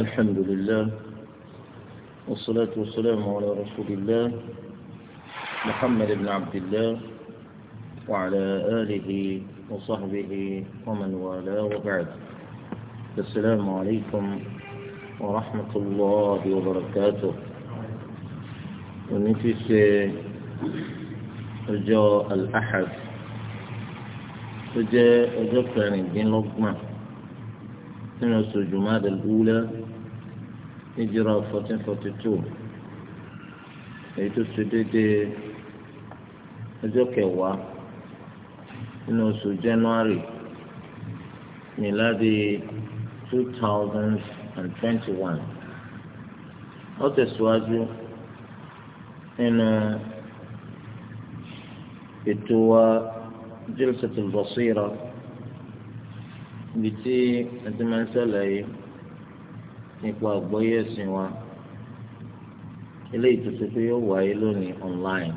الحمد لله والصلاة والسلام على رسول الله محمد بن عبد الله وعلى آله وصحبه ومن والاه وبعد السلام عليكم ورحمة الله وبركاته ونفس رجاء الأحد رجاء رجاء الدين لقمه nínú oṣù Jumada al-Ula hijira fourteen forty two èyí tó ṣe déédéé ọjọ́ kẹwàá nínú oṣù January miladi two thousand and twenty one ó tẹ̀síwájú nínú ètò wa Jalsatul Basira. ibi tí a ti máa ń sọ̀làyé nípa àgbọ́yé ẹ̀sìn wa eléyìí tó ṣe pé yóò wáyé lónìí online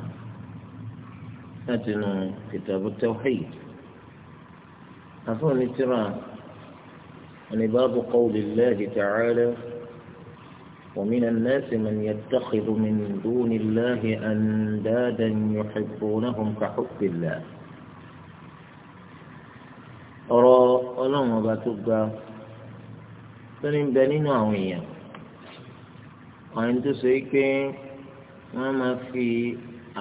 láti nu kìtàbù tawhid afọ ní tíra ẹni bá lé àní báàbù qawli Allahi ta'ala ومن الناس من يتخذ من دون الله أندادا يحبونهم كحب الله ọ̀rọ̀ ọlọ́run ọba tó ga tó ní bẹ nínú àwọn èèyàn àwọn tó sọ pé wọ́n máa fi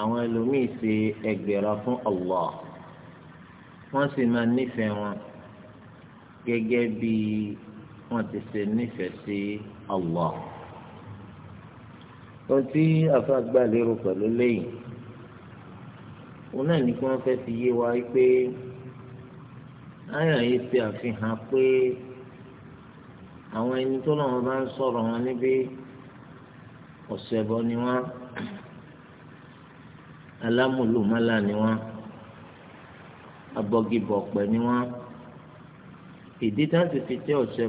àwọn ẹlòmíì ṣe ẹgbẹ̀rọ fún Allah wọ́n sì máa nífẹ̀ẹ́ wọn gẹ́gẹ́ bí wọ́n ti ṣe nífẹ̀ẹ́ sí Allah. ohun tí afáàgbà lérò pẹ̀lú lẹ́yìn òun náà ní kí wọ́n fẹ́ fi yé wa pé àyà yìí ṣe àfihàn pé àwọn ẹni tó lọ́wọ́ bá ń sọ̀rọ̀ wọn níbí ọ̀sẹ̀ bọ ni wọ́n alámùlùmálà ni wọ́n abọ́gibọ̀pẹ̀ ni wọ́n ìdí tá a ti fi jẹ́ ọ̀sẹ̀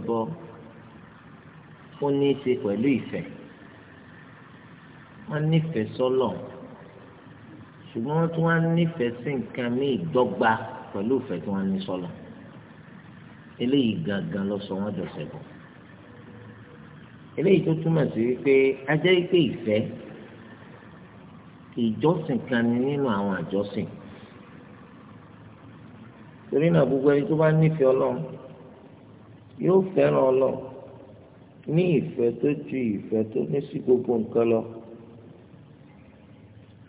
ó ní í ṣe pẹ̀lú ìfẹ́ wọ́n nífẹ̀ẹ́ sọ́lọ̀ ṣùgbọ́n wọ́n tún wá nífẹ̀ẹ́ sí nǹkan ní ìdọ́gba pẹ̀lú ìfẹ́ tí wọ́n ní sọ́lọ̀ eléyìí gangan ló sọ wọn dọ̀sẹ̀ bọ̀ eléyìí tó túmọ̀ sí wípé ajẹ́ wípé ìfẹ́ ìjọsìn kan ni nínú àwọn àjọsìn torí náà gbogbo ẹni tó bá nífẹ̀ẹ́ ọlọ́run yóò fẹ́ràn ọlọ́run ní ìfẹ́ tó ju ìfẹ́ tó ní sí gbogbo nǹkan lọ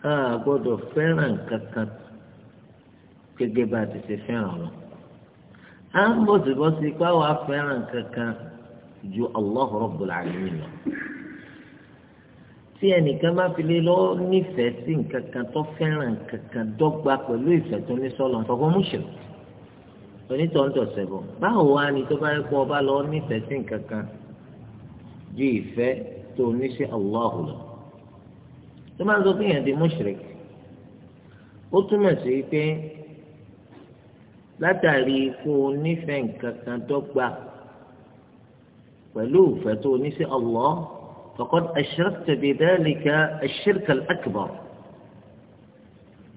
a gbọ́dọ̀ fẹ́ràn kankan gẹ́gẹ́ bá a ti ṣe fẹ́ràn ọlọ́run à ń bọ̀sibọ́sí káwa fẹ́ràn kankan ju Allah Rabbul Alamin lọ tí ẹnìkan bá fi lé lọ nífẹ̀ẹ́ sí nǹkan kan tó fẹ́ràn nǹkan kan dọ́gba pẹ̀lú ìfẹ́ tó ní sọ́lọ̀ nǹkan múṣẹ̀ onítọ̀ọ́ntọ̀sẹ̀ bọ̀ báwo wá ni tó bá yẹ kó ọba lọ nífẹ̀ẹ́ sí nǹkan ju ìfẹ́ tó ní sí Allahu lọ tó máa ń sọ fún yẹn di mushrik ó túmọ̀ sí pé látàrí ikú onífẹ̀ẹ́ nǹkan kan dọ́gba pẹ̀lú ìfẹ́ tó oníṣẹ́ Allah faqad ashrakta bidhalika ash-shirka al-akbar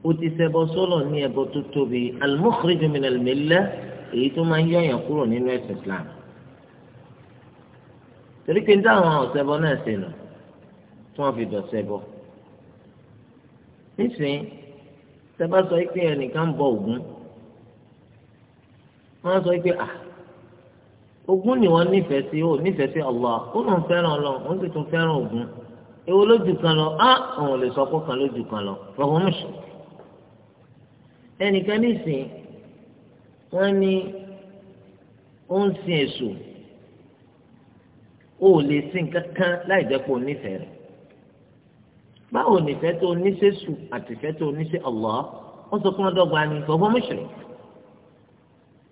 ó ti ṣẹbọ sọ́lọ̀ ní ẹbọ tó tóbi al-mukhrij min al-millah èyí tó máa ń yọ̀yàn kúrò nínú ẹ̀sìn Islam torí pé dáhùn ọ̀sẹ̀bọ náà ṣe nù tí wọ́n fi dọ̀sẹ̀bọ nísìnyí tẹ́ sọ pé ẹnìkan ń bọ Ògún wọ́n sọ pé ah ogún ni wọ́n nífẹ̀ẹ́ sí ó nífẹ̀ẹ́ sí Allah ó lóun fẹ́ràn lọ ó sì tún fẹ́ràn ogún èwo lójú kan lọ á ah, òun lè sọ pé kan lójú kan lọ fọwọ́n mú sùn. ẹnìkan nísìn wọ́n ní ó ń sin èṣù ó lè sin kankan láì jẹ́ pé ó nífẹ̀ẹ́ rẹ̀ báwo nífẹ̀ẹ́ tó oníṣẹ́ sùn àtìfẹ́ tó oníṣẹ́ Allah ó sọ pé wọ́n dọ́gba ni fọwọ́n mú sùn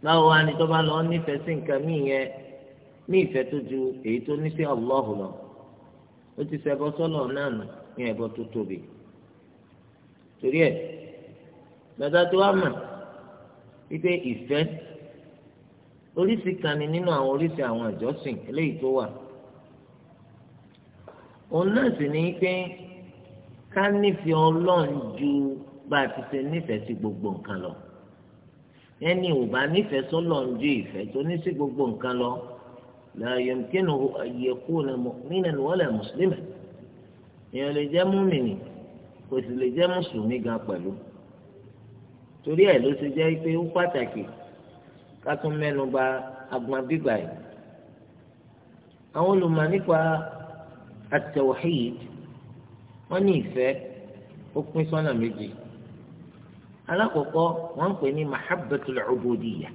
báwo wá ni tó bá lọ nífẹ̀ẹ́ sí nǹkan míì yẹn ní ìfẹ́ tó ju èyí tó ní sí Allah lọ ó ti ṣẹbọ sọ́lọ̀ náà nù ní ẹbọ tó tóbi torí ẹ̀ dàda tó wá mọ̀ wípé ìfẹ́ oríṣi kan ni nínú àwọn oríṣi àwọn ìjọsìn eléyìí tó wà òun náà sì ní pé ká nífẹ̀ẹ́ ọlọ́run ju bá a ti ṣe nífẹ̀ẹ́ sí gbogbo nǹkan lọ ẹni ò bá nífẹ̀ẹ́ sọ́lọ̀ ń ju ìfẹ́ tó ní sí gbogbo nǹkan lọ la yumkinuhu an yakuna mu'minan wala musliman èèyàn lè jẹ́ múmìnì kò sì lè jẹ́ mùsùlùmí gan pẹ̀lú torí ẹ̀ ló ti jẹ́ pé ó pàtàkì ká tún mẹ́nu bà agbọn bíbà yìí àwọn olùmọ̀ nípa at-tawhid wọ́n ní ìfẹ́ ó pín sọ́nà méjì alákọ̀ọ́kọ́ wọ́n ń pè ní mahabbatul ubudiyya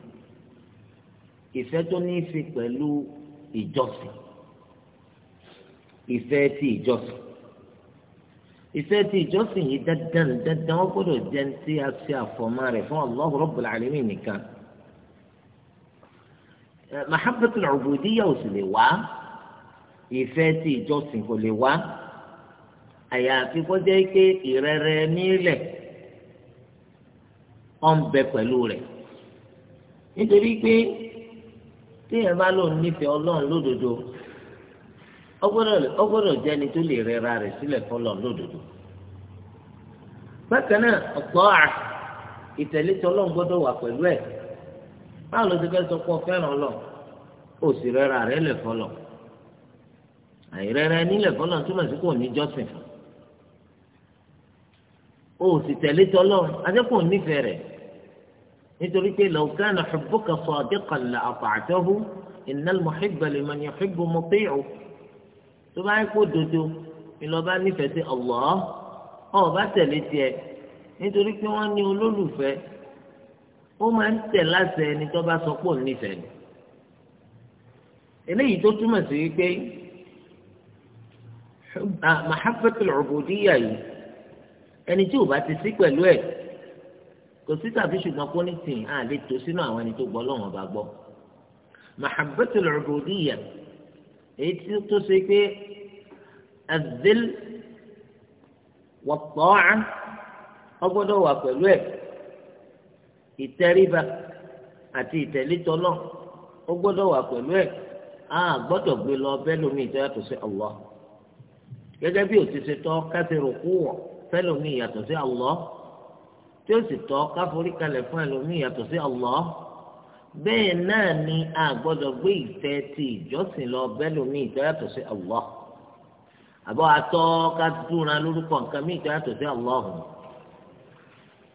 ìfẹ́ tó ní í ṣe pẹ̀lú ìjọsìn ìfẹ́ ti ìjọsìn ìfẹ́ ti ìjọsìn yìí dandan dandan wọ́n gbọ́dọ̀ jẹ́ ti àti àfọ̀mọ́ rẹ̀ fún Allahu Rabbul Alamin nìkan mahabbatul ubudiyya ò sì lè wá ìfẹ́ ti ìjọsìn kò lè wá àyàfi kó jẹ́ pé ìrẹ́rẹ́ nílẹ̀. ọ̀ ń bẹ pẹ̀lú rẹ̀ nítorí pé téèyàn bá lòun nífẹ̀ẹ́ ọlọ́run lódodo ọgbọ́dọ̀ jẹ́ni tó lè rẹra rẹ̀ sílẹ̀ fọlọ́run lódodo bákan náà ọ̀pọ̀ à ìtẹ̀lé tí ọlọ́run gbọ́dọ̀ wà pẹ̀lú ẹ̀ báwo ló ti fẹ́ sọ pé ọ fẹ́ràn ọlọ́run ó sì rẹra rẹ̀ lẹ̀ fọlọ́run àìrẹ́rẹ́ nílẹ̀ fọlọ́ túmọ̀ sí kò ní jọ́sìn o sì tẹ̀lé tọ́lọ́ adẹ́kùn nífẹ̀ẹ́ rẹ̀ nítorí pé law kana hubbuka sadiqan la ata'tahu innal muhibba liman yuhibbu muti'u tó bá ń kó dodo ìlọba nífẹ̀ẹ́ sí Allah ọ̀ bá tẹ̀lé tiẹ̀ nítorí pé wọ́n ní olólùfẹ́ ó máa ń tẹ̀ láṣẹ ẹni tó bá sọ pọ̀ nífẹ̀ẹ́ ni eléyìí tó túmọ̀ sí wípé ah, mahabbatul ubudiyya yìí ẹni tí ò bá ti sí pẹ̀lú ẹ̀ kò sí tàbí ṣùgbọ́n kó ní tì á lè tó sínú àwọn ẹni tó gbọ́ lọ́wọ́n bá gbọ́ mahabbatul ubudiyyah èyí tí tó ṣe pé az-zil wat-ta'a ọgbọ́dọ̀ wà pẹ̀lú ẹ̀ ìtẹríba àti ìtẹ̀lítọ́ náà ó gbọ́dọ̀ wà pẹ̀lú ẹ̀ á gbọ́dọ̀ gbé lọ bẹ́lómi tó sí Allah gẹ́gẹ́ bí òtítọ́ kásìrò kú wọ̀ bẹ́lómi yàtọ̀ sí Allah tí ó sì tọ́ ká forí kalẹ̀ fún ẹlòmíì yàtọ̀ sí Allah bẹ́ẹ̀ náà ni a gbọ́dọ̀ gbé ìfẹ́ ti ìjọsìn lọ bẹ́lòmíì tó yàtọ̀ sí Allah àbọ̀ atọ́ ká dúnra lórúkọ nǹkan míì tó yàtọ̀ sí Allah ọ̀hún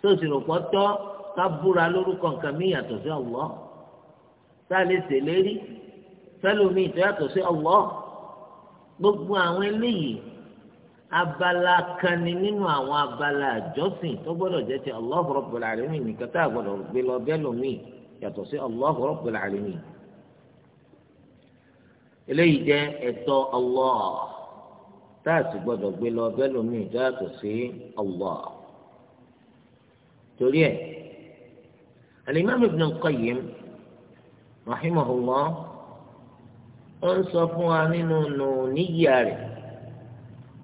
tó sì rò pọ́ ká búra lórúkọ nǹkan míì yàtọ̀ sí Allah tá a lè ṣèlérí fẹ́lòmíì tó yàtọ̀ sí Allah gbogbo àwọn eléyìí abala kan ni nínú àwọn abala àjọsìn tó gbọ́dọ̀ jẹ́ ti Allahu Rabbul Alamin nìkan tá a gbọ́dọ̀ gbé lọ bẹ́ẹ̀ lómi yàtọ̀ sí Allahu Rabbul Alamin eléyìí jẹ́ ẹ̀tọ́ Allah tá a gbé lọ bẹ́ẹ̀ lómi yàtọ̀ sí Allah torí ẹ̀ Al-Imam Qayyim rahimahullah ó ń sọ fún wa nínú nù níyà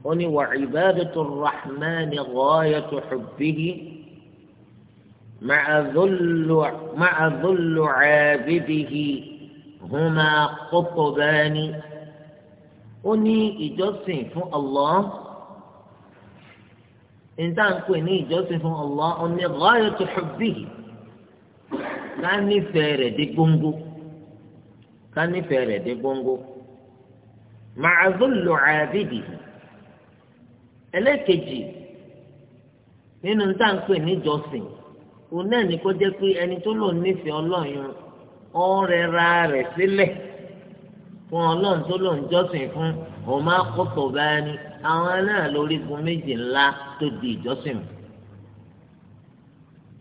ó ní wà ìbádàtú rahmani ghayatu hubbihi ma'a dhullu abidihi huma qutbani ó ní ìjọsìn fún Allah ìdáǹpẹ̀ ní ìjọsìn fún Allah ó ní ghayatu hubbihi ká nífẹ̀ẹ́ rẹ̀ dé gbóngbó ká nífẹ̀ẹ́ rẹ̀ dé gbóngbó màá zó lò àbídì ẹlẹ́ẹ̀kejì nínú táǹpẹ̀ níjọsìn òun náà ní kó jẹ́ pé ẹni tó lò nífẹ̀ẹ́ ọlọ́run ọ̀rẹ́ ra rẹ̀ sílẹ̀ fún ọlọ́run tó lò ń jọ́sìn fún òun máa kọ́tọ̀ báyà ni àwọn náà lórí gun méjì ńlá tó di ìjọsìn mu.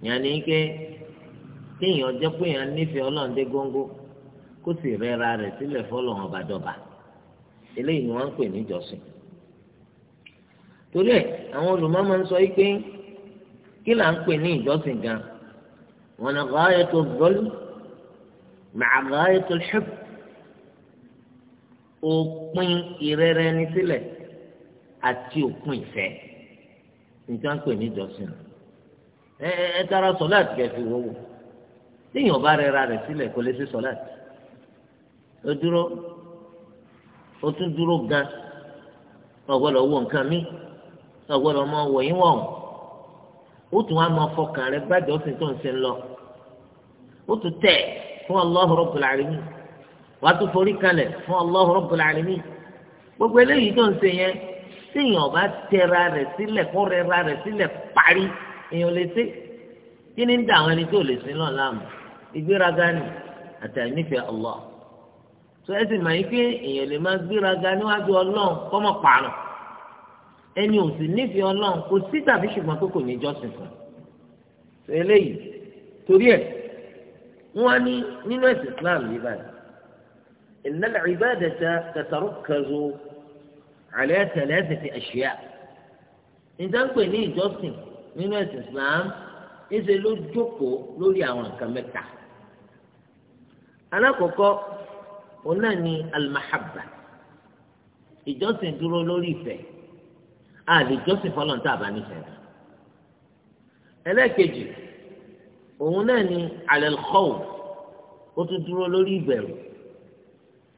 yàní ké kéèyàn jẹ́ pé èèyàn nífẹ̀ẹ́ ọlọ́run dé góńgó kó sì rẹ́ra rẹ̀ sílẹ̀ fọlọ́run ọ̀bàdọ̀bà eléyìí ni wọ́n ń pè níjọsìn torí ẹ̀ àwọn olùmọ̀ máa ń sọ yìí pé kí là ń pè ní ìjọsìn gan wọn ni ghayatu dhulm ma'a ghayatu al-hubb òpin ìrẹrẹ ní sílẹ̀ àti òpin ìfẹ́ nǹkan pè ní ìjọsìn ẹ ẹ tara sọláàtì kẹfì wọwọ téèyàn bá rẹra rẹ̀ sílẹ̀ kò lè ṣe sọláàtì ó dúró ó tún dúró gan ọgbọdọ wọ nǹkan míì. ọgbọ́dọ̀ mọ wọ̀nyí wọ̀n ó tún wá máa fọkàn rẹ gbàdé ọ̀sìn tó ń sin lọ otu tún tẹ̀ fún Allahu Rabbul wàá tún forí kalẹ̀ fún gbogbo eléyìí tó ń sin yẹn téèyàn bá tẹra rẹ̀ sílẹ̀ kó rẹra sílẹ̀ parí èèyàn lè kí ni ń dà àwọn ẹni tó lè sin ìgbéraga ni tó ẹ sì pé èèyàn lè gbéraga níwájú Ọlọ́run kọ́mọ̀ ẹni ò sì nífẹ̀ẹ́ ọlọ́run kò sí tàbí ṣùgbọ́n pé kò ní jọ́sìn fún un eléyìí torí ẹ̀ wọ́n á ní nínú ẹ̀sìn Islam yìí báyìí innal ibadata tatarukkazu ala thalathati ashya nǹkan pè ní ìjọ́sìn nínú ẹ̀sìn Islam ńṣe ló jókòó lórí àwọn nǹkan mẹ́ta alákọ̀ọ́kọ́ òun náà ní al-mahabba dúró lórí ìfẹ́ a lè jọ́sìn fọlọ́n tá a bá nífẹ̀ẹ́ rẹ̀ ẹlẹ́ẹ̀kejì òun náà ni alẹ́ kọ́ọ̀ ó tún dúró lórí ìbẹ̀rù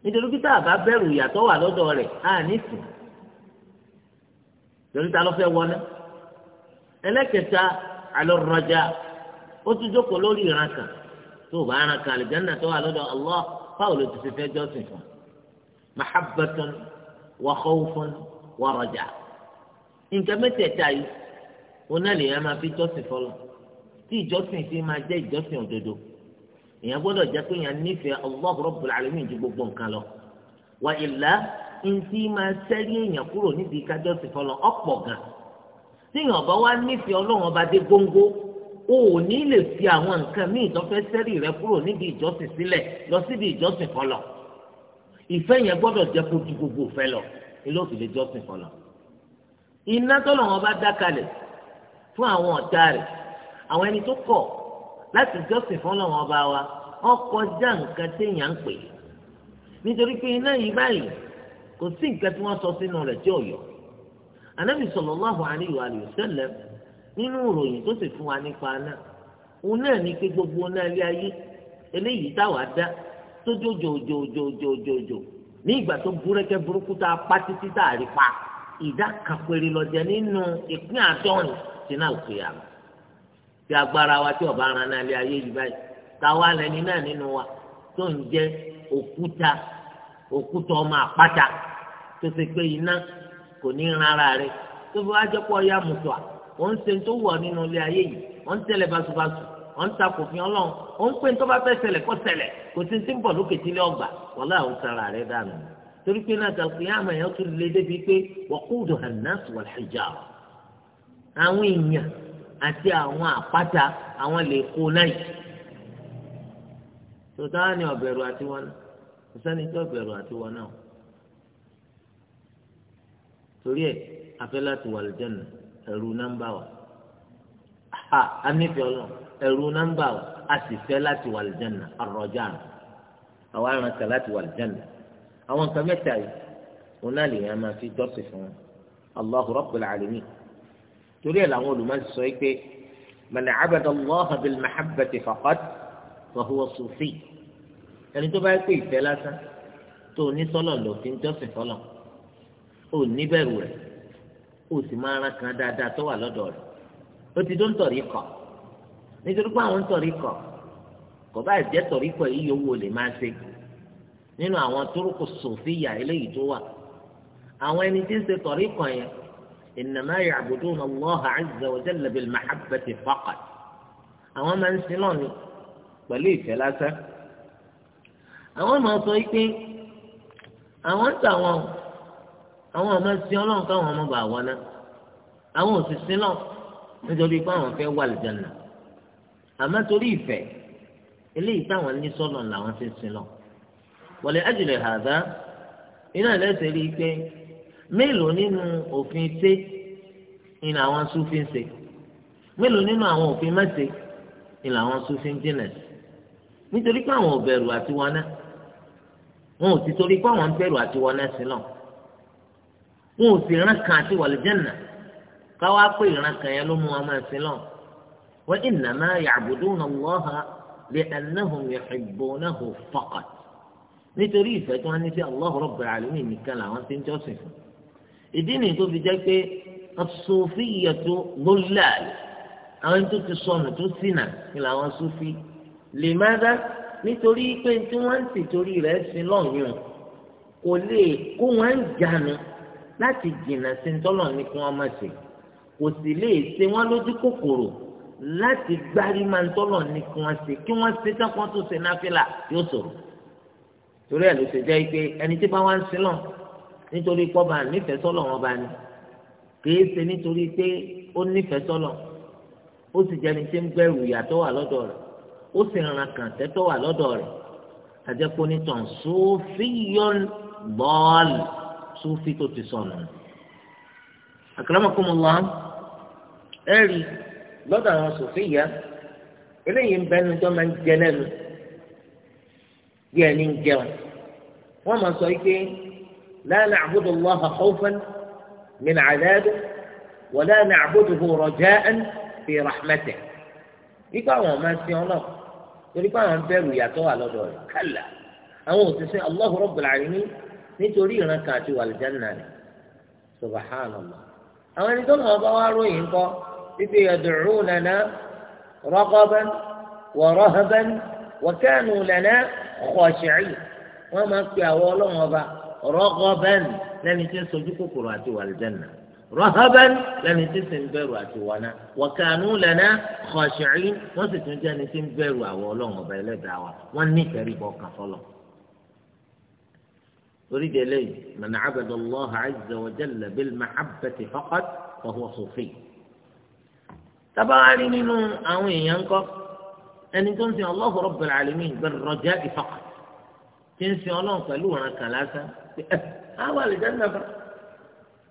nítorí pé tá a bá bẹ̀rù ìyàtọ̀ wà lọ́dọ̀ rẹ̀ a nífẹ̀ẹ́ torí ta ló fẹ́ wọná ẹlẹ́kẹta alẹ́ rọjà ó tún jókòó lórí ìran kan tó o bá ara kan àlùjáná tó wà lọ́dọ̀ Allah báwo ti fi fẹ́ jọ́sìn fún un mahabbatun wa nǹkan mẹ́tẹ̀ẹ̀ta yìí oná lèèyàn máa fi jọ́sìn fọlọ́ tí ìjọ́sìn fi máa jẹ́ ìjọ́sìn òdodo èèyàn gbọ́dọ̀ jẹ́ pé èèyàn nífẹ̀ẹ́ Allah Rabbul Alamin ju gbogbo nǹkan lọ wà ìlà ntí máa sẹ́rí èèyàn kúrò nídìí kájọ́sìn fọlọ́ ọ̀pọ̀ gan tí èèyàn bá wá nífẹ̀ẹ́ ọlọ́run ọba dé góńgó o ò ní lè fi àwọn nǹkan míì tó fẹ́ sẹ́rí rẹ kúrò nídìí ìjọ́sìn sílẹ̀ lọ síbi ìjọ́sìn fọlọ́ ìfẹ́ yẹn gbọ́dọ̀ jẹ́ kó ju gbogbo ìfẹ́ lọ ilé òfin lè jọ́sìn fọlọ́ iná tọ́lọ̀ wọn bá dá kalẹ̀ fún àwọn ọ̀tá rẹ̀ àwọn ẹni tó kọ̀ láti jọ́sìn fún ọlọ́wọ́n bá wa ọkọ̀ já nǹkan téèyàn ń pè nítorí pé iná yìí báyìí kò sí nǹkan tí wọ́n sọ sínú rẹ̀ tí ò yọ Ànábì sallallahu alayhi wa sallam nínú ìròyìn tó sì fún wa nípa náà òun náà ní pé gbogbo náà lé ayé eléyìí táwa dá tó jójòjòjòjòjòjò ní ìgbà tó búrẹ́kẹ́ burúkú tá a pa títí tá a rí pa. ìdá kan péré lọ́jẹ́ nínú ìpín àádọ́rin ti náà pè á ti agbára wa tí ọba ara náà lé ayé yìí báyìí táwa lẹni náà nínú wa tó ń jẹ òkúta òkúta ọmọ àpáta tó pé iná kò ní rẹ tó fi wá jẹ́ pọ̀ ya mùtọ́ à ó ń ṣe tó wọ̀ nínú ilé ayé yìí ó ń tẹ̀lé báṣubáṣu ó ń ta ọlọ́run ó ń pè bá fẹ́ kó kò ti torí pé náà dàlùkìyàmà yẹn tún lè débi pé wàkúùdù hànàs wal hijara àwọn èèyàn àti àwọn àpáta àwọn lè kó náà yìí tòtá ni ọ̀bẹ̀rù àti wọn náà kò sẹ́ni tí ọ̀bẹ̀rù àti wọn náà torí ẹ̀ afẹ́ wà lẹ́jẹ̀nà ẹ̀rù nọ́mbà wa a anífẹ́ ọlọ́run ẹ̀rù nọ́mbà wa a sì fẹ́ láti wà lẹ́jẹ̀nà àrọ̀jà àwọn àrùn kan láti wà lẹ́jẹ̀nà àwọn nǹkan mẹ́ta yìí òun náà lèèyàn máa fi jọ́sìn fún wọn allahu rabbil alamin torí ẹ̀ làwọn olùmọ̀ọ́sì sọ pé man abada allaha bil mahabbati faqat wa huwa sufi ẹni tó bá yẹ pé ìfẹ́ lásán tó ní sọ́lọ̀ lọ fi ń jọ́sìn fọlọ̀ ó ní bẹ̀rù rẹ̀ ó sì máa rán kan dáadáa tó wà lọ́dọ̀ rẹ̀ ó ti dó tọ̀rí kọ̀ nítorí pé àwọn tọ̀rí kọ̀ kò bá jẹ́ tọ̀rí kọ̀ yíyọ nínú àwọn turuku sòfíyà eléyìí tó wà àwọn ẹni tí ń ṣe tọ̀rí kan yẹn innama ya'buduna Allaha 'azza wa jalla bil mahabbati faqat àwọn máa ń sin náà ni pẹ̀lú ìfẹ́ lásán àwọn máa sọ pé àwọn ń tàwọn àwọn ọmọ sin ọlọ́run káwọn ọmọ bá wọn náà àwọn òṣìṣẹ́ náà nítorí pé àwọn fẹ́ wà lìjànà àmọ́ torí ìfẹ́ eléyìí táwọn ní sọ́nà làwọn ti sin náà wọlé ajílẹ̀ hàdá iná lẹ́sẹ̀ rí i pé mélòó nínú òfin té ni àwọn sufi ń ṣe mélòó nínú àwọn òfin mẹ́sẹ̀ ni àwọn sufi ń jìnà sí nítorí pé àwọn ò bẹ̀rù àti wọn náà wọn ò sì torí pé àwọn ń àti wọn sí náà wọn ò sì rán kan àti wọlé jẹ́nà káwá pé ìran kan yẹn ló mú wọn máa sí náà wọ́n ìnàmá ya'buduna Allaha li'annahum yuhibbunahu faqat nítorí ìfẹ́ tí wọ́n ní sí Allah Rabbul Alamin nìkan làwọn ti ń jọ́sìn fún ìdí nìyí tó fi jẹ́ pé as-sufiyyatu dhullal àwọn tó ti sọnù tó ṣìnà ni làwọn sufi limadha nítorí pé tí wọ́n ń tìtorí rẹ̀ sin lọ́yún kò lè kó wọ́n ń jánu láti jìnnà sí ń tọ́lọ̀ ní kí wọ́n má ṣe kò sì lè ṣe wọ́n lójú kòkòrò láti gbárí máa ń tọ́lọ̀ ní kí wọ́n ṣe kí wọ́n ṣe tán kan tó ṣe náfìlà yóò sọ̀rọ̀ torí ẹ̀ ló ṣe jẹ́ pé ẹni tí bá wá ń sin lọ nítorí pọ́ bá nífẹ̀ẹ́ sọ́lọ̀ wọn bá ní kìí ṣe nítorí pé ó nífẹ̀ẹ́ sọ́lọ̀ ó sì jẹ́ ẹni tí ń bẹ̀rù ìyàtọ̀ wà lọ́dọ̀ rẹ̀ ó sì ràn kàn tẹ́tọ̀ wà lọ́dọ̀ rẹ̀ àjẹpọ̀ nítàn sófìyàn bọ́ọ̀lù sófì tó ti sọnù. àkàràmọ́kùnmọ́lá ẹ̀rí lọ́dọ̀ àwọn sòfìyà eléyìí ń bẹ́ẹ̀ ní bí ẹni ń jẹun wọ́n máa sọ pé la na'budu Allaha khawfan min 'adhabihi wa la na'buduhu raja'an fi rahmatihi ikú àwọn máa sin ọ náà torí pé àwọn bẹ̀rù ìyàtọ̀ wà lọ́dọ̀ rẹ̀ kálá àwọn òṣìṣẹ́ Allahu Rabbul nítorí ìran kan àti wàlìjánná ni subhanallah àwọn ẹni tó náà bá wá ròyìn kọ́ títí yad'unana raghaban wa rahaban wa kanu khashi'in wọ́n máa ń pe àwọn ọlọ́run ọba raghaban lẹ́ni tí ń sojú kòkòrò àti wàlìjẹ́nà rahaban lẹ́ni tí sì ń bẹ̀rù àti wọná wa kanu lana khashi'in wọ́n sì tún jẹ́ni tí ń bẹ̀rù àwọn ọlọ́run ọba ẹlẹ́dàá wa wọ́n ní ìtẹríbọ kan fọlọ́ torí délé man abada Allah azza wa jalla ẹni tó ń sin Allahu Rabbul Alamin birraja'i ìfọkàn tí ń sin Ọlọ́run pẹ̀lú ọ̀ràn kan lásán eh, àwọn àlìjáde bá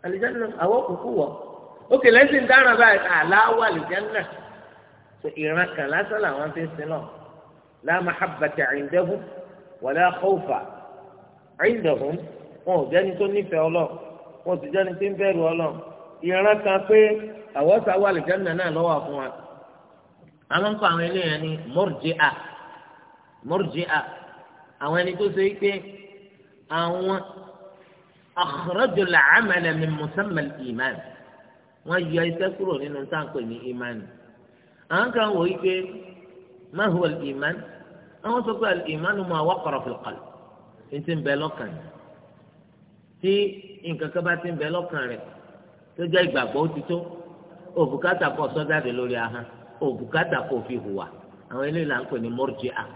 àlìjáde àwọn òkú wọ̀ ókè lẹ́sìn dára báyìí àláwọ̀ àlìjáde ìran kan lásán làwọn fi ń sin náà la mahabbata 'indahum wala khawfa 'indahum wọn ò jẹ́ni tó nífẹ̀ẹ́ Ọlọ́run wọn ò sì jẹ́ni tó ń bẹ̀rù Ọlọ́run ìran kan pé àwọn sáwọ́ àlìjáde náà àwọn ń kọ́ àwọn eléyàn ní mọ́rùjíà mọ́rùjíà àwọn ẹni tó ṣe pé àwọn akhraju al-amala min musamma al-iman wọ́n yọ iṣẹ́ kúrò nínú táǹpẹ̀ ní iman àwọn kan wò yí pé ma huwa al-iman àwọn sọ pé al-iman ma waqara fi al ti ń bẹ lọ́kàn tí nǹkan kan bá ti ń bẹ lọ́kàn rẹ̀ tó jẹ́ ìgbàgbọ́ ó òbúkátà pọ̀ sọ́jáde lórí ahọ́n òbùkátà kò fi hùwà àwọn eléyìí là ń pè ní murji'ah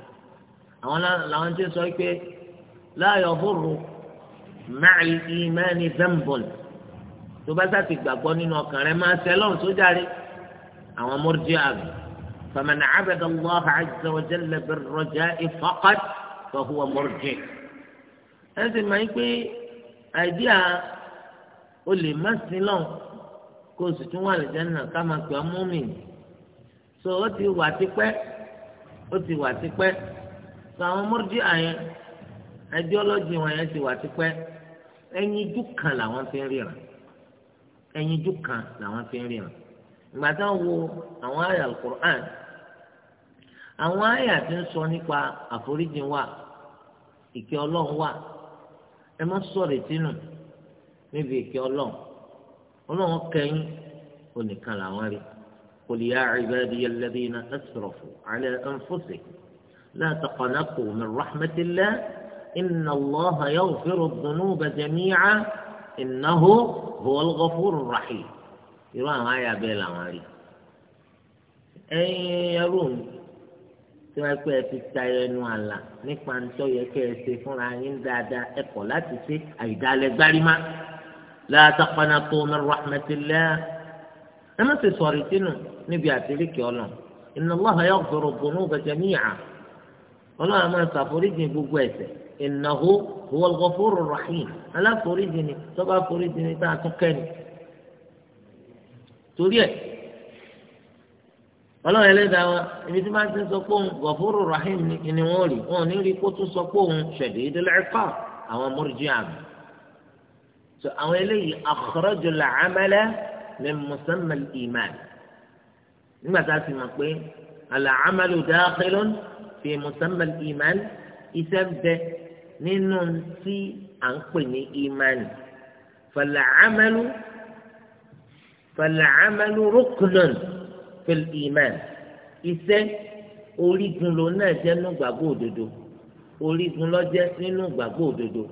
àwọn làwọn ti sọ pé la yadurru ma'al imani dhanbun tó bá sá ti gbàgbọ́ nínú ọkàn rẹ máa ṣe lọ́run sójà rí àwọn murji'ah bì faman 'abada Allah 'azza wa jalla bir-raja'i faqat ẹ sì máa ń pé àìdíà o má sí lọ́n kó o sì tún wà lẹ́jẹ̀ náà ká máa pè ọ́ mọ́mìnì so ó ti wà tipẹ́ ó ti wà tipẹ́ so àwọn mọ́rọ́dí àyẹn ideology wọn yẹn ti wà tipẹ́ ẹyinjú kan làwọn fi ń ríran ẹyinjú kan làwọn fi ń ríran ìgbà tí wọn wo àwọn àyà alukur'an àwọn àyà ti ń sọ nípa àforíjì wa ìkẹ́ ọlọ́run wà ẹ má sọ̀rọ̀ ìtinú níbi ìkẹ́ ọlọ́run ọlọ́run kẹyìn onìkan làwọn rí قل يا عبادي الذين أسرفوا على أنفسهم لا تقنطوا من رحمة الله إن الله يغفر الذنوب جميعا إنه هو الغفور الرحيم يرون هاي بلا ماري أي يرون tí wọ́n pẹ́ ti ta ẹnu àlà nípa ntọ́ yẹ kẹ́ ẹ ṣe fúnra yín dáadáa ẹ kọ̀ láti ṣe àìdálẹ́gbárí má. لا تقنطوا من رحمة الله ẹ má ṣe sọ̀rọ̀ ìtinú níbi àtiríkì ọlọ́run inna Allaha yaghfiru dhunuba jami'a ọlọ́run a máa ṣàforíjì gbogbo ẹ̀ṣẹ̀ innahu huwal ghafurur rahim aláforíjì ni tọ́ba foríjì ni tá a tún kẹ́ni. torí ẹ̀ ọlọ́run ẹlẹ́dàá wa ibi tí wọ́n ti sọ pé òun ghafurur rahim ni wọ́n rí wọn ò ní rí kó tún sọ pé òun shadidul iqab àwọn murji'ah àwọn eléyìí akhrajul amala min musamma al-iman nígbà tá a ti mọ̀ pé al-amalu dakhilun fi musamma al-iman iṣẹ́ bẹ nínú tí à ń pè ní iman fal-amalu fal-amalu ruknun fi al-iman iṣẹ́ orígun ló náà jẹ́ nínú gbàgbọ́ òdodo orígun ló jẹ́ nínú gbàgbọ́ òdodo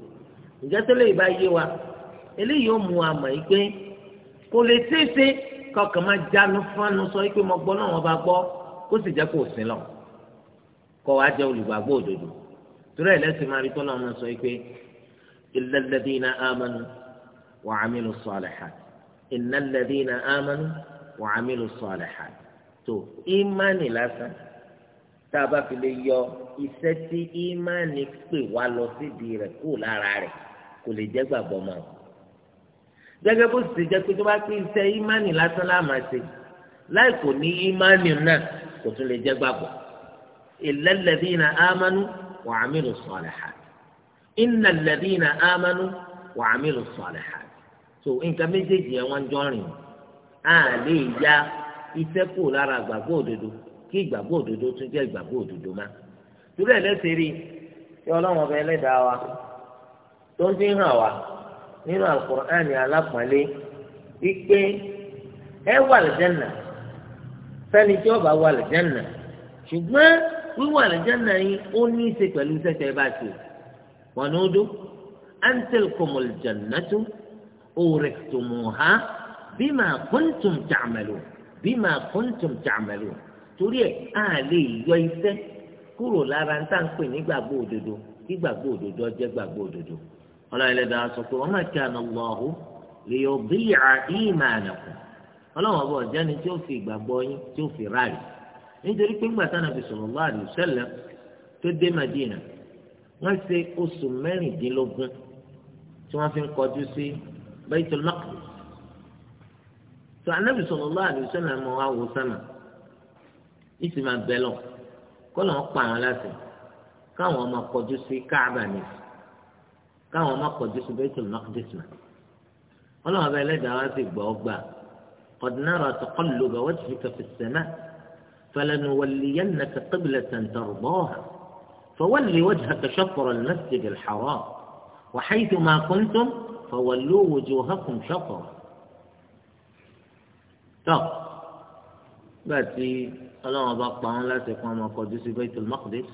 ìjẹ́tẹ́lẹ̀ ìbá yé wa eléyìí ó mú wa mọ̀ yìí pé kò lè ṣeéṣe kọkàn máa jánu fánu sọ pé mo gbọ́ náà wọ́n bá gbọ́ kó sì jẹ́ kó o sin lọ kọ́ wa jẹ́ olùgbàgbọ́ òdodo torí ẹ̀ lẹ́sìn máa rí tó náà máa sọ pé illa alladhina amanu wa amilu salihat inna alladhina amanu wa amilu salihat tó ìmánì lásán tá a bá fi lè yọ iṣẹ́ tí ìmánì pè wá lọ sídìí rẹ̀ kú lára rẹ̀ kò lè jẹ́ gbàgbọ́ máa. gẹ́gẹ́ bó ti jẹ pé tó bá pín iṣẹ́ ìmánì lásán láàmà ṣe láì kò ní ìmánì náà amanu wa amilu salihat amanu wa so nǹkan méjèèjì yẹn wọ́n jọ á ya iṣẹ́ kù lára ìgbàgbọ́ òdodo kí òdodo tún òdodo má lẹ́sẹ̀ rí ọlọ́run ọba ẹlẹ́dàá wa tó ń dín nínú alukur'an alápọ̀nlé wípé ẹ wà lẹ́jẹ̀nà sẹ́ni tí ó bá wà lẹ́jẹ̀nà ṣùgbọ́n wíwà lẹ́jẹ̀nà yìí ó ní í ṣe pẹ̀lú sẹ́sẹ̀ bá ṣe wọn ni ó dún antil kumul jannatu òrètùmùhá bímà kúntùm tàmẹlú bímà kúntùm tàmẹlú torí ẹ á lè yọ iṣẹ́ kúrò lára ń tà ń pè òdodo kí òdodo ọjẹ gbàgbọ́ òdodo ọlọ́run ẹlẹ́dàá sọ pé wa ma kana Allahu li yudi'a imanakum ọlọ́run ọba ọ̀jẹ́ni tí ó fi ìgbàgbọ́ yín tí ó fi ráàlì nítorí pé ńgbà tánàbí sallallahu alaihi wasallam tó dé Madina wọ́n ṣe oṣù mẹ́rìndínlógún tí wọ́n fi ń kọjú sí Baitul Maqdis tó anábì sallallahu alaihi wasallam mọ́ wá wò sánà kọ́ káwọn ọmọ kọjú sí Baitul Maqdis mà ọlọ́run ọba ẹlẹ́dàá wá sí gbọ́ ọgbà gbà qad nara taqalluba wajhika fi as-sama' falanuwalliyannaka qiblatan tardaha fawalli wajhaka shatra al-masjid al-haram wa haythu ma kuntum fawallu wujuhakum shatrahu. tọ́ gbàtí ọlọ́run ọba pa wọn láti kún ọmọ kọjú sí Baitul Maqdis.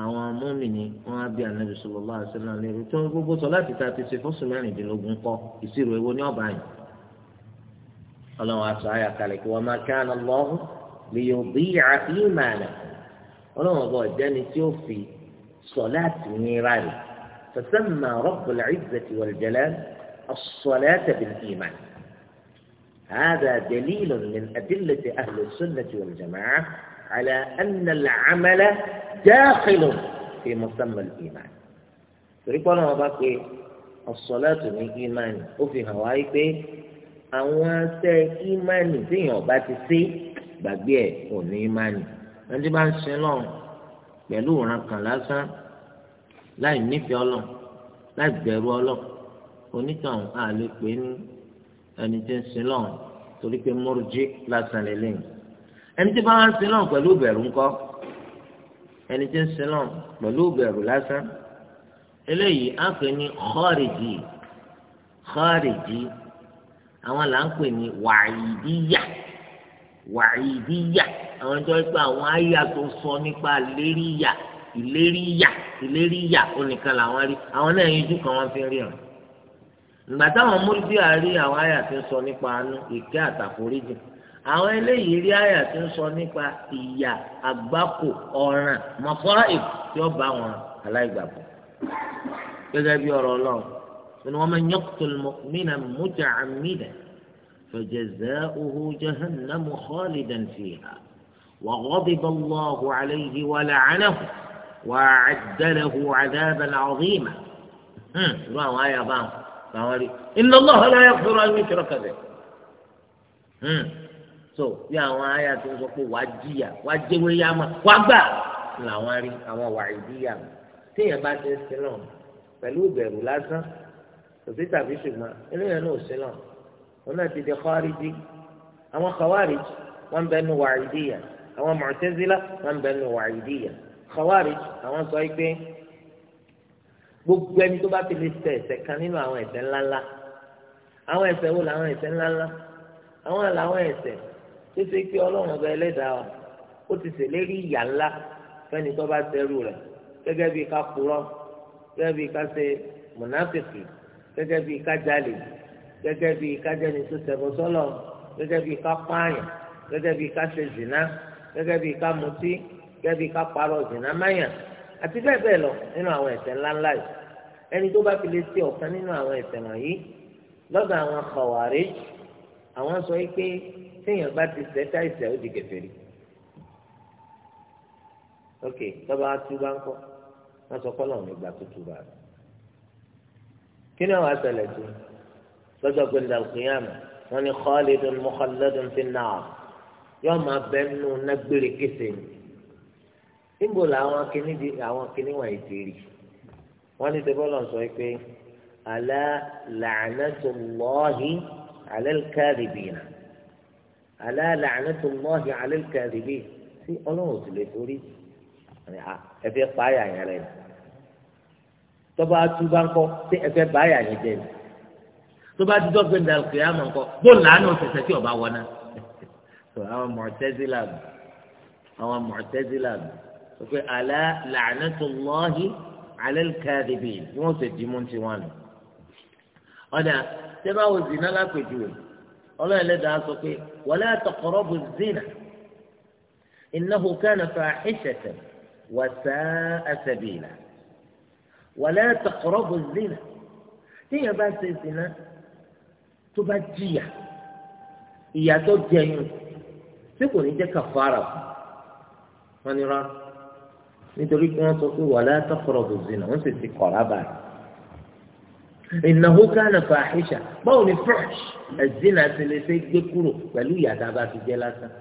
àwọn mọ́mìnì wọn á bí anabi ní sallallahu alaihi wasallam lérò tó ń gbogbo sọ láti ta ti ṣe fọ́sùn mẹ́rìndínlógún kọ́ ìṣirò èwo ní ọ̀bà yìí ọlọ́run aṣọ àyà kalẹ̀ kí wọ́n máa kí àná lọ́hùn lè yọ bí yìí àfihàn àná ọlọ́run ọba ọ̀jẹ́ni tí ó fi sọ láti yín rárẹ̀ fẹsẹ̀mà rọ́bùlà ìzẹ̀tì wọ̀lẹ̀jẹ̀lẹ̀ ọ̀sọ̀lẹ̀ tẹ̀bìlì ìmàn. هذا دليل من أدلة أهل السنة والجماعة على أن العمل داخل في مسمى الإيمان أنا وباقي الصلاة من إيمان وفي هوايك àwọn asẹ ìmánì téèyàn ọba ti ṣe gbàgbé ẹ kò ní ìmánì ẹni tí bá ń sin lọ pẹ̀lú òran kan lásán láì nífẹ̀ẹ́ Ọlọ́run láì bẹ̀rù Ọlọ́run onítàn á ẹni tí ń sin lọ torí pé mọrùjí lásán lè ẹni tí bá ń sin náà pẹ̀lú ìbẹ̀rù ńkọ́ ẹni tí ń sin náà pẹ̀lú ìbẹ̀rù lásán eléyìí á pè ní khariji khariji àwọn là ń pè ní wàyídíyà wàyídíyà àwọn tó ń pè àwọn àyà tó sọ nípa léríyà ìléríyà ìléríyà onìkan làwọn rí àwọn náà yíjú kan wọn fi ń ríran ìgbà táwọn múlùbí àárí àwọn àyà tó sọ nípa àánú ìkẹ́ àtàforíjì àwọn eléyìí rí àyà tí ń sọ nípa ìyà àgbákò ọ̀ràn mọ̀kọ́rìb tí ó bá wọn aláìgbàgbọ́ gẹ́gẹ́ bí ọ̀rọ̀ ọlọ́run ìnú wọn máa yaqtul mu'mina muta'ammidan fajaza'uhu jahannamu khalidan fiha wa ghadiba Allahu alayhi wa la'anahu wa a'adda lahu 'adaban 'azima irú àwọn àyà báwọn làwọn rí inna Allaha la yaghfiru an yushraka bihi. so bí àwọn àyà tó ń sọ pé wàá jìyà wàá jẹwé yáma wàá gbà làwọn rí àwọn wàá jìyà téèyàn bá ti ń sin náà pẹ̀lú ìbẹ̀rù lásán òsì tàbí ṣùgbọ́n eléyàn náà ò sin náà wọn náà ti di kọ́rìjì àwọn kọ́wárìjì wọn bẹ nu wàá jìyà àwọn mọ̀tẹ́sílá wọn bẹ nu wàá jìyà kọ́wárìjì àwọn sọ pé gbogbo ẹni tó bá ti lè ṣẹ̀ ẹ̀ṣẹ̀ kan nínú àwọn ẹ̀ṣẹ̀ ńláńlá àwọn ẹ̀ṣẹ̀ wo làwọn ẹ̀ṣẹ̀ ńláńlá àwọn làwọn ẹ̀ṣẹ̀ tó ṣe pé ọlọ́run ọba ẹlẹ́dàá wa ó ti ṣèlérí ìyà ńlá fẹ́ni tó bá ṣẹrú rẹ̀ gẹ́gẹ́ bí ká purọ́ gẹ́gẹ́ bí ká ṣe mùnáfìkì gẹ́gẹ́ bí ká jalè gẹ́gẹ́ bí ká jẹni tó ṣẹbọ sọ́lọ̀ gẹ́gẹ́ bí ká pààyàn gẹ́gẹ́ bí ká ṣe zìnà gẹ́gẹ́ bí ká mutí gẹ́gẹ́ bí ká parọ́ zìnà máyà àti bẹ́ẹ̀ bẹ́ẹ̀ lọ nínú àwọn ẹ̀ṣẹ̀ ńláńlá yìí ẹni téèyàn bá ti sẹ́tà ìsẹ̀ ó di kèfèrí ok tọ́ba túbá ń kọ́ wọ́n sọ kọ́ lọ́wọ́ nígbà tó túbá rẹ̀ kí ni àwọn àtẹlẹ tó lọ́jọ́ pé làlùkìyàmù wọn ni khalidun mukhalladun fi náà yóò máa bẹ́ nù nágbèrè kése ni níbo làwọn kìíní di àwọn kìíní wọ̀nyí ti rí wọ́n ní tẹ́ bọ́lọ̀ sọ pé alá la'natullahi 'alal kadhibina ala la'natullahi 'ala al-kadhibin sí ọlọ́run sì lè forí ẹ fẹ́ pa àyà yẹn rẹ tọ́ba túbá ńkọ́ sí ẹ fẹ́ bá àyà yẹn jẹ ni tọ́ba ti dọ́gbẹ́ ní alùpùpù àmọ́ ńkọ́ bóun làánú ọ̀sẹ̀sẹ̀ tí ọba wọ àwọn Mu'tazila àwọn Mu'tazila mi sọ pé ala la'natullahi 'ala al-kadhibin ni wọ́n sì dì mú tiwọn nù ọ̀dà tẹ́báwò zina lápèjúwe ọlọ́run ẹlẹ́dàá sọ pé wala taqrabu zina innahu kana fahishatan wa sa'a sabila wala taqrabu zina téèyàn bá ṣe zina tó bá jìyà ìyàtọ̀ jẹyìn tí kò ní jẹ́ kàfàrà wọn ni rárá nítorí pé wọ́n sọ pé wala taqrabu zina wọ́n sì ti kọ̀ lábàá إنه كان فاحشة báwo ni fuhsh الزنا ti lè ṣe gbé kúrò pẹ̀lú ìyàtà bá fi jẹ́ lásán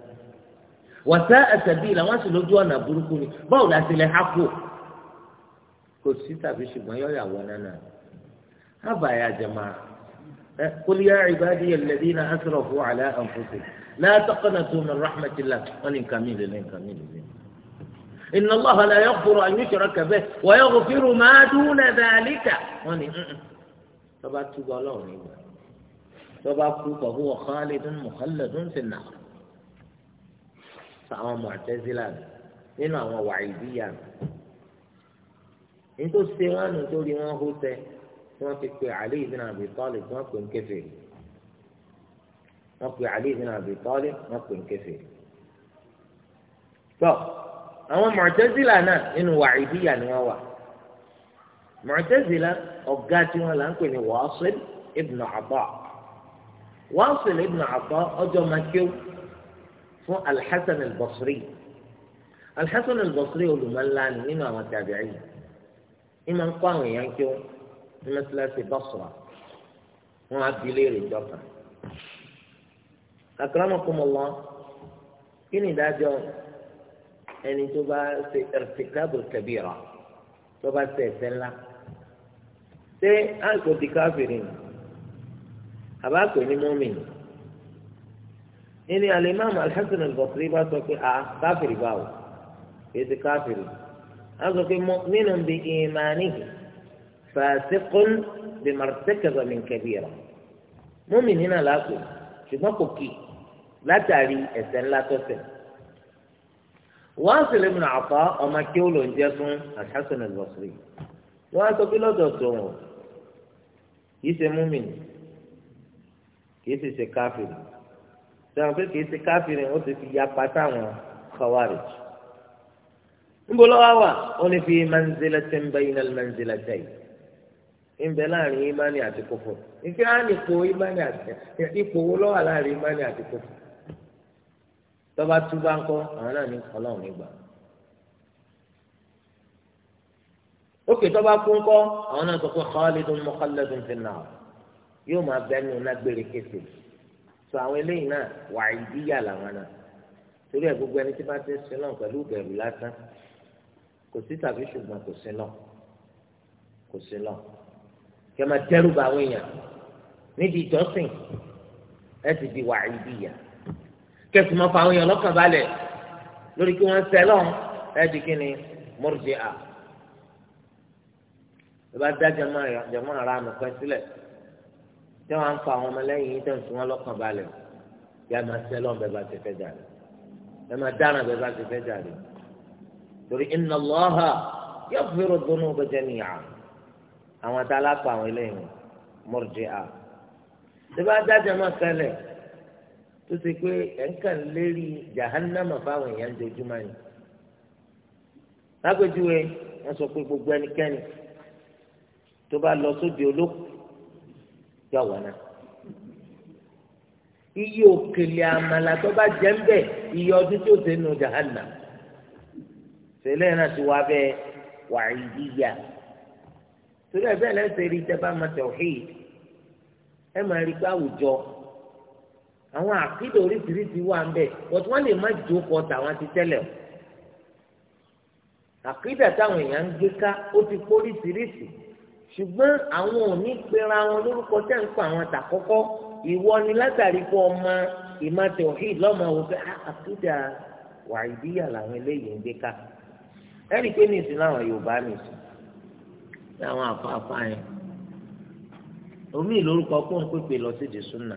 wàtá sabila wọ́n sì lójú ọ̀nà burúkú ni báwo la ti lè há kú kò sí tàbí ṣùgbọ́n yọ ìyàwó nánà àbàyà jẹ̀mà قل يا عبادي الذين أسرفوا على أنفسهم لا تقنطوا من رحمة الله wọ́n ní nǹkan mi lè ní nǹkan mi lè ní. إن الله لا يغفر أن يشرك به ويغفر ما دون ذلك wọ́n ní tọba túbọ̀ ọlọ́run nígbà tọba kú kọ̀ọ̀kú wọ̀ khalidun mukhalladun fi nà àwọn Mu'tazila nínú àwọn Wa'idiyya nítorí ṣe wọn nù torí wọn hó tẹ tí wọn fi pe Ali ibn Abi Talib tí wọn pè ń kèfèrí wọn pe Ali ibn Abi Talib wọn pè ń kèfèrí tọ àwọn Mu'tazila náà nínú Wa'idiyya ni wọn wà. Mu'tazila ọ̀gá tí wọ́n là ń pè ní Wasil ibn Ata Wasil ibn Ata ọjọ́ makiw fún Al-Hasan al-Basri Al-Hasan al-Basri olùmọ̀lá ni nínú àwọn tabi'in ní máa ń kọ́ àwọn èèyàn kí ní mẹ́tíláṣí Basra wọn á fi léèrè ìjọba akramakumullah kí ni ìdájọ́ ẹni tó bá ṣe irtikabul kabira tó bá ṣe ẹ̀ṣẹ̀ ńlá ṣé àǹkó ti káfìrì nù àbákò ní mọ́mì nínú alimami alhassan al-Basri bá sọ pé a káfìrì báwò kìí ti káfìrì a sọ pé nínú bí ìmánì fàṣẹkùn bí màrṣẹkẹsọ mi kẹbìrà mọ́mì nínú àlàkò ṣùgbọ́n kò kì látàrí ẹ̀ṣẹ̀ ńlá tọ́sẹ̀ wọ́n sì lè àpá ọmọ kí ó lò ń jẹ́ fún alhassan al-Basri wọ́n á sọ pé lọ́dọ̀ tó wọn kìí ṣe múmìnì kìí ṣe ṣe káfíìrì sọ̀rọ̀ pé kìí ṣe káfíìrì ó ti fi yapa sáwọn khawarij níbo lọ́wọ́ wà ó ní fi manzilatin bayna al-manzilatayn ìbẹ láàrin imani àti kófò ìfẹ́ á ní ipò imani àti ipò wo lọ́wọ́ láàrin imani àti kófò tọ́ba túbá àwọn náà ní ọlọ́run nígbà. ókè tó bá kú ńkọ́ àwọn náà sọ pé khalidun mukhalladun fi nnar yóò máa bẹ nínú nágbèrè kése sọ àwọn eléyìí náà wà ìdíyà làwọn náà torí ẹ gbogbo ẹni tí bá ti ń sin náà pẹ̀lú ìbẹ̀rù lásán kò sí tàbí ṣùgbọ́n kò sí náà kò sí náà kí ẹ máa dẹ́rù àwọn èèyàn níbi ìjọsìn ẹ ti di wà ìdíyà kẹsì máa fa àwọn èèyàn lọ́kàn balẹ̀ lórí kí wọ́n ń sẹ́ lọ́n ìbá dá jama jama ara àmì kan sílẹ̀ tí wọ́n á ń fa àwọn ọmọlẹ́yìn yìí tẹ̀sùn wọn lọ́kàn balẹ̀ yà máa sẹ́lọ̀ bẹ́ẹ̀ bá ti fẹ́ jàre yà máa dáràn bẹ́ẹ̀ bá ti fẹ́ jàre torí inna Allaha yaghfiru dhunuba jami'a àwọn àtàlà pa àwọn eléyìí murji'a tí bá dá jama kẹlẹ̀ tó ti pé ẹ̀ńkàn lérí jahannama fáwọn èèyàn dojúmọ́ ni lágbèjúwe wọ́n sọ pé gbogbo ẹnikẹ́ni tó bá lọ sóde olókùn yọ wọn náà iye òkèlè àmàlà tó bá jẹ ń bẹ iye ọdún tó ṣe nù jahanna ṣẹlẹ̀ náà ti wá bẹ wàyí yíyá torí ẹ bẹ́ẹ̀ lẹsẹ rí ìjọba mọtòhìí ẹ máa rí pé àwùjọ àwọn àkídà oríṣiríṣi wà ń bẹ wọn lè má jókòó tàwọn ti tẹ́lẹ̀ o àkídà táwọn èèyàn ń gbé ká ó ti póríṣiríṣi ṣùgbọ́n àwọn ò ní pera wọn lórúkọ tẹ́ ń pa àwọn àtàkọ́kọ́ ìwọ ni látàrí pé ọmọ ìmọ̀ tẹ̀wọ̀hìn lọ́mọ wò pé ah, àkúdà wàhídíyà làwọn eléyìí ń gbé ká ẹnì pé nìsín láwọn Yorùbá nìsín ní àwọn afáfá yẹn omi ìlórúkọ kó ń pèpè lọ sí jésùnà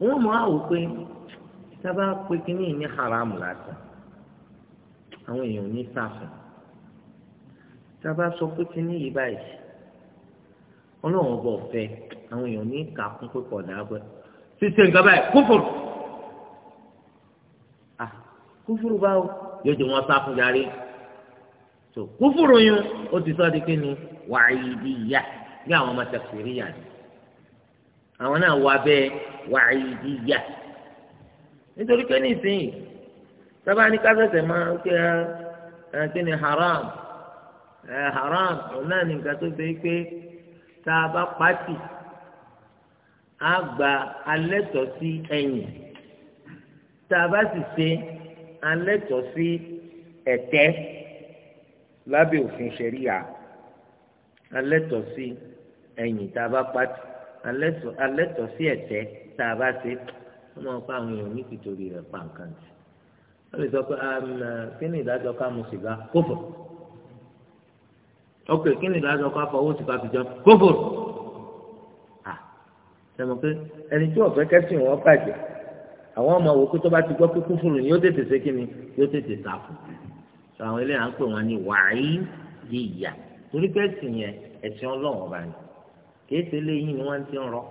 wọn mọ àwò pé sábà pé kínní ní haram lásán àwọn èèyàn ò ní sáfún tá a bá sọ pé kíní yìí báyìí ọlọ́run ọba ọ̀fẹ́ àwọn èèyàn ní ìka kún pé pọ̀ dáàbọ̀ ṣíṣe nǹkan báyìí kúfùrù à ah, kúfùrù báwo yóò jẹ wọn sá fún yarí tó kúfùrù yún ó ti sọ di pé ni wàhídìyà bí àwọn ọmọ tẹ̀síríyà ni àwọn náà wà bẹ́ẹ̀ wàhídìyà nítorí pé nísìnyí sábà ní ká fẹsẹ̀ máa ń kí ẹ kí ni haram ẹ haram òun náà ní nǹkan tó ṣe pé tá a bá pàtì á gba alẹ́tọ̀ sí ẹ̀yìn tá a bá sì ṣe alẹ́tọ̀ sí ẹ̀tẹ́ lábẹ́ òfin ṣẹ̀ríyà alẹ́tọ̀ sí ẹ̀yìn tá a bá pàtì alẹ́tọ̀ sí ẹ̀tẹ́ tá a bá ṣe wọ́n máa pa àwọn èèyàn ní rẹ̀ pa nǹkan jù wọ́n lè sọ pé kí ni ìdájọ́ ká mu sìgá kófò ok kí ni ìdájọ́ ká fọwọ́ sí ká fi jọ kófòrò à sẹ́mu pé ẹni tí ọ̀fẹ́ kẹ́sìn wọn bàjẹ́ àwọn ọmọ wò kó tó bá ti gbọ́ pé kófòrò ni yóò tètè ṣe kí ni yóò tètè sá fún un sọ àwọn eléyà ń pè wọn ní wàáyí yíyà torí pé ẹ̀sìn yẹn ẹ̀sìn ọlọ́run ọba ni kì í ṣe léyìn ni wọ́n ti ń rọ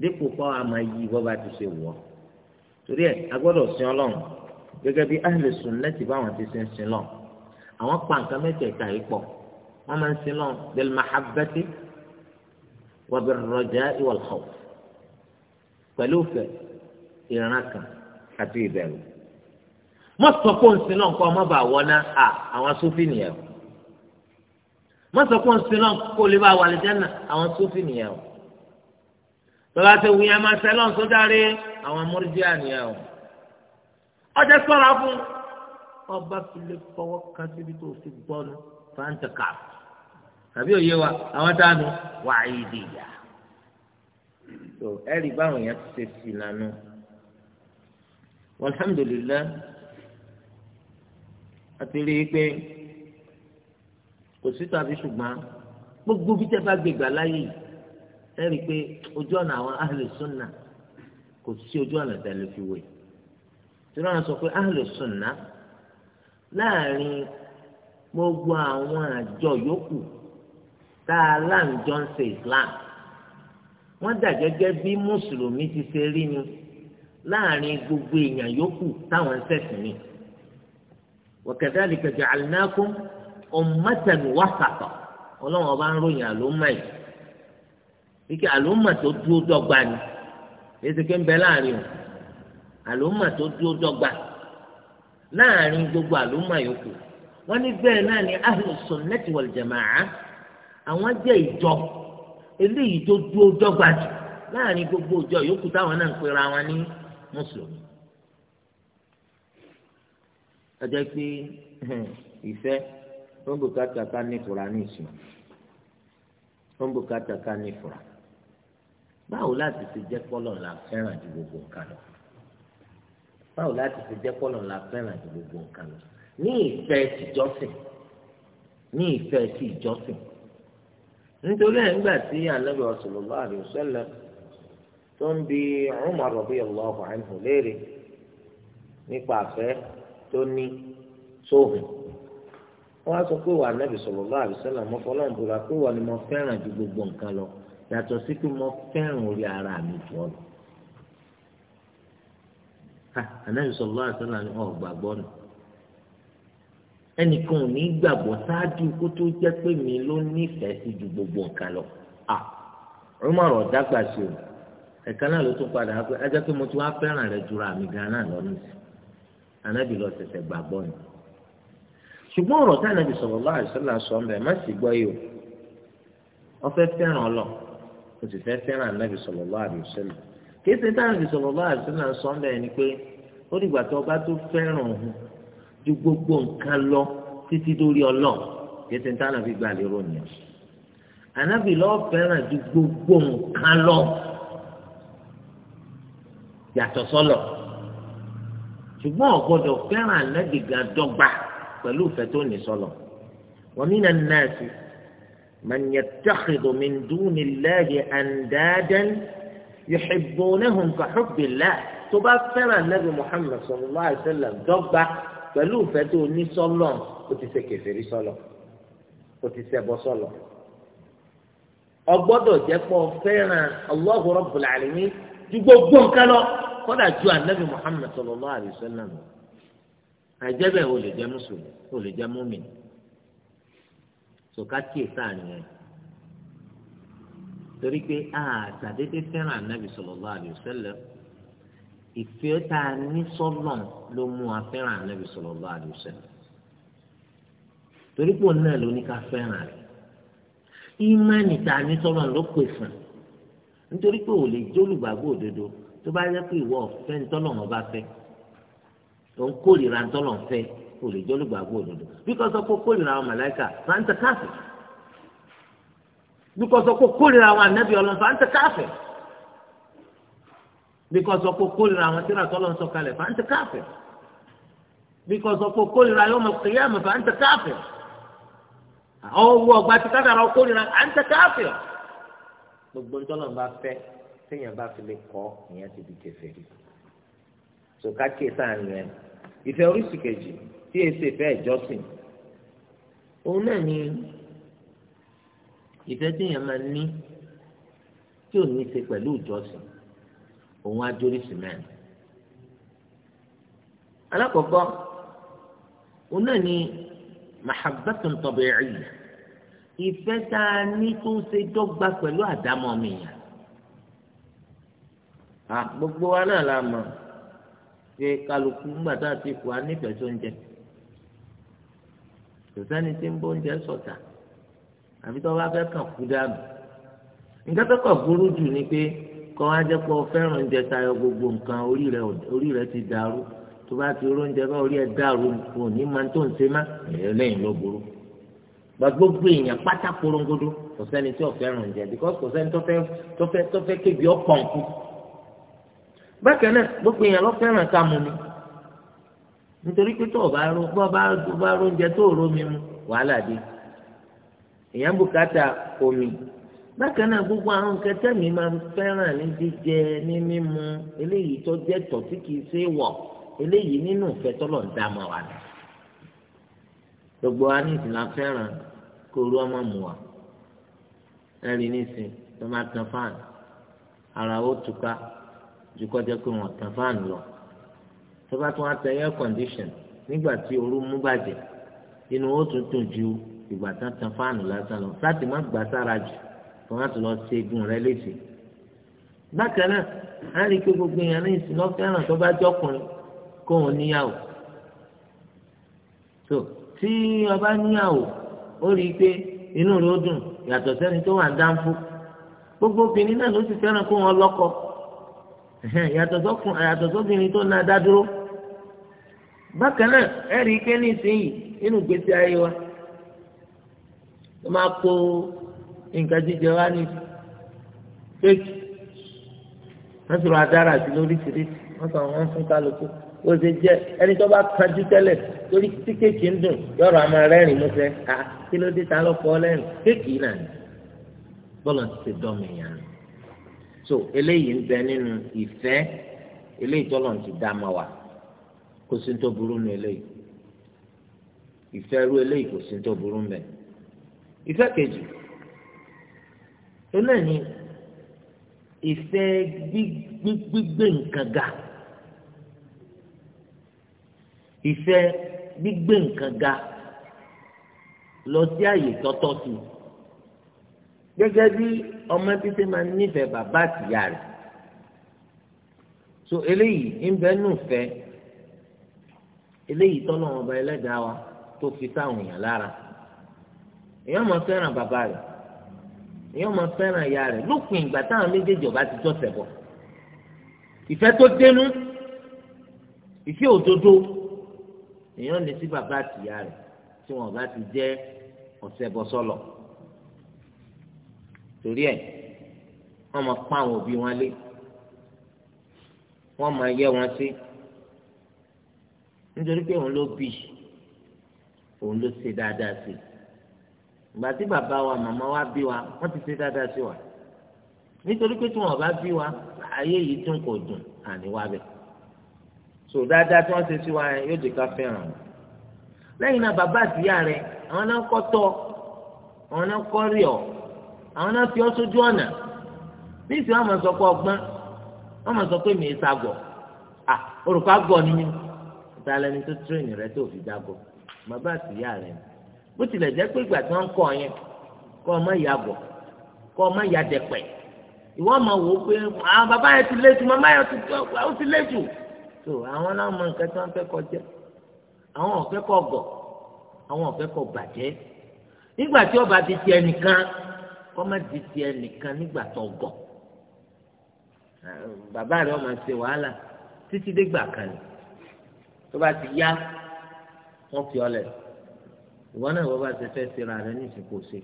dípò pọ́ àmọ́ yí bọ́ bá ti ṣe wọ́ torí ẹ̀ agbọ́dọ̀ sin ọlọ́run gẹ́gẹ́ bí ahlus sunnah ti báwọn ti sin sin lọ àwọn pa nǹkan mẹ́tẹ̀ẹ̀ta yìí pọ̀ wọ́n máa ń sin náà bil mahabbati wa bir raja'i wal khawf pẹ̀lú ìfẹ́ ìran kan àti ìbẹ̀rù mọ sọ pé òǹsìn náà kọ ọmọ bá wọná à àwọn sófin nìyẹn o mọ sọ pé òǹsìn náà kó lè bá wà lẹ́jẹ̀nà àwọn sófin nìyẹn o tọ́lá ti wù yẹn máa ṣe lọ́n sójà àwọn mọ́rìdíà nìyẹn o ọjà sọ̀rọ̀ fún ọba fi lè fọwọ́ kan síbi tó fi gbọ́nu fáńtẹ̀kàfù àbí òye wa àwọn tánu wà á yìí dìyà tó ẹ̀rí báwọn yẹn ti ṣe sí lánà alhamdulilayi àti rí i pé kò sí tàbí ṣùgbọ́n gbogbo bí tẹ́ bá gbègbà láyè ẹ̀rí pé ojú ọ̀nà àwọn ahlẹ̀ sunna kò sí ojú ọ̀nà tẹ̀lé fi wé tí wọ́n sọ pé ahlẹ̀ sunna láàrin gbogbo àwọn àjọ yòókù. tá a islam wọ́n dà gẹ́gẹ́ bí mùsùlùmí ti ṣe rí ni láàrin gbogbo èèyàn yòókù táwọn ń ṣẹ̀sìn ni wa kadhalika ja'alnakum ummatan wasata ọlọ́run ọba ń ròyìn àlùmọ́ yìí ike àlùmọ́ tó dúró dọgba ni ezeke ń bẹ láàrin o àlùmọ́ tó dúró dọ́gba láàrin gbogbo àlùmọ́ yòókù wọ́n ní bẹ́ẹ̀ náà ni àwọn jẹ́ ìjọ eléyìí tó dúró dọ́gba jù láàrin gbogbo ìjọ yòókù táwọn náà ń pera wọn ní mùsùlùmí. ọjọ́ pé ìfẹ́ ó ń bùkátà ká nífura ní ìsìn ó ń bùkátà ká nífura báwo láti ṣe jẹ́ kọ́lọ̀ la fẹ́ràn ju gbogbo nǹkan lọ báwo láti ṣe jẹ́ kọ́lọ̀ la fẹ́ràn ju gbogbo nǹkan lọ ní ìfẹ́ tìjọ́sìn ní ìfẹ́ tìjọ́sìn. nítorí ẹ̀ ńgbà tí ànábì sallallahu alaihi wasallam tó ń bi Umar radiyallahu anhu léèrè nípa àfẹ́ tó ní sóhùn wọ́n á sọ pé wà ànábì sallallahu alaihi mọ́ fọlọ́n pé ni mo fẹ́ràn ju gbogbo nǹkan lọ yàtọ̀ sí pé mo fẹ́ràn orí ara mi jù ọ́ lọ. Ah, ànábì sallallahu ni ẹnìkan ò ní gbàgbọ́ ṣáájú kó tó jẹ́ pé mi ló nífẹ̀ẹ́ ju gbogbo nǹkan lọ rúmọ̀rọ̀ dágbà ṣe o ẹ̀ka náà ló tún padà pé ẹ jẹ́ pé mo ti wá fẹ́ràn rẹ jura àmì gan lọ gbàgbọ́ ni ṣùgbọ́n ọ̀rọ̀ tí anábì sallallahu alaihi wasallam sọ ń bẹ̀ má sì gbọ́ yìí o fẹ́ fẹ́ràn lọ. o sì fẹ́ fẹ́ràn anábì sallallahu ju gbogbo nǹkan lọ títí dórí ọlọ́run kẹsì ń tánà fi gba lérò nìyẹn ànábì lọ́ọ́ fẹ́ràn ju gbogbo nǹkan lọ yàtọ̀ sọ́lọ̀ ṣùgbọ́n ọ̀gbọ́dọ̀ fẹ́ràn ànábì gan dọ́gba pẹ̀lú ìfẹ́ tó ní sọ́lọ̀ wa minan nasi man yattakhidhu min dunillahi andadan yuhibbunahum ka hubbillah tó bá fẹ́ràn ànábì Muhammad pẹ̀lú ìfẹ́ tó ní sọ́lọ̀ ó ti ṣe kèfèrí sọ́lọ̀ ó ti ṣẹbọ sọ́lọ̀ ọgbọ́dọ̀ jẹ́ pọ̀ fẹ́ràn Allahu Rabbul Alamin ju gbogbo nǹkan lọ kọ́dà ju anabi Muhammad sallallahu alaihi wasallam àìjẹ́bẹ̀ ò lè jẹ́ mùsùlùmí ò lè jẹ́ mùmínì sòkátìyè sáà nìyẹn torí pé a fẹ́ràn anabi sallallahu alaihi wasallam ìfẹ́ tá a ní sọ́nà ló mú a fẹ́ràn ànábì sallallahu alaihi wasallam torí pò náà ló ní ká fẹ́ràn rẹ̀ ìmánì tá a ní sọ́nà ló pè fún nítorí pé ò lè jólùgbàgbọ́ òdodo tó bá yẹ pé ìwọ ọ̀fẹ́ ńtọ́lọ́wọ́n bá fẹ́ tó ń kórìíra ńtọ́lọ́wọ́n fẹ́ ò lè jólùgbàgbọ́ òdodo bí kò kórìíra àwọn màláìkà kórìíra ọlọ́fà bí kò sọ pé kólira àwọn tíra tọ́lọ̀ ń sọ kalẹ̀ fà ń tẹ káfẹ́ bí kò sọ pé kólira yóò mọ̀ kéèyàn mọ̀ fà ń tẹ káfẹ́ ọwọ́ ọgbà tí kádàrà kólira à ń tẹ káfẹ́ gbogbo ń tọ́lọ̀ ń bá fẹ́ téèyàn bá fi lè kọ́ ìyẹn ti di kèfèrí tó kákìí sáà ń rẹ ìfẹ́ oríṣi kejì tí èsì ìfẹ́ ìjọsìn òun náà ni ìfẹ́ téèyàn máa ní tí ò ní í ṣe pẹ̀lú ìjọsìn òun adórí sìmẹ́ǹtì alákọ̀ọ́kọ́ òun náà ni mahabbatun tabi'iyya ìfẹ́ tá a ní tó ṣe dọ́gba pẹ̀lú àdámọ́ mi yàn à gbogbo wa náà la mọ̀ pé kálukú ńgbà tá a ti fò á nífẹ̀ẹ́ tó ń jẹ kò sẹ́ni ń bó oúnjẹ sọ̀tà àbí tó bá fẹ́ kàn kú dànù nǹkan tó kàn burú jù ni pé kọ́ wá jẹ́ pé o fẹ́ràn oúnjẹ tayọ gbogbo nǹkan orí rẹ ti dàrú tó bá ti róúnjẹ bá orí ẹ dàrú kò ní máa tó ń ṣe má ẹlẹ́yìn ló burú gbogbo èèyàn pátá korongodo kò sẹ́ni tí ò fẹ́ràn oúnjẹ because kò sẹ́ni tó fẹ́ tó fẹ́ tó fẹ́ kébi ọ̀pọ̀ nǹkan bákan náà gbogbo èèyàn ló fẹ́ràn ká mu ni nítorí pé tó o bá rún bá bá róúnjẹ tó o rómi mu wàhálà dé èèyàn bùkátà omi bákan náà gbogbo àwọn nǹkan tẹ́mi máa ń fẹ́ràn ní jíjẹ ní mímu eléyìí tó jẹ́ tọ̀ tí kìí ṣe wọ̀ eléyìí nínú ìfẹ́ tọ́lọ̀ ń dá mọ́ wa ni. gbogbo wa ní ìsìnlá fẹ́ràn kó orú ọmọ mu wa ẹ̀rí nísìn tó máa tan fáàn ara ó túká ju kọjá pé wọ́n tan fáàn lọ tó bá tún wá tan air condition nígbà tí orú mú bàjẹ́ inú ó tún tún ju ìgbà tán tan fáàn lásán lọ láti má gbà sára jù. kó má tún lọ ṣe egun rẹ léṣe bákan náà á rí i pé gbogbo èèyàn lẹ́yìn tí ọba níyàwó ó rí i pé inú rẹ ó gbogbo obìnrin náà ló sì fẹ́ràn kó wọn lọ́kọ yàtọ̀ tó na dá dúró bákan náà ẹ rí i pé nínú ìgbésí nǹkan jíjẹ wá ní kéèkì wọ́n ti rọ adára sí lóríṣiríṣi wọ́n sọ wọ́n fún kálukú ó ṣe jẹ́ ẹni tó bá kanjú tẹ́lẹ̀ torí tí kéèkì ń dùn yọ̀rọ̀ àmọ́ rẹ́rìn músẹ́ ká kí ló dé ta lọ́kọ́ lẹ́rìn kéèkì náà ni bọ́lá ti ṣe dọ́mọ èèyàn rẹ̀ so eléyìí ń bẹ nínú ìfẹ́ eléyìí tọ́lọ̀ ti dá ma wà kò sí tó burú nu eléyìí ìfẹ́ ru eléyìí kò sí tó burú mbẹ ìfẹ́ kejì eléyìí ni ìfẹ́ gbígbé nǹkan ga ìfẹ́ gbígbé nǹkan ga lọ sí àyè tọ́tọ́ sí gẹ́gẹ́ bí ọmọ títí máa nífẹ̀ẹ́ bàbá àtìyá rẹ̀ so eléyìí ń bẹ nù fẹ́ eléyìí tọ́lọ́ ọba ẹlẹ́dàá wa tó fi sáwọn èèyàn lára èèyàn máa fẹ́ràn bàbá rẹ̀ èèyàn máa fẹ́ràn ìyá rẹ̀ lópin ìgbà táwọn méjèèjì ọba ti jọ́sẹ̀ bọ̀ ìfẹ́ tó dénú ìfẹ́ òdodo èèyàn lè sí bàbá àti ìyá rẹ̀ tí wọn ọba ti jẹ́ ọ̀sẹ̀ bọ̀ sọ́lọ̀ torí ẹ̀ wọ́n máa pa àwọn òbí wọn lé wọ́n máa yẹ́ wọn sí nítorí pé òun ló bí òun ló ṣe dáadáa sí i. ìgbà tí bàbá wa màmá wa bí wa wọ́n ti ṣe dáadáa sí wa nítorí pé tí wọ́n bá bí wa ayé yìí tún kò dùn àní so dáadáa tí wọ́n ṣe sí wa yóò jẹ́ ká fẹ́ràn wọn lẹ́yìn náà bàbá àtìyá àwọn náà àwọn náà àwọn náà fi ọ ọ̀nà ìsìn wọn ọgbọ́n wọn sọ pé mi à orúkọ ni mí tó rẹ tó fi dá bó tilẹ̀ jẹ́ pé ìgbà tí wọ́n ń kọ́ yẹn kọ́ ọmọ ìyá bọ̀ kọ́ ọmọ ìyá dẹ̀pẹ̀ ìwọ́n máa wò ó pé àwọn bàbá yẹn ti lé jù màmá yẹn ó ti lé jù tó àwọn náà mọ nǹkan tí wọ́n fẹ́ kọ́ jẹ́ àwọn ò fẹ́ kọ́ gọ̀ àwọn ò fẹ́ kọ́ bàjẹ́ nígbà tí ọba ti ti ẹnìkan kọ́ má di ti ẹnìkan nígbà tó gọ̀ bàbá rẹ̀ ọmọ ṣe wàhálà títí dégbà kan ni tó bá ti yá wọ́n fi ọ lẹ̀ ìwọ náà wọ́n bá ti fẹ́ síra rẹ ní ìsìnkú ṣe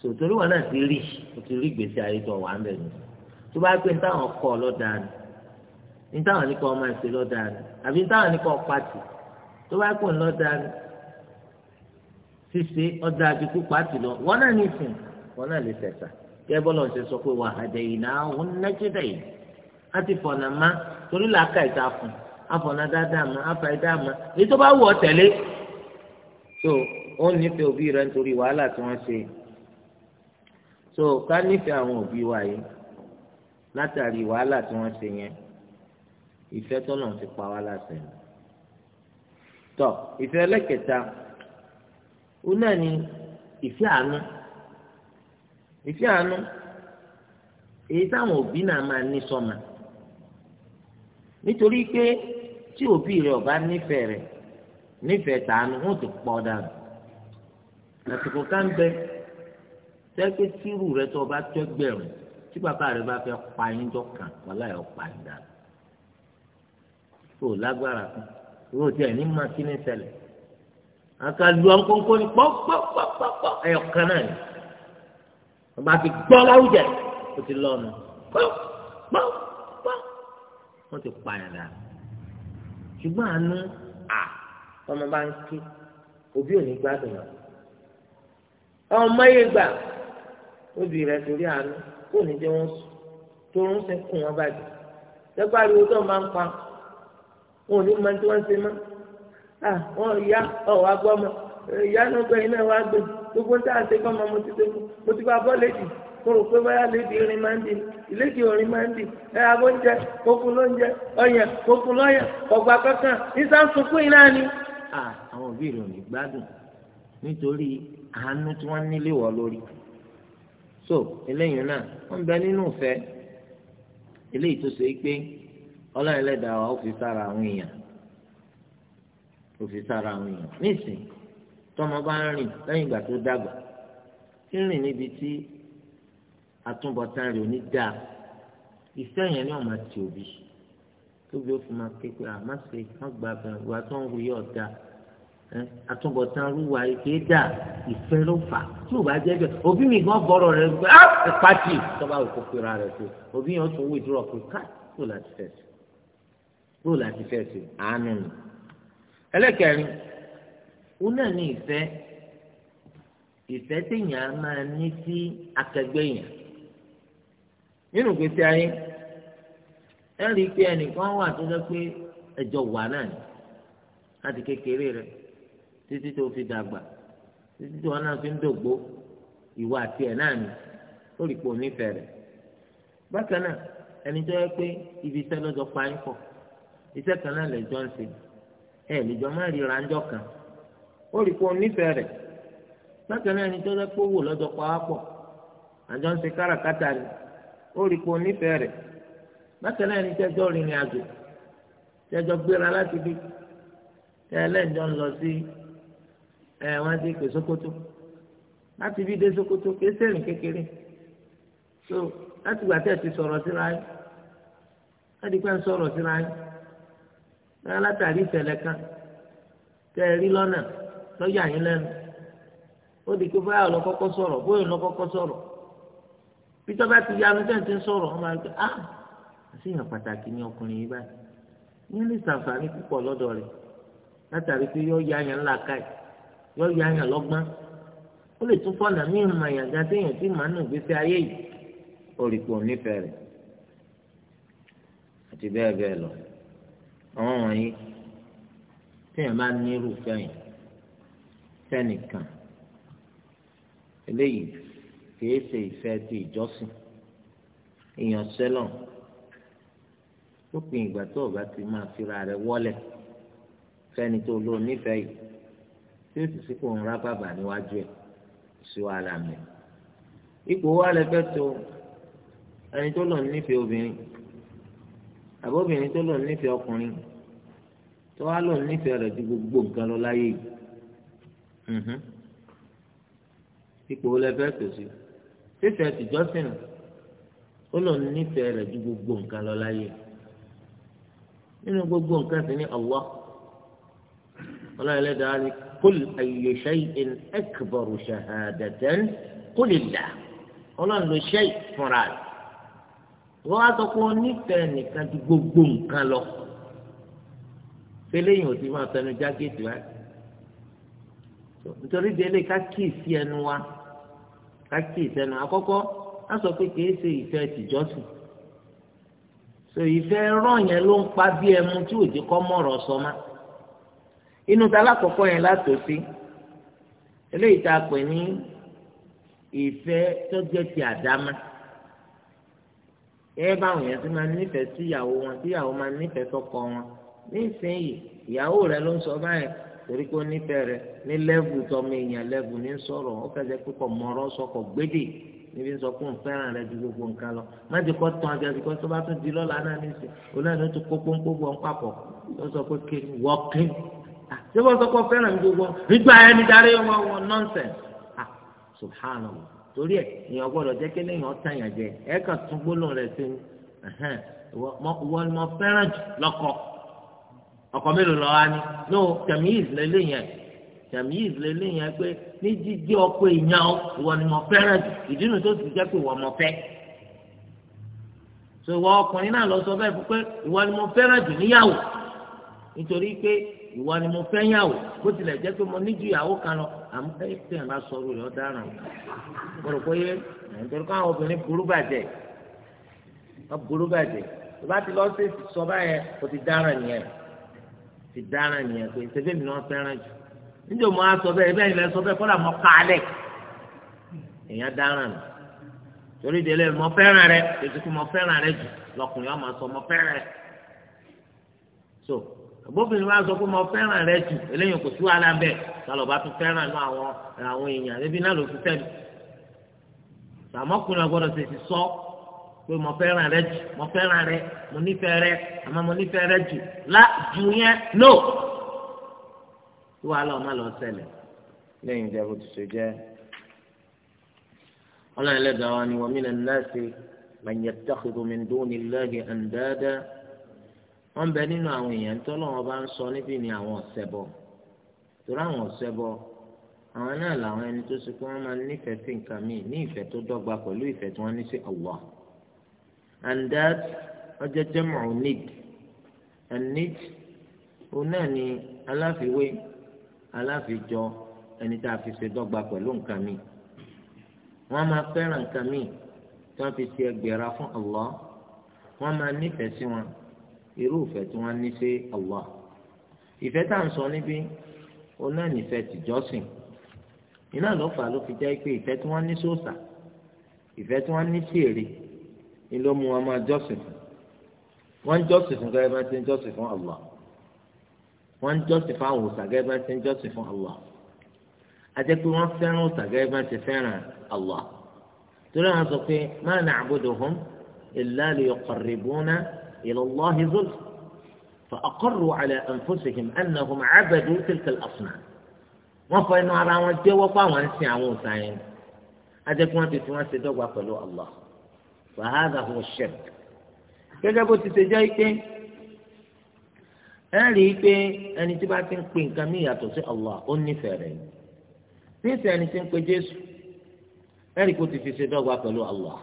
sòtòrí wọn náà ti rí o ti rí gbèsè ayé tó wà ń bẹ̀ nù tó bá pé nítawọn kọ lọ́dà ni nítawọn ní kọ́ máa ṣe lọ́dà ni àbí nítawọn ní kọ́ pàtì tó bá pè lọ́dà ni ṣíṣe ọ̀dà àdìkú pàtì lọ wọn náà ní ìsìn wọn náà lè tẹ̀sà kẹ́ bọ́lá ń ṣe sọ pé wà àdẹ yìí náà ó ń nẹ́jẹ̀dẹ̀ yìí á ti fọ̀nà má torí làákà ìta fún afọ̀nà dáadáa má afọ̀ ìdá èyí tó bá wù ọ́ tẹ̀lé so ó nífẹ̀ẹ́ òbí rẹ nítorí wàhálà tí wọ́n ṣe so ká nífẹ̀ẹ́ àwọn òbí wa yìí látàrí wàhálà tí wọ́n ṣe yẹn ìfẹ́ tọ́nà ti pa wá láṣẹ tọ ìfẹ́ ẹlẹ́kẹta ó náà ní ìfẹ́ àánú ìfẹ́ àánú èyí táwọn òbí náà máa ní sọ́mà nítorí pé tí òbí rẹ ò nífẹ̀ẹ́ rẹ̀ nífẹ̀ẹ́ tàánú wọn ti pọ̀ dànù àsìkò ká ń bẹ tẹ́gbẹ́ tírù rẹ tó o bá tẹ́gbẹ̀rún tí bàbá rẹ bá fẹ́ pa yín jọ kàn wọ́n láyọ̀ pa yín dànù tó o lágbára kan ìwé òtí ẹ̀ ní ma kí ní ṣẹlẹ̀ àká lu ọ̀nkónkó ni pọ́pọ́pọ́pọ́ ẹ̀yọ̀ kan náà ni bàbá ti gbọ́ láwùjẹ o ti lọ ọ̀nà pọ́pọ́pọ́ wọ́n ti pa yín ṣùgbọ́n àánú à tọmọ bá ń ké òbí ò ní gbádùn ọ ọmọ yìí gbà obì rẹ torí àánú kò ní jẹ wọn sùn torún ń sin kùn wọn bàjẹ́ lẹgbàá ariwo tó máa ń pa wọn ò ní mọ tí wọn ṣe mọ ah wọn ìyá ọwọ agbọmọ ìyá náà gbẹ̀yìn náà wàá gbẹ gbogbo ń tà àti gbọmọ mo ti tẹkù mo ti bá bọ lẹdì mo rò pé báyà lẹdì irin máa ń di ìlédì orin máa ń di ẹ abóúnjẹ kókun lóúnjẹ ọyàn kókun lọyàn ọgbà kankan ní sáà ń sunkún yìí ni à àwọn òbí rẹ̀ ò ní gbádùn nítorí àánú tí wọ́n nílé wọ lórí so eléyìí náà wọ́n bẹ nínú ìfẹ́ eléyìí tó ṣe é pé ọlọ́run ẹlẹ́dàá wa ó fi sára àwọn èèyàn ó fi sára àwọn èèyàn nísìnyí tọ́mọ bá ń rìn lẹ́yìn ìgbà tó dàgbà tí ń rìn níbi tí àtúbọ̀tán rẹ̀ ò ní dáa ìfẹ́ yẹn ni wọ́n máa ti òbí tóbi ó fi máa ké pé àmọ́ ṣe wọ́n gba abẹ́rẹ́ ìwà tó ń ru yóò da àtúbọ̀tán rúwa èké dà ìfẹ́ ló fà tí ò bá jẹ́ bẹ́ẹ̀ òbí mi gan bọ̀rọ̀ rẹ̀ gbé á pàtì tọ́ba òkú pera rẹ̀ pé òbí yẹn ó tún wíìdúrọ̀ pé ká kó láti fẹ́ sí kó láti fẹ́ sí àánú nù. ẹlẹ́kẹ̀rin òun náà ní ìfẹ́ ìfẹ́ téèyàn máa ní sí akẹgbẹ́ yẹn nínú ìgbésí ayé. ẹ rí i pé ẹnìkan wà tó jẹ́ pé ẹjọ́ wà náà ni láti kékeré rẹ títí tó fi dàgbà títí tó wọn náà fi ń dògbó ìwà àti náà ni ó rí i pé onífẹ̀ẹ́ rẹ̀ bákan náà ẹni tó yẹ pé ibi iṣẹ́ lọ́jọ́ pa ń pọ̀ iṣẹ́ kan náà lẹ́jọ́ ń ṣe ẹ lẹ́jọ́ má rí ránjọ́ kan ó rí i pé onífẹ̀ẹ́ rẹ̀ bákan náà ẹni tó bákan náà ní tẹ́jọ́ rìnrìn àjò tẹ́jọ́ gbéra láti bí tẹ́lẹ̀jọ́ ń lọ sí ẹ̀ wọ́n ti pè Sókótó láti bí dé Sókótó kìí sẹ́rìn kékeré so láti gbà tẹ́ ti sọ̀rọ̀ síra yín láti pẹ́ ń sọ̀rọ̀ síra yín náà látàrí ìṣẹ̀lẹ̀ kan tẹ́ ẹ rí lọ́nà lọ́yà yín lẹ́nu ó di pé báyọ̀ lọ kọ́kọ́ sọ̀rọ̀ bóyọ̀ lọ ti yanu àṣeyàn pàtàkì ní ọkùnrin yìí báyìí yẹn lè ṣàǹfààní púpọ̀ lọ́dọ̀ rẹ̀ látàrí pé yọ ya yẹn ńlá káì yọ ya yẹn lọ́gbọ́n ó lè tún fọ́nà mí ìmọ̀ àyàgá téèyàn tí màá nù gbèsè ayé yìí òrìpò nífẹ̀ẹ́ rẹ̀ àti bẹ́ẹ̀ bẹ́ẹ̀ lọ àwọn wọ̀nyí téèyàn bá ní irúfẹ́ yẹn fẹ́nìkan eléyìí kìí ṣe ìfẹ́ ti ìjọsìn èèyàn lópin ìgbà tó o bá ti máa fira rẹ wọlẹ̀ fẹ́ni tó lò nífẹ̀ẹ́ yìí tí yóò sì sí ń rá bàbà níwájú ẹ̀ sí wàhálà mi. ipò wa lè fẹ́ tó ẹni tó lò nífẹ̀ẹ́ obìnrin àbóbìnrin tó lò nífẹ̀ẹ́ ọkùnrin tó wá lò nífẹ̀ẹ́ rẹ̀ ju gbogbo nǹkan lọ láyé yìí. ipò wo lè fẹ́ tó sí fífẹ́ tìjọ́sìn ó lò nífẹ̀ẹ́ rẹ̀ ju gbogbo nǹkan lọ láyé yìí nínú gbogbo nǹkan sí ní Allah ọlọ́run ẹlẹ́dàá ni qul ayyu shay'in akbaru shahadatan qulillah ọlọ́run ló ṣe ìfúnra rẹ̀ wọ́n á sọ pé wọ́n nífẹ̀ẹ́ nìkan ju gbogbo nǹkan lọ fẹlẹ́yìn ò ti máa fẹnu já géètì nítorí délé ká kíyèsí ẹnu wa ká kíyèsí ẹnu àkọ́kọ́ á sọ pé kìí ṣe ìfẹ́ tìjọ́sìn o ìfẹ́ rán yẹn ló ń pa bí ẹmu tí òjì kọ́ mọ̀rọ̀ sọ ma inú ta lákọ̀ọ́kọ́ yẹn látòsí eléyìí tá a pè ní ìfẹ́ ti àdámá ẹ báwọn yẹn ti máa nífẹ̀ẹ́ sí ìyàwó wọn tí ìyàwó máa nífẹ̀ẹ́ wọn nísìnyí ìyàwó rẹ ló ń sọ báyìí torí pé ó nífẹ̀ẹ́ rẹ ní lẹ́bù tọmọ èèyàn lẹ́bù ní sọ̀rọ̀ ó fẹ́ níbi sọ pé òun fẹ́ràn rẹ ju gbogbo nǹkan lọ má ti kọ́ tán àjẹsí kọ́ tó bá tún di lọ́la náà ní ìsìn òun náà ló tún kó pọ́npọ́ bọ̀ ń papọ̀ ó sọ pé kí wọ́ kí ṣé wọ́n sọ pé fẹ́ràn mi gbogbo nígbà ẹni darí wọn wọn nọ́ọ̀sẹ̀nsì ah subhanallah torí ẹ èèyàn gbọ́dọ̀ jẹ́ kí lẹ́yìn ọ̀tá yàn jẹ ẹ kà tún gbólóhùn rẹ sí wọn ni mo fẹ́ràn jù lọ́kọ ọkọ mélòó lọ́wọ́ á ní no tẹ̀mí ìsìlẹ̀ lẹ́yìn ẹ̀ tàmíyìí lélẹ́ yẹn pé ní jíjí ọkọ èèyàn ìwọ ni mo fẹ́ràn jù ìdínú tó ti jẹ́ pé ìwọ mo fẹ́ so ìwọ ọkùnrin náà lọ sọ bẹ́ẹ̀ fún pé ìwọ ni mo fẹ́ràn jù níyàwó nítorí pé ìwọ ni mo fẹ́ yàwó bó tilẹ̀ jẹ́ pé mo ní ju ìyàwó kan lọ àmọ́ ẹ tẹ̀ ń bá sọ̀rọ̀ rẹ̀ ọ́ dáràn mo rò pé nítorí pé àwọn obìnrin burú bàjẹ́ wọ́n burú bàjẹ́ tó bá ti lọ sí sọ báyẹn o ti dáràn nìyẹn ti dáràn nìyẹn pé ṣẹ́fẹ́ mi ni wọ́n fẹ́ràn jù níjọ mọ asọ bẹ́ẹ̀ bẹ́ẹ̀ ilẹ sọ bẹ́ẹ̀ kọlà mọ kaalẹ èèyàn dáràn nù torí délé mọ fẹ́ràn rẹ tètè mọ fẹ́ràn rẹ jù lọkùnrin ọmọ sọ mọ fẹ́ràn rẹ so àbófinrin wa sọ pé mo fẹ́ràn rẹ jù eléyìí kò sí wàhálà bẹ́ẹ̀ sálọ bá tún fẹ́ràn náà àwọn àwọn èèyàn ẹbí náà ló fi fẹ́ mi sàmọ́kùnrin ọgbọ́dọ̀ sì ti sọ pé mo fẹ́ràn rẹ jù mo fẹ́ràn rẹ mo nífẹ̀ẹ́ rẹ àmọ́ mo nífẹ̀ẹ́ rẹ jù lá jù yẹn no tí wàá lọ́ọ́ má lọ ṣẹlẹ̀ lẹ́yìn ìjẹ́bù tó ṣe jẹ́ ọlọ́run ẹlẹ́dàá wa ni wa minan nasi man yattakhidhu min dunillahi andada wọ́n ń bẹ nínú àwọn èèyàn tó lọ́wọ́ bá ń sọ níbí ni àwọn ọ̀sẹ̀bọ torí àwọn ọ̀sẹ̀bọ àwọn náà làwọn ẹni tó ṣe pé wọ́n máa nífẹ̀ẹ́ sí nǹkan míì ní ìfẹ́ tó dọ́gba pẹ̀lú ìfẹ́ tí wọ́n ní sí Allah andad ọjọ́ jẹ́mọ̀ onid onid òun náà ni aláfiwé aláfijọ ẹni tá a fi ṣe dọ́gba pẹ̀lú nǹkan mi wọ́n máa fẹ́ràn nǹkan mi tí wọ́n fi ṣe ẹgbẹ̀ra fún Allah wọ́n máa nífẹ̀ẹ́ sí wọn irú ìfẹ́ tí wọ́n ní sí Allah ìfẹ́ tá à ń sọ níbí òun náà nífẹ̀ẹ́ tìjọ́sìn iná ló fà ló fi jẹ́ pé ìfẹ́ tí wọ́n ní sóòsà ìfẹ́ tí wọ́n ní sí èrè ni ló mú wọn máa jọ́sìn fún wọ́n ń jọ́sìn fún gẹ́gẹ́ bá ti ń jọ́sìn fún Allah wọ́n ń jọ́sìn fún àwọn òòṣà gẹ́gẹ́ bá ṣe ń jọ́sìn fún Allah àti pé wọ́n fẹ́ràn òòṣà gẹ́gẹ́ bá ṣe fẹ́ràn Allah torí wọn sọ pé ma na'buduhum illa liyuqarribuna ila Allahi zulfa àlẹ́ على أنفسهم أنهم àbẹ̀dù تلك àfúnà wọ́n fọ inú ara wọn jẹ́wọ́ pé àwọn ń sin àwọn òòsàn yẹn ajẹ́ kí wọ́n ti fi wọ́n ṣe dọ́gba pẹ̀lú Allah فهذا هو الشرك gẹ́gẹ́ bó ti ṣe jẹ́ pé ẹ rí i pé ẹni tí bá ti ń pè nǹkan mí yàtọ̀ sí Allah ó nífẹ̀ẹ́ rẹ̀ ní ìsìn ẹni tí ń pe Jésù ẹ rí i kó ti fi ṣe dọ́gba pẹ̀lú Allah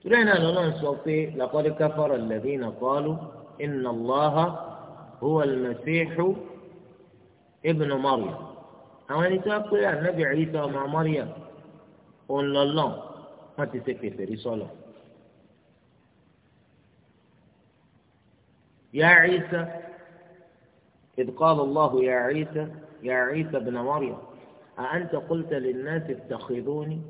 torí ẹ̀ náà lọ́nà ń sọ pé laqad kafara alladhina qalu inna Allaha huwa al-Masihu ibnu Maryam àwọn ẹni tí wọ́n pé ànábì Ìsá ọmọ Maryam òun lọ́lọ́ wọ́n ti ṣe kèfèrí sọ́lọ̀ يا عيسى إذ قال الله يا عيسى يا عيسى ابن مريم أأنت قلت للناس اتخذوني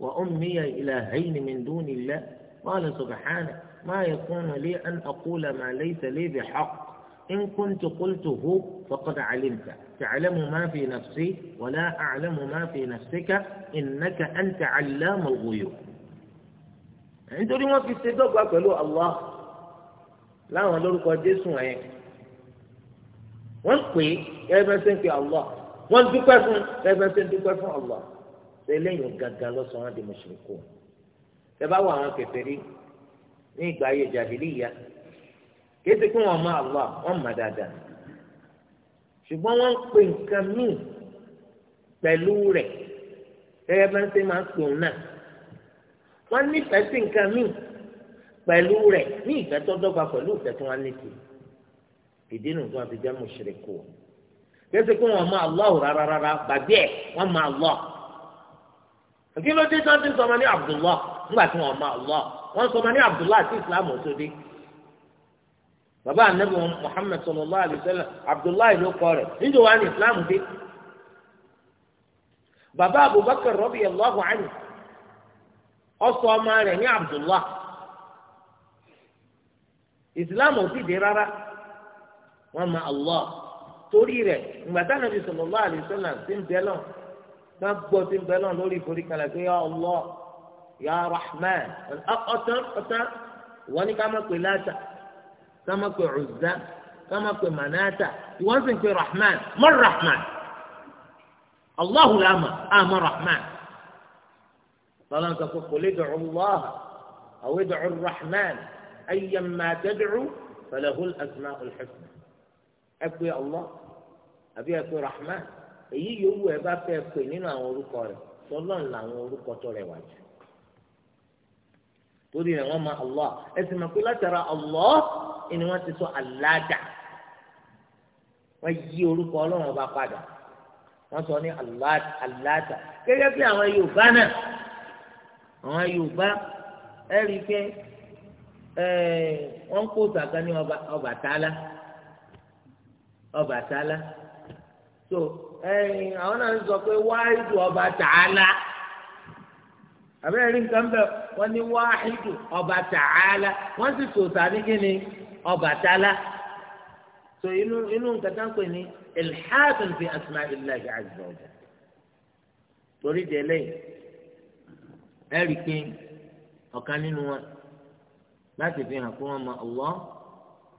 وأمي إلهين من دون الله قال سبحانه ما يكون لي أن أقول ما ليس لي بحق إن كنت قلته فقد علمت تعلم ما في نفسي ولا أعلم ما في نفسك إنك أنت علام الغيوب عندما يعني في السيدة قالوا الله láwọn lórúkọ jésù ẹ̀ wọ́n pè é ẹ̀rọ ṣe ń pè Allah wọ́n dúpẹ́ fún ẹ̀rọ ṣe ń dúpẹ́ fún Allah ṣe lẹ́yìn gangan lọ́sọ̀ wọn di mùsùlùkù ṣe bá wọ àwọn kèfèrí ní ìgbà ayé jàhílíyà kéde kí wọ́n mọ Allah wọ́n mọ̀ dáadáa ṣùgbọ́n wọ́n pè nǹkan míì pẹ̀lú rẹ̀ ẹ̀rọ ṣe máa ń pè òun náà wọ́n nífẹ̀ẹ́ sí nǹkan míì. pẹ̀lú rẹ̀ ní ìfẹ́ pẹ̀lú ìfẹ́ tó létí ìdí nu tó jẹ́ kéésì máa Allah rárá rárá bàbí ẹ̀ wọ́n máa Allah kí ló dé tó Abdullah nígbà tí wọ́n máa Allah wọn sọ Abdullah àti Islam tó dé bàbá Muhammad sallallahu alayhi wa sallam ló kọ níjọ wa Islam dé bàbá Abubakar sọ ọmọ rẹ ní Abdullah. ìsìláàmù ò sì dé rárá wọn mọ Allah torí rẹ̀ ìgbàdá nàbí sallallahu alaihi wasallam ti ń bẹ lọ bá gbọ́ ti ń bẹ lọ lórí ìforí kan láti ya Allah ya Rahman ọtán ọtán wọn ni ká má pè Láta ká má pè Uzza ká má pè Manata ìwọ́n sì ń pè Rahman mọ́ Rahman Allahu làmà àmọ́ Rahman tọ́lá ń kò lè dùn Allah àwọn ìdùn Rahman. أيما تدعو فله الأسماء الحسنى أبي الله أبي أبي رحمن èyí yòówù ẹ bá fẹ́ pè nínú àwọn orúkọ rẹ̀ tọlọ́run làwọn orúkọ tó rẹwà jù torí rẹ̀ wọ́n máa allah ẹ sì máa pé látara allah ni wọ́n ti sọ aláàdà wọ́n yí orúkọ Ọlọ́run ọba padà wọ́n sọ ní aláàdà gẹ́gẹ́ bí àwọn Yorùbá náà àwọn Yorùbá ẹ rí i pé wọ́n kó sàkà ní Ọbàtálá Ọbàtálá so eh, àwọn náà ń sọ pé wáhídù Ọbàtálá àbẹ́rẹ́ rí nǹkan bẹ́ẹ̀ wọ́n ní wáhídù Ọbàtálá wọ́n sì sòsà ní kíni Ọbàtálá so inú inú nǹkan tá ń pè ní ilhaadun fi asma'illahi azza wa jalla torí délé ẹ̀rí pé ọ̀kan nínú wọn láti fi hàn kó wọn mọ Allah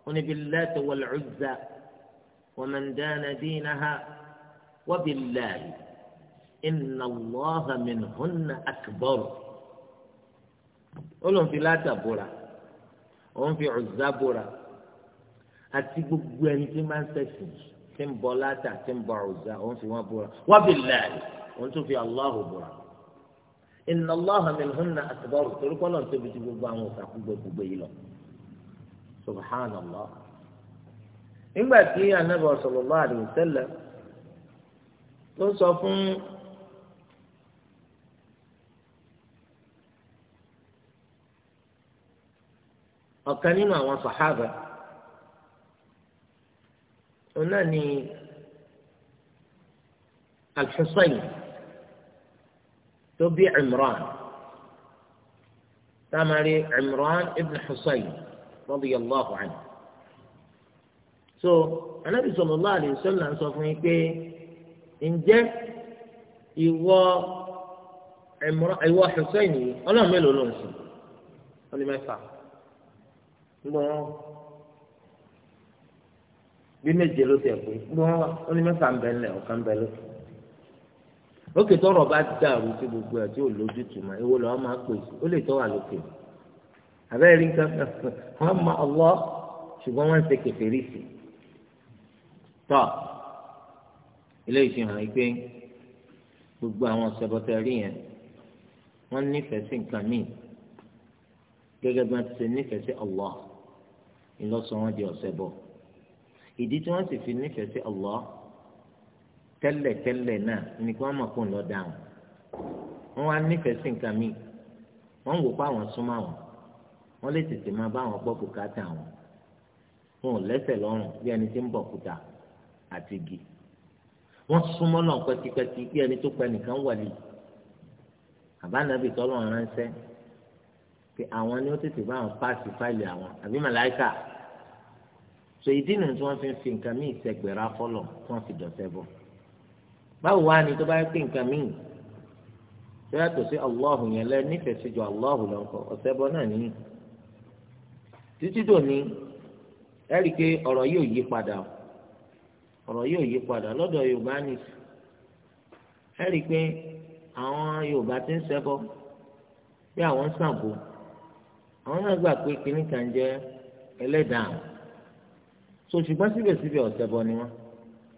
wọn níbi lati wal Uzza wa man dana dinaha wa billahi inna Allaha minhunna akbar ó lóun fi láta búra òun fi Uzza búra àti gbogbo ẹni tí máa ń sẹ̀sìn tí ń bọ láta tí ń bọ Uzza òun fi wọn búra wa billahi òun tún fi Allahu búra. inna Allaha minhunna akbar torí kọ́ náà tóbi ju gbogbo àwọn òsàkú gbogbo yìí lọ subhanallah nígbà tí anabi sallallahu alaihi wasallam tó sọ fún ọ̀kan nínú àwọn sàhábà òun náà tó bí Imran tamari Imran ibn Husayn radiyallahu anhu so anabi sallallahu alayhi wa sallam sọ fún yín pé ǹjẹ́ ìwọ ìwọ Husayn yìí ọlọ́run mélòó ló ń sìn wọ́n ní mẹ́fà ńgbọ́n bí méje ló tẹ̀ pé ńgbọ́n wọ́n ní mẹ́fà ń bẹ ńlẹ̀ ọ̀kan bẹ lókè lókè tọrọ bá dàrú sí gbogbo ẹ tí ò lójútùmọ̀ ewo lọ máa pè sí ó lè tọ́ wà lókè abẹ́rẹ́ rí nǹkan kan wọ́n mọ ọlọ́ ṣùgbọ́n wọ́n ń ṣe kẹfẹ́rí sí i tọ́ ilé ìfihàn yìí pé gbogbo àwọn sọ̀bọ̀tẹ̀rì yẹn wọ́n nífẹ̀ẹ́ sí nǹkan míì gẹ́gẹ́ bí wọ́n ti ṣe nífẹ̀ẹ́ sí Allah ìlọsọ wọn di ọ̀sẹ̀ bọ̀ ìdí tí wọ́n sì fi nífẹ̀ẹ́ sí Allah tẹ́lẹ̀tẹ́lẹ̀ náà ni kí wọ́n mọ̀ kó ń lọ dá wọn wọ́n wá nífẹ̀ẹ́ sí nǹkan míì wọ́n wò pa àwọn súnmọ́ àwọn wọ́n lè tètè máa bá àwọn gbọ́ bùkátà wọn wọn ò lẹ́sẹ̀ lọ́rùn bí ẹni tí ń bọ̀ kúta àti igi wọ́n súnmọ́ náà pẹ́kípẹ́kí bí ẹni tó pẹ́ nìkan wọlé àbánabi tọ́lọ́ ránṣẹ́ pé àwọn ni ó tètè bá àwọn páàsì fáìlì àwọn àbí màláìkà so ìdí nù tí wọ́n fi ń fi nǹkan míì sẹgbẹ̀rẹ̀ afọ́lọ̀ tí wọ́n fi dọ̀tẹ́ bọ̀. báwo wá ni tó bá pè nǹkan míì tó yàtọ̀ sí Allahu yẹn lẹ nífẹ̀ẹ́ sí ju Allahu lọ kọ ọ̀sẹ̀ bọ́ náà nìyí títí ẹ rí i pé ọ̀rọ̀ yóò yí padà ọ̀rọ̀ yóò yí padà lọ́dọ̀ Yorùbá ni ẹ rí i pé àwọn Yorùbá ti ń ṣẹbọ bí àwọn ń Ṣàngó àwọn náà gbà pé so ṣùgbọ́n síbẹ̀síbẹ̀ ọ̀sẹ̀ bọ́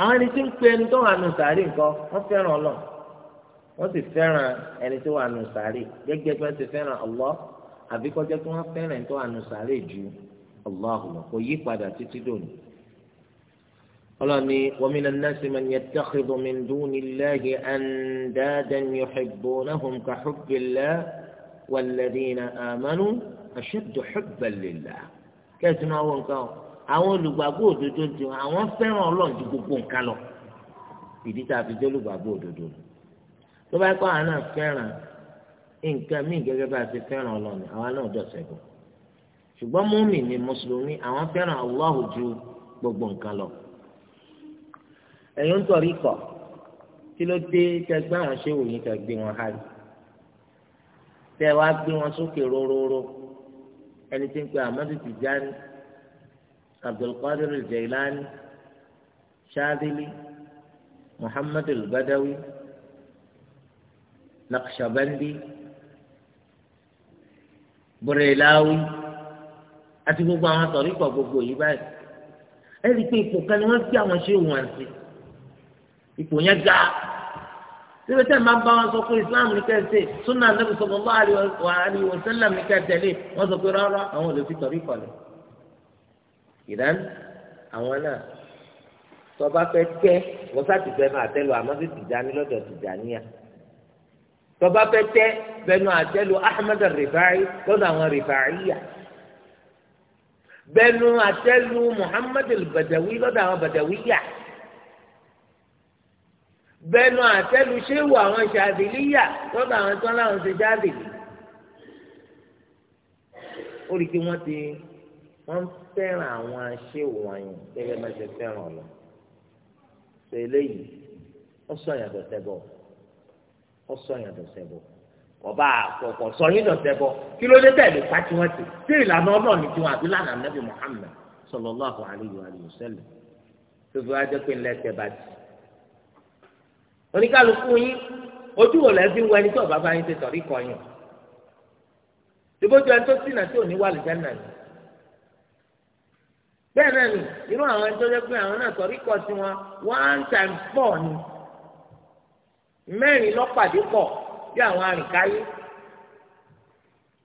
àwọn ẹni tí ń pe ẹni tó wà nù sàárì nǹkan wọ́n fẹ́ràn ọlọ́run wọ́n sì fẹ́ràn ẹni tó wà nù sàárì gẹ́gẹ́ bí wọ́n ti fẹ́ràn Allah àbí kọjá tí wọ́n fẹ́ràn ẹni tó wà nù sàárì ju Allah lọ kò yí padà títí dòní. ọlọ́ni wàmínà nọ́ọ̀sì man yattakhidhu min dunillahi andadan yuhibbunahum ka hubbillah walladhina amanu ashaddu hubban lillah kẹ́sì máa wọ nǹkan àwọn olùgbàgbọ́ òdodo ti wọn àwọn fẹ́ràn ọlọ́run ju gbogbo nǹkan lọ ìdí tá a fi jẹ́ olùgbàgbọ́ òdodo tó bá kọ́ àwọn náà fẹ́ràn nǹkan míì gẹ́gẹ́ bá a ti fẹ́ràn ọlọ́run àwọn náà dọ̀sẹ̀ bọ̀ ṣùgbọ́n mùmí ni mùsùlùmí àwọn fẹ́ràn Allahu ju gbogbo nǹkan lọ ẹ̀yin ń tọ̀rí kọ̀ kí ló dé tẹgbẹ́ àwọn ṣé òyìn tẹ gbé wọn hárì tẹ wá gbé wọn sókè róróró ẹni tí ń pe Ahmadu Tijani عبد القادر الجيلاني شاذلي محمد البدوي نقشبندي بريلاوي àti gbogbo àwọn àtọ̀rí kọ̀ gbogbo yìí báyìí ẹ rí i pé ipò kan ni wọ́n fi àwọn ṣe wọ̀n sí ipò yẹn ga síbi tẹ́ máa bá wọn sọ pé Islam ní kẹ́sì sunna Nabi sallallahu alaihi wa sallam ní kẹ́sì tẹ̀lé wọ́n sọ pé rárá àwọn ò lè fi tọ̀rí kọ̀ lẹ̀. ìdáná àwọn náà tọba fẹ́ tẹ́ wọ́n sáti fẹ́ máa tẹ́ lọ àmọ́ sí tìjání lọ́dọ̀ tìjáníyà tọba fẹ́ tẹ́ bẹnu àtẹ́lu ahmed rifai lọ́dọ̀ àwọn rifaiya bẹnu àtẹ́lu muhammed badawi lọ́dọ̀ àwọn badawiya bẹnu àtẹ́lu sehu àwọn ṣàdìlíyà lọ́dọ̀ àwọn tó ń láwọn ó rí i pé wọ́n ti wọ́n fẹ́ràn àwọn aṣẹ́ wọ̀nyí gẹ́gẹ́ bá ṣe fẹ́ràn ọ̀la ṣe eléyìí ó sọ yàn dọ̀tẹ́ bọ̀ ó sọ yàn dọ̀tẹ́ bọ̀ ọba àkọ́kọ́ sọ yín dọ̀tẹ́ bọ̀ kí ló dé tẹ̀lé pàtí wọn ti sí ìlànà ọlọ́ọ̀ni tiwọn àbí lànà nàbì Muhammad sallallahu alayhi wa sallam tó fi wá jẹ́ pé ńlẹ́tẹ̀ bá ti oníkálukú yín ojú wò lẹ́sìn wọ ẹni tí ọba bá yín ti tọ̀rí kọ yàn ìbójú ẹni tó sínà tí ò ní wà lùjẹ́ náà bẹ́ẹ̀ náà ni irú àwọn ẹni jẹ́ pé àwọn náà one times four ni mẹ́rin lọ́pàdé pọ̀ bí àwọn àrìnkáyé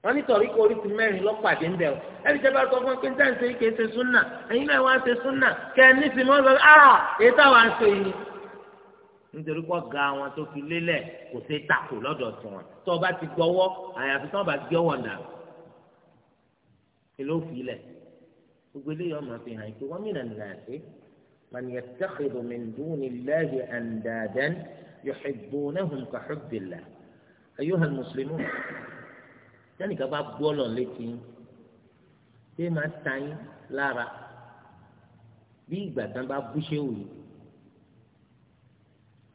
wọ́n ní sọ̀rí kọ́ orí ti mẹ́rin lọ́pàdé ń bẹ̀ ọ́ ẹni tẹ́ bá sọ fún pé níta ń ṣe kì ṣe súnà ẹ̀yin náà wá ń ṣe súnà kẹ́ ẹ nísìnyí wọ́n ah èyí táwa ń ṣe yìí nítorí wọn tó fi lélẹ̀ kò ti gbọ́wọ́ gbogbo eléyìí ọmọ fi hàn pé wọn mìíràn nà sí man yattakhidhu min dunillahi andadan yuhibbunahum ka hubbillah ayyuhal muslimun sani kaba gbọlọ létí pé máa ta yín lára bí ìgbà tán bá bú ṣéwù yìí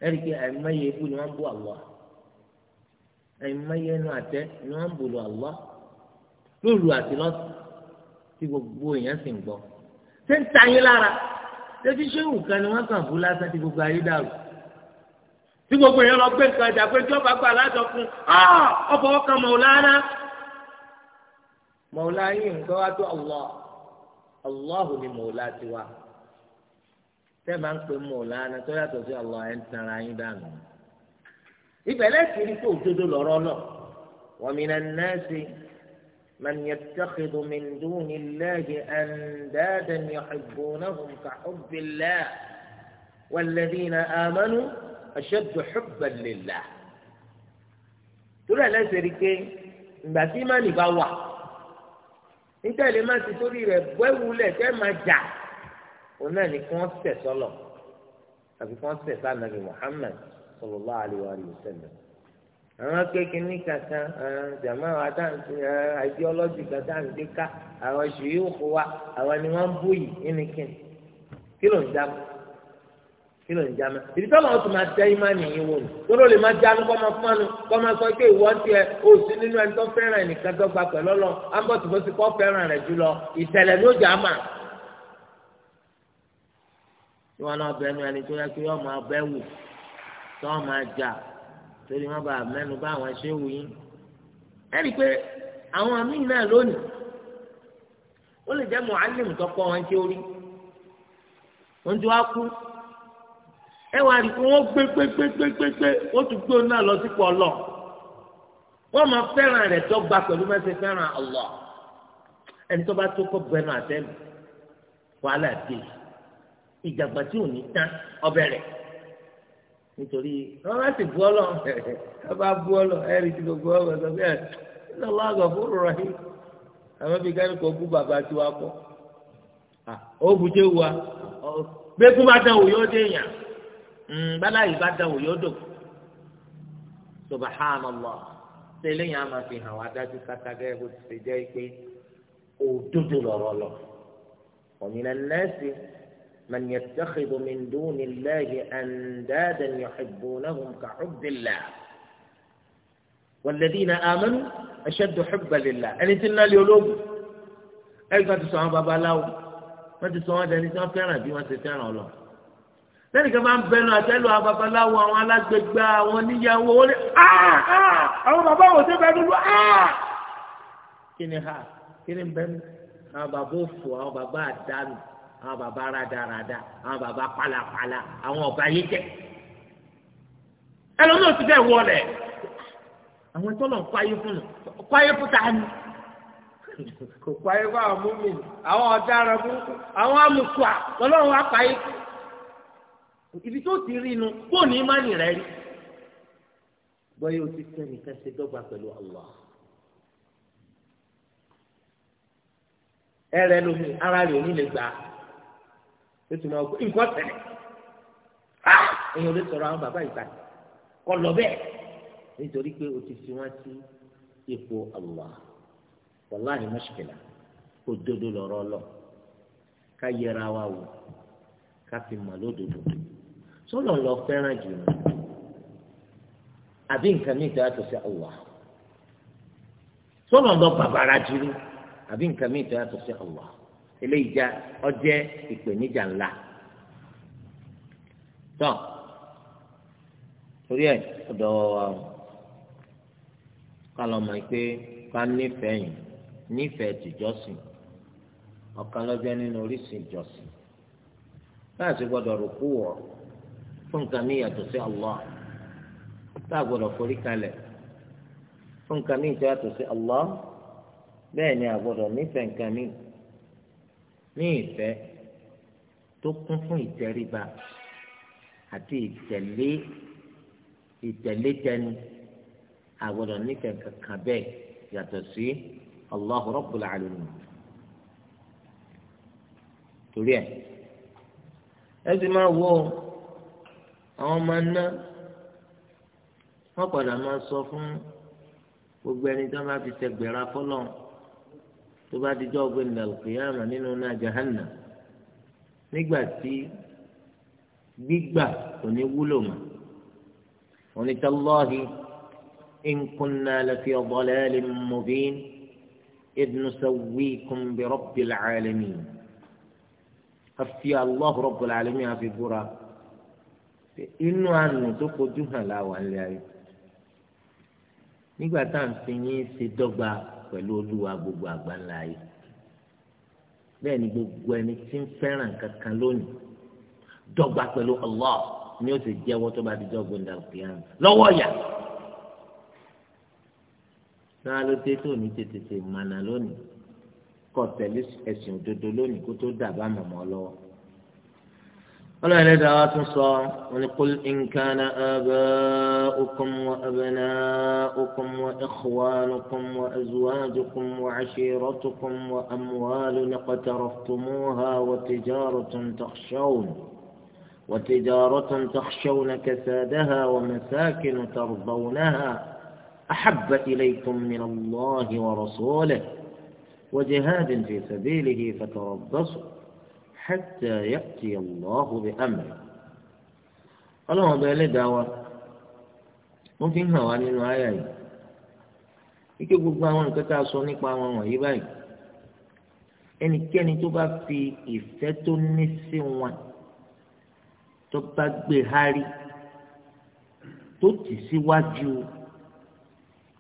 ẹrí pé àìmọye ikú ni wọn bú Allah àìmọye ẹnu àtẹ ni wọn bú lọ lóru àti lọsàn. tí gbogbo èèyàn sì ń gbọ́ ṣé ń ta yín lára ṣébi ṣéwù kan ni wọ́n kàn fún lásán tí gbogbo ayé dàrú tí gbogbo èèyàn lọ gbé nǹkan ìjà pé gbà lájọ fún ọ̀pọ̀ ọkàn mọ̀ọ́lá mọ̀ọ́lá yìí nǹkan wá tó ni mọ̀ọ́lá ti wá máa ń pè tó yàtọ̀ sí ẹ̀ ń tanra yín dànù ìbẹ̀lẹ̀ sì من يتخذ من دون الله أندادا يحبونهم كحب الله والذين آمنوا أشد حبا لله تقول لا شريك باتي ما نبوا انت اللي ما تقولي ربوا لك ما جاء قلنا نكون سلام أبي كون سلام النبي محمد صلى الله عليه وآله وسلم àwọn akéèké ní kankan jàmá àwọn adáǹtí àìdíọ́lọ́jì kankan àti ká àwọn ṣùyíwòkó wa àwọn ni wọ́n ń bú yìí ní kíni kí ló ń já mọ́ kí ló ń já mọ́ ìdí tọ́lọ̀ ọ̀tún máa já ìmá nìyí wò ní tóró lè má já ní kọ́mọ fún ẹnu kọ́mọ sọ pé ìwọ ti ẹ o sí nínú ẹni tó fẹ́ràn ẹnìkan tó gba pẹ̀lú ọlọ́ ambọ̀tìbọ́sí kọ́ fẹ́ràn rẹ̀ jùlọ ìṣẹ̀lẹ̀ ló já mà tí wọn náà bẹ́ẹ̀ nu ẹni tó yẹ kí yọ máa bẹ́ wù tí máa torí má bàa mẹ́nu bá àwọn ṣé wù yín ẹ rí i pé àwọn míì náà lónìí ó lè jẹ́ mọ̀álìmù tọkọ wọn tí ó rí wọn tí wàá kú ẹ wàá rí i pé wọ́n gbé pépépépépé ó tún gbé òun náà lọ sípò ọlọ́ wọ́n máa fẹ́ràn rẹ̀ dọ́gba pẹ̀lú mẹ́sẹ̀ fẹ́ràn Allah ẹni tó bá tó kọ́ bẹnu àtẹ́lu wàhálà dé ìjàgbá tí ò ní tán ọbẹ̀ rẹ̀. nítorí wọ́n bá sì bu ọ lọ wọ́n bá bu lọ ẹ̀rí tí gbogbo ọ̀rọ̀ sọ pé bụ ẹ̀ lọ́wọ́ àgbà fún rọ̀ yìí àwọn bí káyọ̀ kò bú bàbá tí wàá ó bu dé wa gbé kú bá dán wò yóò dé yàn hmm, yìí bá dán wò yóò dò yẹn a máa fi من يتخذ من دون الله أندادا يحبونهم كحب الله والذين آمنوا أشد حبا لله أن تنا اليولوج أي قد سوا بابا لاو ما تسوا ده نسوا كنا بيوان سكان الله لأنك ما بينه أتلو بابا لاو وأنا لا تجبا وني آه آه أو بابا وسبع دلو آه كني ها كني بين أبا أو بابا دانو àwọn bàbá rádaràda àwọn bàbá pálapàla àwọn ọba yé jẹ ẹlòmíràn ti bẹ́ẹ̀ wọlé àwọn tọ́lọ̀ ń kwáyé fún un kwáyé fún ta ni kò kwáyé fún àwọn múmi àwọn ọ̀daràn burúkú àwọn amùsùà lọ́lọ́run wá kwáyé ibi tó ti rí inú kó ní ìmánì rẹ rí bọ́yá o ti tẹ́nìkan ṣe dọ́gba pẹ̀lú Allah. ẹrẹ lomi ara rẹ ò ní lè gbà á ètò náà kó nǹkan ṣẹlẹ̀ èèyàn ah! lè sọ̀rọ̀ àwọn bàbá ìgbà kọ lọ bẹ́ẹ̀ nítorí pé o ti fi wọn sí ipò Allah wàláhì mọ́ṣíkìlà òdodo lọ́rọ́ lọ ká yẹra wa wò ká fi mọ̀ lódodo lọ fẹ́ràn jù lọ àbí nǹkan mi sí eléyìí ija ọ ìpèníjà ńlá tán torí ẹ̀ ọ̀dọ̀ kálọ̀ mọ̀ pé ká nífẹ̀ẹ́ yìí nínú oríṣìí ìjọsìn táà sì gbọ́dọ̀ rúkú wọ̀ fún nǹkan ní sí Allah forí fún nǹkan ní ní ìfẹ́ tó kún fún ìtẹríba àti ìtẹ̀lé ìtẹ̀lé tẹni àgbọ̀dọ̀ nífẹ̀ẹ́ kankan bẹ́ẹ̀ yàtọ̀ sí Allahu Rabbul Alamin torí ẹ̀ ẹ ti máa wọ àwọn ọmọ náà wọ́n padà máa sọ fún gbogbo ẹni tó bá fi tẹgbẹ̀rẹ̀ afọ́lọ́run. tó bá di jọ́ọ̀gbé ní alùpùpù nínú náà jahanna nígbà tí gbígbà kò ní wúlò mọ́ onítàlọ́hì ìnkùnà lẹ́fi ọ̀bọ̀lẹ́lẹ́ mọ̀bín ìdùnnúsọ̀wíkùn bí rọ́bì làálẹ́mì àfi aláhùn rọ́bì làálẹ́mì àfi búra inú àánú tó kojú hàn láwọn ńlẹ́ ayé nígbà tá à ń fi yín ṣe dọ́gba. pẹ̀lú olúwa gbogbo àgbáńlá yìí bẹ́ẹ̀ ni gbogbo ẹni tí ń fẹ́ràn kankan lónìí dọ́gba pẹ̀lú Allah ni ó ti jẹ́wọ́ tó bá ti jọ́ gbọ́ndà òkèèyàn lọ́wọ́ yà náà ló dé tó ní tètè mànà lónìí kọ́ tẹ̀lé ẹ̀sìn òdodo lónìí kó tó dàbá mọ̀mọ́ lọ́wọ́. ولا ندعات صاع ولقل إن كان آباؤكم وأبناؤكم وإخوانكم وأزواجكم وعشيرتكم وأموال اقترفتموها وتجارة تخشون وتجارة تخشون كسادها ومساكن ترضونها أحب إليكم من الله ورسوله وجهاد في سبيله فتربصوا حتى يأتي الله bi amri ọlọ́run ọba ẹlẹ́dàá wa wọ́n fi ń hàn wá nínú àyà yìí wípé gbogbo àwọn nǹkan tá a sọ nípa àwọn wọ̀nyí báyìí ẹnikẹ́ni tó bá fi ìfẹ́ tó ní sí wọn tó bá gbé e hárí tó tì síwájú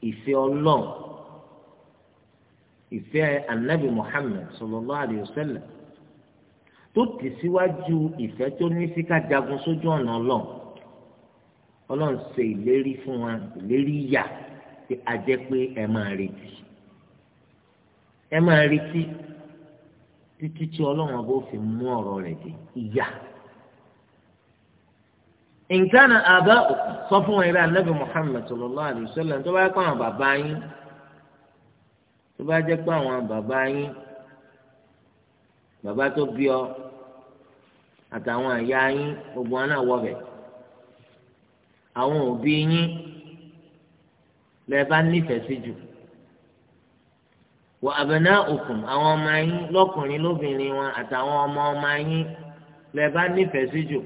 ìfẹ́ ọlọ́run ìfẹ́ anabi Muhammad sallallahu alayhi wa tó tẹ̀síwájú ìfẹ́ tó ní sí ká jagun sójú ọ̀nà ọlọ́run ọlọ́run ṣe ìlérí fún wa ìlérí yà pé a jẹ́ pé ẹ máa retí ẹ máa retí títí tí ọlọ́run ọba ó fi mú ọ̀rọ̀ rẹ̀ dé ìyà. nǹkan àbá sọ fún ẹ̀rọ anábì Muhammad sallallahu alaihi wasallam tó bá jẹ́ pé àwọn bàbá yín tó bá jẹ́ pé àwọn bàbá yín bàbá tó bí ọ àtàwọn àyà yín gbogbo wọn náà wọ bẹ àwọn òbí yín lẹ bá nífẹ̀ẹ́ sí jù wọ àbẹ̀nà òkùn àwọn ọmọ yín lọ́kùnrin lóbìnrin wọn àtàwọn ọmọ ọmọ yín lẹ bá nífẹ̀ẹ́ sí jù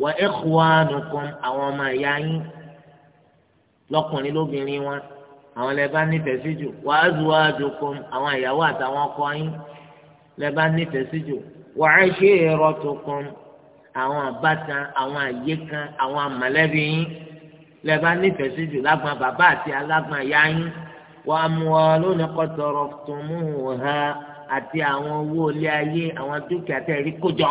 wọ ikhwanukum àwọn ọmọ àyà yín lọ́kùnrin lóbìnrin wọn àwọn lẹ bá nífẹ̀ẹ́ sí jù wọ azwajukum àwọn ìyàwó àtàwọn ọkọ yín lẹ́bàá nífẹ̀ẹ́ sí jù wa ashiratukum àwọn àbátan àwọn àyè kan àwọn àmọ̀lẹ́bí yín lẹ́bàá nífẹ̀ẹ́ sí jù lágbọn bàbá àti alágbọn ìyá yín wa amwalun qataraftumuha àti àwọn owó ilé ayé àwọn dúkìá tẹ̀ rí kójọ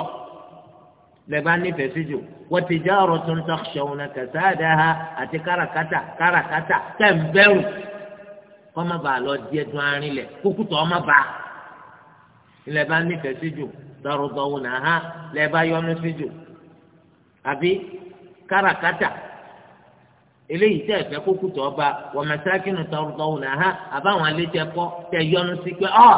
lẹ́bàá nífẹ̀ẹ́ sí jù wa tijaratun takhshawna kasadaha àti káràkátà káràkátà tẹ̀ ń bẹ̀rù kọ́ má lọ díẹ̀ dún arin lẹ̀ kókútọ̀ má ilẹ̀ bá nífẹ̀ẹ́ sí dọ̀rọ̀dọ̀wò nà á lẹ́ yọnu sí àbí káràkátà eléyìí tẹ́ ẹ̀fẹ́ kókù tó ọba wọ́n dọ̀rọ̀dọ̀wò nà á àbáwọn aléjẹ kọ́ tẹ́ yọnu sí pé ọ́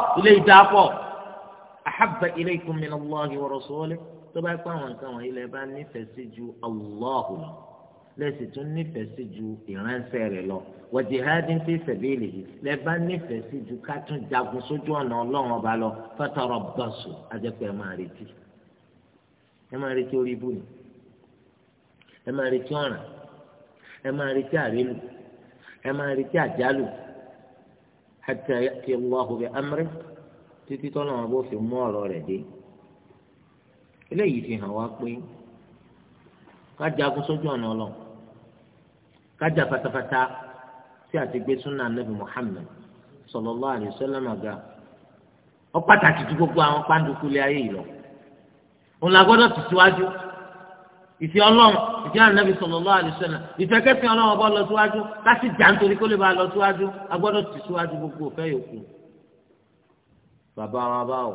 àhàbà lẹ́sìn tún nífẹ̀ẹ́ sí ju ìránṣẹ́ rẹ̀ lọ wa jihadin fi sabilihi lẹ́bàá nífẹ̀ẹ́ sí ju ká tún jagun sójú ọ̀nà ọlọ́run ọba lọ fatarabbasu ajẹ́pẹ́ ẹ máa retí ẹ máa retí orí ibú ni ẹ máa retí ọ̀ràn ẹ máa retí àrélù ẹ máa retí àjálù hatta ya'ti Allahu bi amri títí tọ́lọ́run bó fi mú ọ̀rọ̀ rẹ̀ dé eléyìí fi hàn wá pé ká jagun sójú ọ̀nà ọlọ́run kájà fatafata tí a ti gbé súnà nabi muhammed sallallahu alaihi wasallam àga ó pàtàkì ju gbogbo àwọn pàǹdùkú lé ayé yìí lọ òun la gbọ́dọ̀ tì síwájú ìfẹ́ Ọlọ́run ìfẹ́ ànábì sallallahu alaihi wasallam ìfẹ́ kẹsì Ọlọ́run ọba lọ síwájú láti jà nítorí kó lè bá lọ síwájú a gbọ́dọ̀ tì gbogbo òfẹ́ yòókù bàbá wa báwò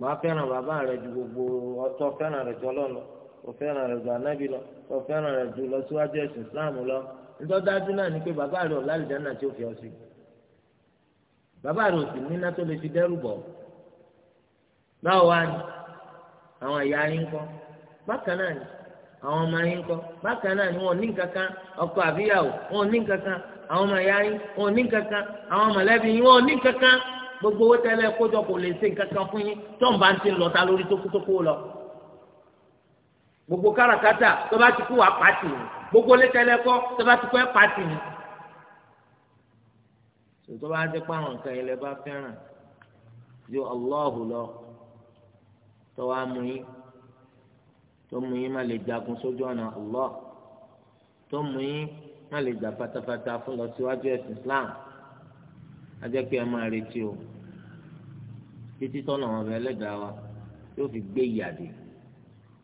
bá fẹ́ràn bàbá rẹ ju gbogbo ọtọ fẹ́ràn rẹ jọlọ lọ kò fẹ́ràn rẹ̀ ju anábì lọ kò fẹ́ràn rẹ̀ ju lọ síwájú ẹ̀sìn islam lọ ntọ́dájú náà ni pé bàbá rẹ̀ ọ̀la àlìjáná tí ó fi ọ sí bàbá rẹ̀ òsì níná tó lè fi dẹ́rù bọ̀ báwo wá ni àwọn ìyá yín kọ́ bákan náà ni àwọn ọmọ yín kọ́ bákan náà ni wọn ò ní kankan ọkọ àbíyàwó wọn ò ní kankan àwọn ọmọ ìyá yín wọn ò ní kankan àwọn mọ̀lẹ́bí yín wọn ò ní kankan gbogbo owó tẹ́lẹ̀ kójọ kò lè ṣe nǹkankan fún yín tó ń ti lọ ta lórí tókútókú lọ gbogbo kárakáta tó bá ti kú wá pàtì ni gbogbo létẹlẹkọ tó bá ti kú ẹ pàtì ni. tó bá ti pa àwọn nǹkan ilẹ̀ bá fẹ́ràn ju ọlọ́ọ̀hù lọ tó wá mú yín tó mú yín má lè jagun sójú ọ̀nà ọlọ́ọ̀ tó mú yín má lè jà pátápátá fún lọ síwájú ẹ̀sìn Islam á ẹ máa retí o títí tọ́nà ọ̀rẹ́ ẹlẹ́dàá wa yóò fi gbé ìyàdé.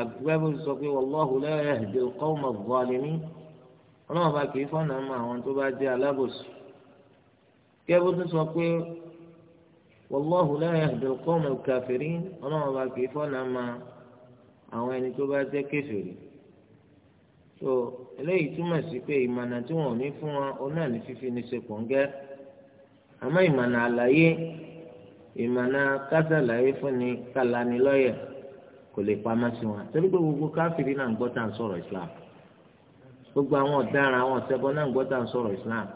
àgbẹ̀bù sọ pé wallahu la yahdi al-qawma adh-dhalimin ọlọ́run bá kì í fọ́nà mọ́ àwọn tó bá jẹ́ alábòsí gẹ́gẹ́ bó tún sọ pé wallahu la yahdi al-qawma al-kafirin ọlọ́run bá fọ́nà mọ́ àwọn ẹni tó bá jẹ́ kèfèrí so eléyìí túmọ̀ sí pé ìmọ̀nà tí wọn ní fún wọn ọ ní fífi ní ṣe pọ̀ǹgẹ́ àmọ́ ìmọ̀nà àlàyé ìmọ̀nà kásàlàyé fún ni kàlánilọ́yẹ̀ kò lè pamọ́ sí wọn torí pé gbogbo káfíìrì náà ń gbọ́ tá à ń sọ̀rọ̀ islam gbogbo àwọn ọ̀daràn àwọn ọ̀sẹ̀bọ náà ń gbọ́ tá à ń sọ̀rọ̀ islam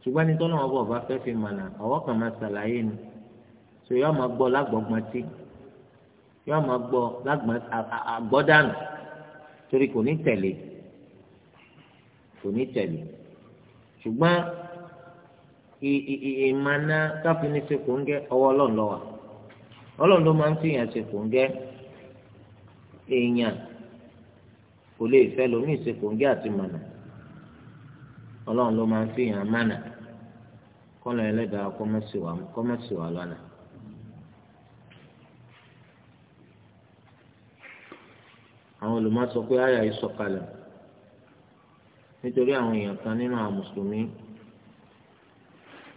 ṣùgbọ́n ní tọ́lọ́ wọn bọ̀ bá fẹ́ fi mọ̀nà ọ̀wọ́ kan máa ṣàlàyé ni so yóò máa gbọ́ lágbọ́gbọ́n tí yóò máa gbọ́ àgbọ́dànù torí kò ní tẹ̀lé kò ní tẹ̀lé ṣùgbọ́n ìmọ̀nà káfíìnì ṣe kò ń gẹ́ ọwọ́ ọlọ́run ló ọlọ́run ló máa ń tìyàn ṣe kò ń gẹ́ èèyàn kò lè fẹ́ lómi ìsekòǹgé àti mànà ọlọ́run ló máa ń fihàn mánà kọ́lọ̀ ẹlẹ́dàá kọ́mọ́sì wà lánàá. àwọn olùmọ̀ sọ pé àyà yìí nítorí àwọn èèyàn kan nínú àwọn mùsùlùmí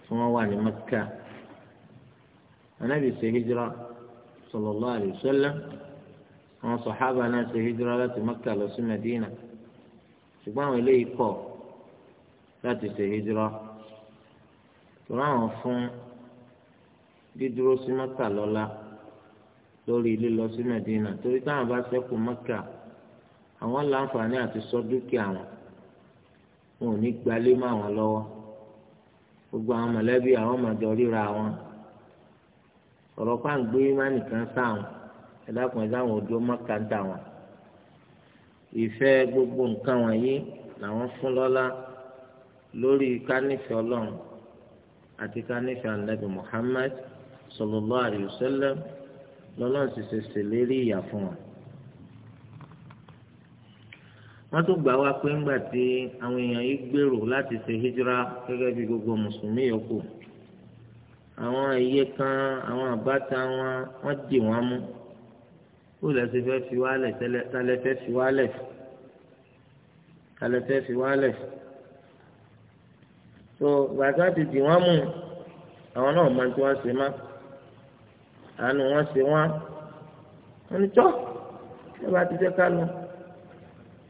tí wọ́n wà ní Mẹ́kà àwọn sọ̀hábà náà ṣe hijira láti mẹ́kà lọ sí mẹ́dínà ṣùgbọ́n àwọn eléyìí kọ̀ láti ṣe hijira tòun àwọn fún dídúró sí lórí sí mẹ́dínà torí táwọn bá ṣẹ́kù àwọn láǹfààní àti sọ dúkìá wọn wọn ò ní gbalé mọ́ àwọn lọ́wọ́ gbogbo àwọn mọ̀lẹ́bí àwọn ríra wọn ọ̀rọ̀ pàǹgbé má ẹlẹ́kùn ẹ̀dá àwọn odò mọ́kàntà wọn ìfẹ́ gbogbo nǹkan wọ̀nyí làwọn fún lọ́lá lórí kánífẹ́ ọlọ́run àti kánífẹ́ anabi Muhammad sallallahu alaihi wasallam lọ́lọ́run sì ṣe ṣèlérí ìyà fún wọn. wọ́n tún gbà wá pé ńgbà tí àwọn èèyàn yìí gbèrò láti ṣe hijira gẹ́gẹ́ bí gbogbo mùsùlùmí yòókù àwọn iye kan àwọn àbáta wọn wọ́n dì wọ́n mú. ó lẹ ti fẹ́ fi wálẹ̀ tẹ́lẹ̀ fẹ́ fi wálẹ̀ tẹ́lẹ̀ fẹ́ fi wálẹ̀ so gbàtà ti dì wọ́n mú àwọn náà máa tí wọ́n ṣe má àánú wọ́n ṣe wọ́n wọ́n ní tọ́ ẹ bá ti jẹ́ ká lọ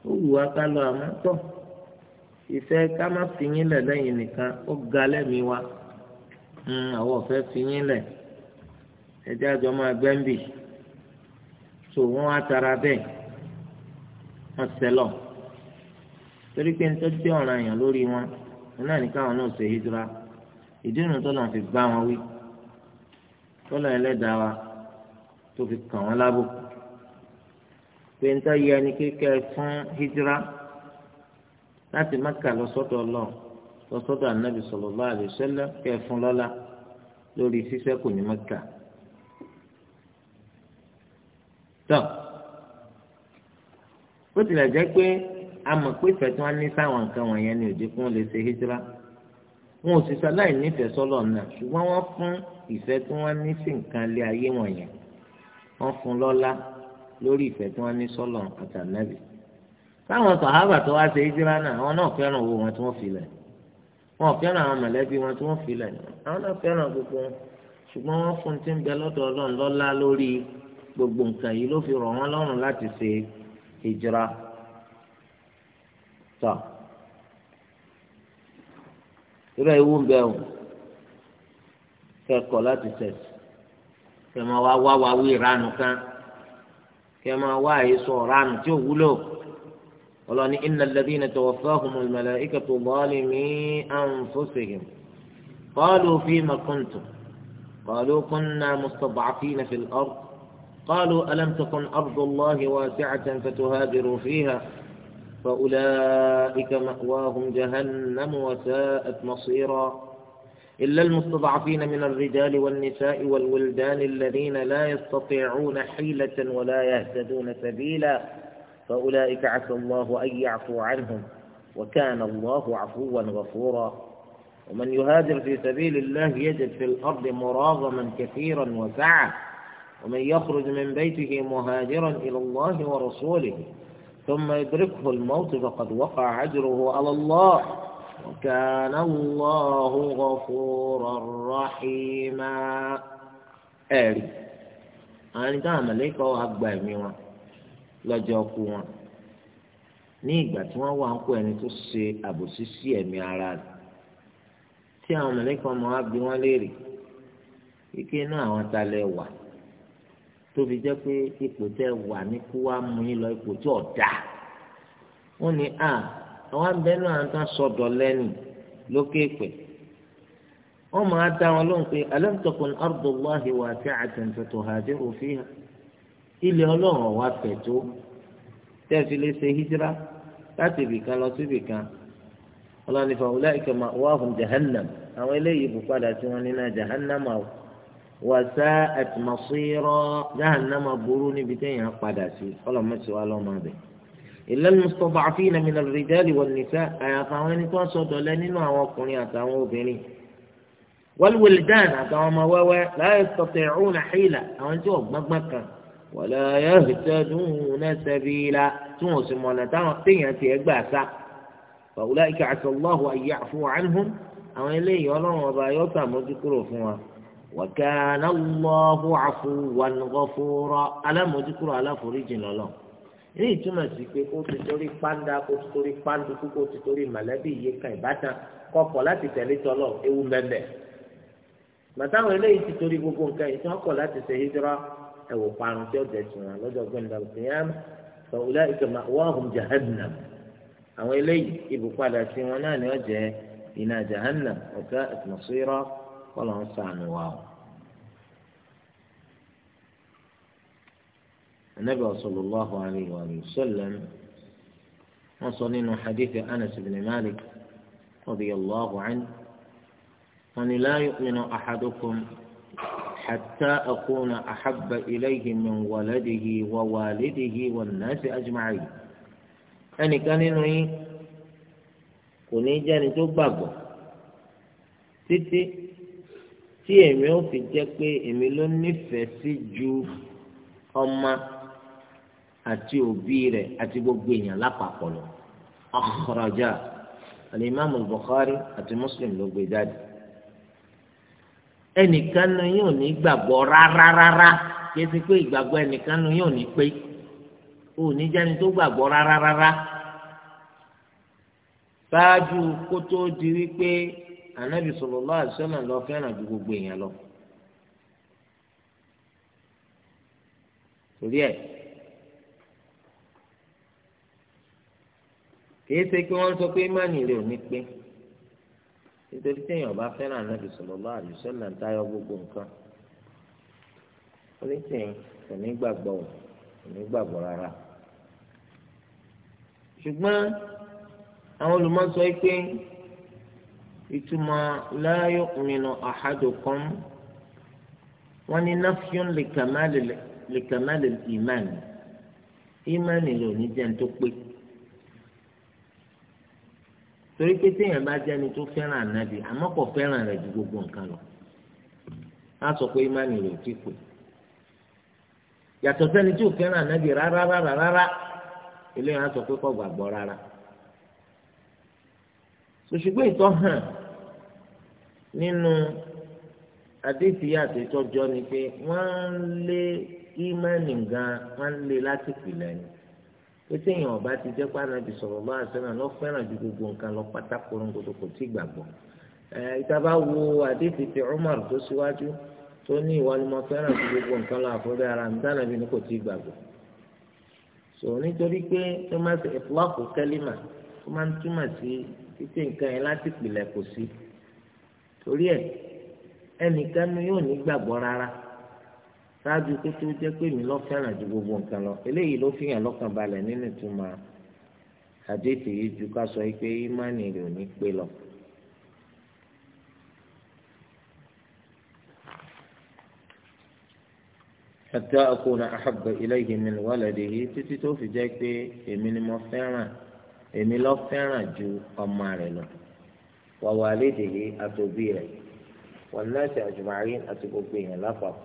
ó wù wá ká lọ àmọ́ tọ́ ìfẹ́ ká má fi yín lẹ̀ lẹ́yìn nìkan ó ga lẹ́mìí wa hmm, àwọn ọ̀fẹ́ fi yín lẹ̀ ẹjẹ́ àjọ máa gbẹ́ǹbì so wọn wá tara bẹ́ẹ̀ wọn sẹlọ torí pé nítorí pé ọ̀ràn èèyàn lórí wọn wọn náà ní káwọn náà ṣe hijira ìdí ìrùn tó lọ́n fi gbá wọn wí tọ́lọ̀ ẹlẹ́dàá wa tó fi kàn wọ́n lábò pé ń yẹ ẹni kékeré fún hijira láti Mákà lọ sọ́dọ̀ Ọlọ́run lọ sọ́dọ̀ Ànábì sallallahu alaihi wasallam kẹ́ fún lọ́lá lórí ṣíṣẹ́kù ní Mákà. tọ́ ó tilẹ̀ jẹ́ pé a mọ̀ pé ìfẹ́ tí wọ́n ní sáwọn nǹkan wọ̀nyẹn ni òjì kún lè ṣe hijira wọn ò sì sọ láì nífẹ̀ẹ́ sọ́lọ̀ náà ṣùgbọ́n wọ́n fún ìfẹ́ tí wọ́n ní sí nǹkan lé ayé wọ̀nyẹn wọ́n fún lọ́lá lórí ìfẹ́ tí wọ́n ní sọ́lọ̀ àtànábì táwọn sàhábà tó wá ṣe hijira náà àwọn náà fẹ́ràn owó wọn tí wọ́n fi wọn fẹ́ràn àwọn mọ̀lẹ́bí wọn tí wọ́n fi àwọn náà fẹ́ràn gbogbo ṣùgbọ́n wọ́n fún ti ń bẹ lọ́dọ̀ ọlọ́run lọ́lá lórí gbogbo nǹkan yìí ló fi rọ̀ wọ́n lọ́rùn láti ṣe hijira tọ́ irú ewu ń bẹ o kẹ́kọ̀ọ́ láti tẹ̀sí kẹ́ máa wá wá wá wí ìranù kan kẹ́ máa wá àhesọ ìranù tí ò wúlò ọlọ́ni iná lẹ́bí iná tọ̀wọ́ wọ́fẹ́ ọ̀hún ìmọ̀lẹ́ ìkẹtù bọ́ọ̀lì mí ànfọ́sẹ̀hìn kọ́ọ̀lù fíìmù kùntù kọ́ọ̀lù kùnà fí nàfẹ́ ọ̀rọ̀. قالوا ألم تكن أرض الله واسعة فتهاجروا فيها فأولئك مأواهم جهنم وساءت مصيرا إلا المستضعفين من الرجال والنساء والولدان الذين لا يستطيعون حيلة ولا يهتدون سبيلا فأولئك عسى الله أن يعفو عنهم وكان الله عفوا غفورا ومن يهاجر في سبيل الله يجد في الأرض مراغما كثيرا وسعه ومن يخرج من بيته مهاجرا إلى الله ورسوله ثم يدركه الموت فقد وقع أجره على الله وكان الله غفورا رحيما ẹ̀rí àwọn ẹni táwọn mẹ̀lẹ́kọ̀ wa gba ẹ̀mí wọn lọ́jọ́ ọkú wọn ní ìgbà tí wọ́n wà ń kó ẹni tó ṣe àbòsí sí ẹ̀mí ara rẹ̀ tí àwọn mẹ̀lẹ́kọ̀ ọmọ wa bí wọ́n léèrè kíkẹ́ náà àwọn ta lẹ wà tóbi jẹ́ pé ipò tẹ́ wà ní kó wá mú yín lọ ipò tí ọ̀dà wọ́n ní à àwọn abẹ́nú àǹtá sọ̀dọ̀ lẹ́nu lókè pẹ̀ wọ́n máa dá wọn lóhùn pé alam takun ardullahi wasi'atan fatuhajiru fiha ilẹ̀ ọlọ́run ọ̀wá fẹ̀ tó tẹ́ fi lè ṣe hijira láti ibìkan lọ sí ibìkan ọlọ́run ìfọ̀wọ́lá ìkẹ́mà wàhùn jahannam àwọn eléyìí bù padà tí wọ́n ní náà jahannam àwọn wàsá àtìmọ̀sírọ́ jahannama burú níbi téèyàn padà sí ọlọ́mọ̀síwá lọ́mọ bẹ̀. ìlànà mustapha àfihàn mi lọ́rọ̀ ìdáàlì wọn nìṣá àyàfà àwọn ẹni tó ń sọ̀dọ̀ lẹ nínú àwọn ọkùnrin àtàwọn obìnrin. wàlúwẹ̀lì dáàn àtàwọn ọmọ wẹ́wẹ́ láyé sọ̀tẹ̀ ọ̀hún àhílà àwọn tí wọ́n gbọ́ngbọ́n kan wọ̀lẹ̀ yẹ́hì tẹ́dùn náà sẹ́bi وكان الله عفوا غفورا alámòjúkúrò aláforíjìn lọ́lọ́ èyí ituma si pe kó ti tori panda kó ti pandu pàǹdùkú kó ti torí mọ̀lẹ́bí ìyẹ́ka láti tẹ̀lé tọ́lọ̀ ewu mẹ́mẹ́ màtáwọn eléyìí ti tori gbogbo nǹkan yìí tí wọ́n kọ̀ láti ṣe hídúrà ẹ̀wò parun tí ó dẹ̀sùn wọn lọ́jọ́ gbẹ̀ndà òkèèyàn fọ̀wúlẹ̀ ìkẹ̀mà wọ́ọ̀hùn àwọn eléyìí ibùpadà sí wọn náà ni wọ́n jẹ́ kọ́lọ̀ ń sànù wa o. النبي صلى الله عليه وآله وسلم وصلنا حديث أنس بن مالك رضي الله عنه أن لا يؤمن أحدكم حتى أكون أحب إليه من ولده ووالده والناس أجمعين ẹnì kan nínú yín kò ní jẹ́ ẹni tó gbàgbọ́ títí tí èmi ò fi jẹ́ pé èmi ló nífẹ̀ẹ́ sí ju ọmọ àti òbí rẹ̀ àti gbogbo èèyàn lápapọ̀ lọ. akhraja al-imam àti muslim ló gbé jáde. ẹnìkan nu yóò ní gbàgbọ́ rárárárá kí ẹ ti pé ìgbàgbọ́ ẹnìkan nu yóò ní pé òní jẹ́ni tó gbàgbọ́ rárárárá. ṣáájú kó di wípé anabi sallallahu alaihi wasallam lọ fẹ́ràn ju gbogbo èèyàn lọ. torí ẹ kìí ṣe kí wọ́n sọ pé ìmánì rẹ̀ ò ní pé nítorí téèyàn bá fẹ́ràn anabi sallallahu alaihi wasallam táyọ gbogbo nǹkan onítìyìn kò ní gbàgbọ́ kò ní gbàgbọ́ rárá ṣùgbọ́n àwọn olùmọ̀ sọ pé. ìtumọ̀ la yu'minu ahadukum wọ́n ní nafyun li kamalil ìmáàni ìmáàni ló ní jẹun tó pé torí pé téèyàn bá jẹni tó fẹ́ràn ànábì àmọ́ kò fẹ́ràn rẹ̀ ju gbogbo nǹkan lọ á sọ pé ìmáàni ló ti pè yàtọ̀ sẹ́ni tí ò fẹ́ràn ànábì rárá rárá rárá eléyàn sọ pé kò gbàgbọ́ rárá ṣùgbọ́n ìtọ́ hàn nínú àdéhìí àtẹtọjọ ni pé wọ́n ń lé ímánì gan wọ́n ń lé láti pìlẹ̀ ni ọba ti jẹ́ pé sọ̀rọ̀ bá àṣẹnà lọ gbogbo nǹkan lọ pátá kò tí gbàgbọ́ ìtaba wo àdéhìí ti Umar tó síwájú tó ní ni fẹ́ràn ju gbogbo nǹkan lọ àfọwọ́ ara mi ni kò tí so nítorí pé ṣe kẹ́límà ń túmọ̀ sí títí nǹkan yẹn láti pìlẹ̀ torí ẹ ẹnìkan nu yóò ní gbàgbọ́ rárá ṣáájú kó tó jẹ́ pé mi lọ fẹ́ràn ju gbogbo nǹkan lọ eléyìí ló fi hàn lọ́kàn balẹ̀ nínú ìtumọ̀ àdéhùn yìí ju ká sọ ní pé lọ. حتى أكون fi ni mo ọmọ rẹ lọ. wàwàlédèlé àtòbí rẹ̀ wọn náà ṣe àjùmáyé àti gbogbo èèyàn lápapọ̀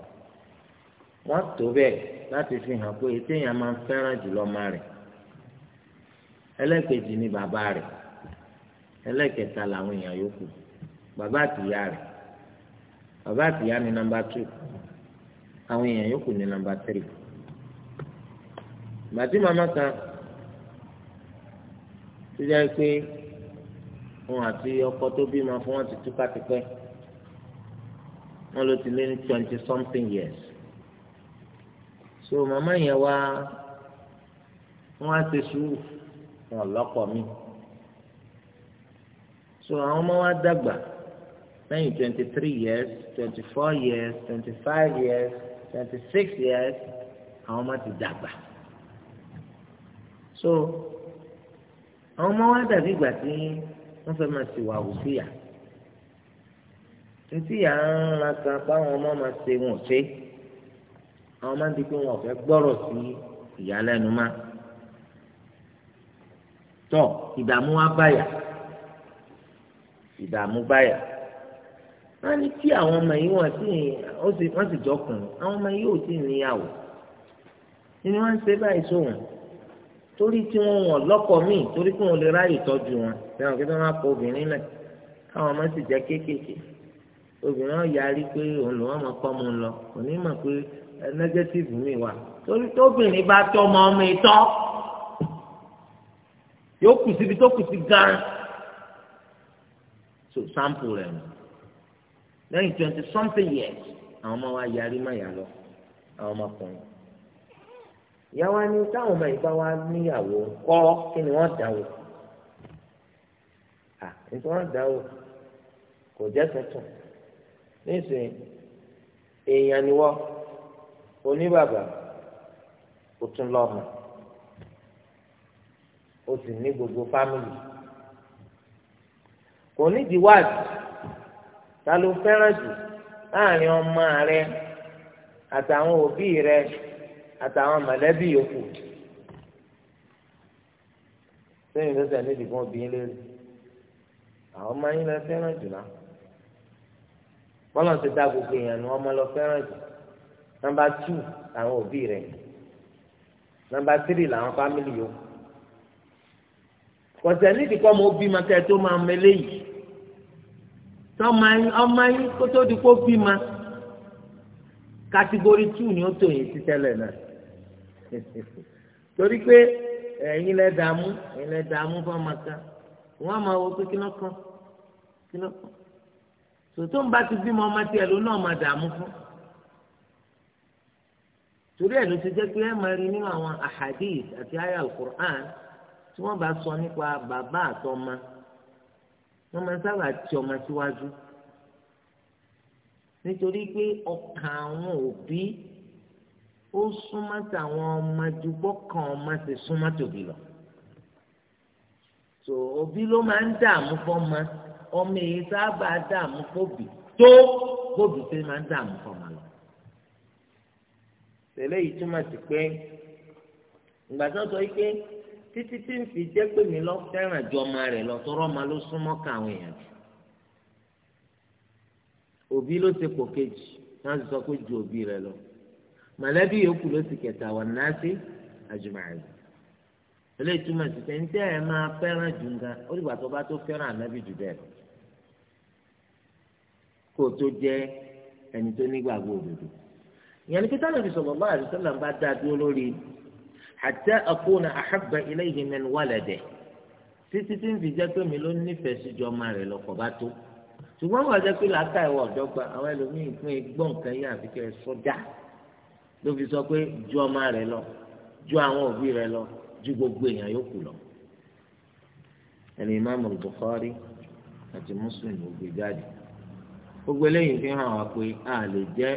wọ́n tó bẹ́ẹ̀ láti fi hàn pé téèyàn máa ń fẹ́ràn jùlọ ọmọ rẹ̀ ẹlẹ́kejì ni bàbá rẹ̀ ẹlẹ́kẹta làwọn èèyàn yòókù bàbá àtìyá rẹ̀ bàbá àtìyá ni nọ́mbà tù àwọn èèyàn yòókù ni nọ́mbà tírì bàtí màmá kan tó jẹ́ pé òun àti ọkọ tó bímọ fún wọn ti túká tipẹ́ wọn ló ti lé ní twenty something years so màmá yẹn wá wọn á ti sùúrù wọn lọ́kọ mi so àwọn ọmọ wa dàgbà lẹ́yìn twenty three years twenty four years twenty five years twenty six years àwọn ọmọ ti dàgbà so àwọn ọmọ wa dàbí ìgbà tí wọ́n fẹ́ máa ṣèwà òsìyà ntí yà ń ran kan báwọn ọmọ máa ṣe wọn ṣe àwọn máa ń di pé wọn ò fẹ́ gbọ́rọ̀ sí ìyàlẹ́nu má tọ ìdààmú wa báyà ìdààmú báyà wọ́n ní kí àwọn ọmọ yìí wọ́n sì wọ́n sì jọkùn àwọn ọmọ yìí ò tí níyàwó ni wọ́n ń ṣe báyìí sóhun torí tí wọ́n wọ̀n lọ́kọ míì torí kí wọ́n lè ráyè tọ́jú wọn fẹ́ràn kí wọ́n máa kọ obìnrin náà káwọn ọmọ sì jẹ́ kéékèèké obìnrin náà yarí pé òun lòun ọmọ kọ́ mu lọ kò ní mọ̀ pé nẹ́gẹ́tìfù mi wà torí tóbìnrin bá tọ́ ọmọ ọmọ ìtọ́ yóò kù síbi tó kù sí gan so sample rẹ̀ nù lẹ́yìn twenty something years àwọn ọmọ wa yarí má yà lọ àwọn ọmọkùnrin ìyá wa ní táwọn ọmọ ìbá wa níyàwó kọ́ kí ni wọ́n dà wò à nítorí wọ́n dà wò kò jẹ́ tuntun nísìnyí èèyàn ni wọ́n oníbàbà ó tún lọ́mọ ó sì ní gbogbo fámìlì kò nídìí wáàdì ta ló fẹ́ràn jù láàrin ọmọ rẹ àtàwọn òbí rẹ àtàwọn mọ̀lẹ́bí yòókù sẹ́yìn tó sẹ́yìn nídìí kan obìnrin lérí àwọn ọmọ yín lọ fẹ́ràn jù náà bọ́lá ti dá gbogbo èèyàn ni wọ́n mọ́ lọ fẹ́ràn jù nọ́mbà tù làwọn òbí rẹ̀ nọ́mbà tírì làwọn fámìlì yòókù kọ̀sẹ̀ nídìí kan mo bí ma kẹ́ máa mẹ́lẹ́ yìí tọ́mọ yín ọmọ yín kó tó bí ma kátígórì tù ni ó tó yìí sí tẹ́lẹ̀ náà. torí pé ẹ̀yin lẹ dààmú ẹ̀yin lẹ dààmú fọmọ kan wọ́n máa wo pé kíná kan kíná kan tòótọ́ ń bá ti bímọ ọmọ tiẹ̀ ló náà máa dààmú fún torí ẹ̀ ló ti jẹ́ pé ẹ máa rí nínú àwọn ahadith àti aya alukur'an tí wọ́n bá sọ nípa bàbá àtọmọ wọ́n máa sábà ti ọmọ síwájú nítorí pé ọkàn àwọn òbí ó súnmọ́ tàwọn ọmọ ju gbọ́kàn ọmọ ti súnmọ́ tòbí lọ. tó òbí ló máa ń dààmú fọ́mọ ọmọ èyí sábà dààmú fòbí tó fòbí tó máa ń dààmú fọ́mọ lọ. tẹ̀lé yìí túmọ̀ sí pé ìgbà tó sọ pé títí tí ń fi jẹ́ pèmí lọ fẹ́ràn ju ọmọ rẹ̀ lọ tọrọ ọmọ ló súnmọ́ káwọn èèyàn jù òbí ló ṣe pò kejì náà sọ pé ju òbí rẹ̀ lọ mọ̀lẹ́bí yòókù ló sì kẹta wà náàsì àjùmáì ilé ìtumọ̀ ìsìnkú ẹni tí ẹ máa fẹ́ràn jù ń gan ó dìgbà tó bá tó fẹ́ràn ànábì jù bẹ́ẹ̀ lọ kó o tó jẹ́ ẹni tó nígbàgbọ́ òdodo ìyẹn ni pété ànábì sallallahu alaihi wasallam bá dáa dúró lórí hatta akuna ahabba ilayhi min waladihi títí tí ń fi jẹ́ pé mi ló nífẹ̀ẹ́ sí ju ọmọ rẹ̀ lọ́kọ̀ bá tó ṣùgbọ́n wọ́n jẹ́ pé làákà ìwọ̀ ọ̀dọ́gba àwọn ẹlòmíì fún ẹgbọ́n kan yẹn àfikẹ́ sọ́jà ló fi sọ pé ju ọmọ rẹ lọ ju àwọn òbí rẹ lọ ju gbogbo èèyàn yòókù lọ Al-Imam Al-Bukhari àti Muslim ló gbé jáde gbogbo eléyìí fi hàn wá pé a lè jẹ́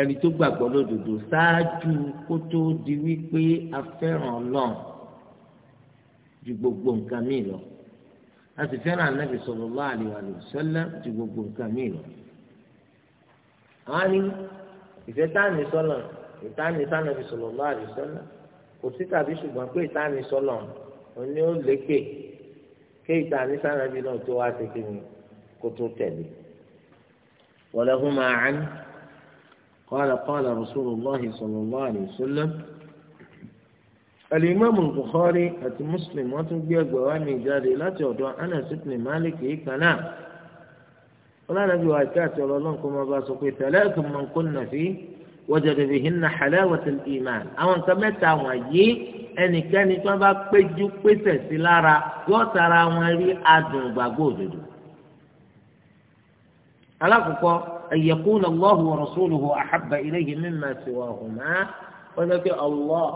ẹni tó gbàgbọ́ lódodo ṣáájú kó tó di wípé a fẹ́ràn Ọlọ́run ju gbogbo nǹkan míì lọ a sì fẹ́ràn Ànábì sallallahu alaihi wa sallam ju gbogbo nǹkan míì lọ. àwọn ni ìfẹ́ táàmì sọ́nà ìtàní sànàbì sallallahu alaihi wasallam kò sí tàbí ṣùgbọ́n pé ìtàní sọ́nà òní ó lékè ké ìtàní sànàbì náà tó wá ṣe kíni kó tó tẹ̀lé. ولهما عنه قال قال رسول الله صلى الله عليه وسلم الإمام البخاري أت مسلم وتنبيه جوامي جاري لا تودع أنس بن مالك إيه ọlọ́dàbí wa ìfẹ́ àti ọlọ́lọ́n kó máa bá sọ pé thalatun man kunna fi wajada bihinna halawatal iman àwọn nǹkan mẹ́ta wọ̀nyí ẹnikẹ́ni tí wọ́n bá péjú pésẹ̀ sí lára yóò tara wọn rí adùn gbàgbọ́ òdodo. alákòókò ayyakuna Allahu wa rasuluhu ahabba ilayhi mimma siwahuma wọ́n lọ pé Allah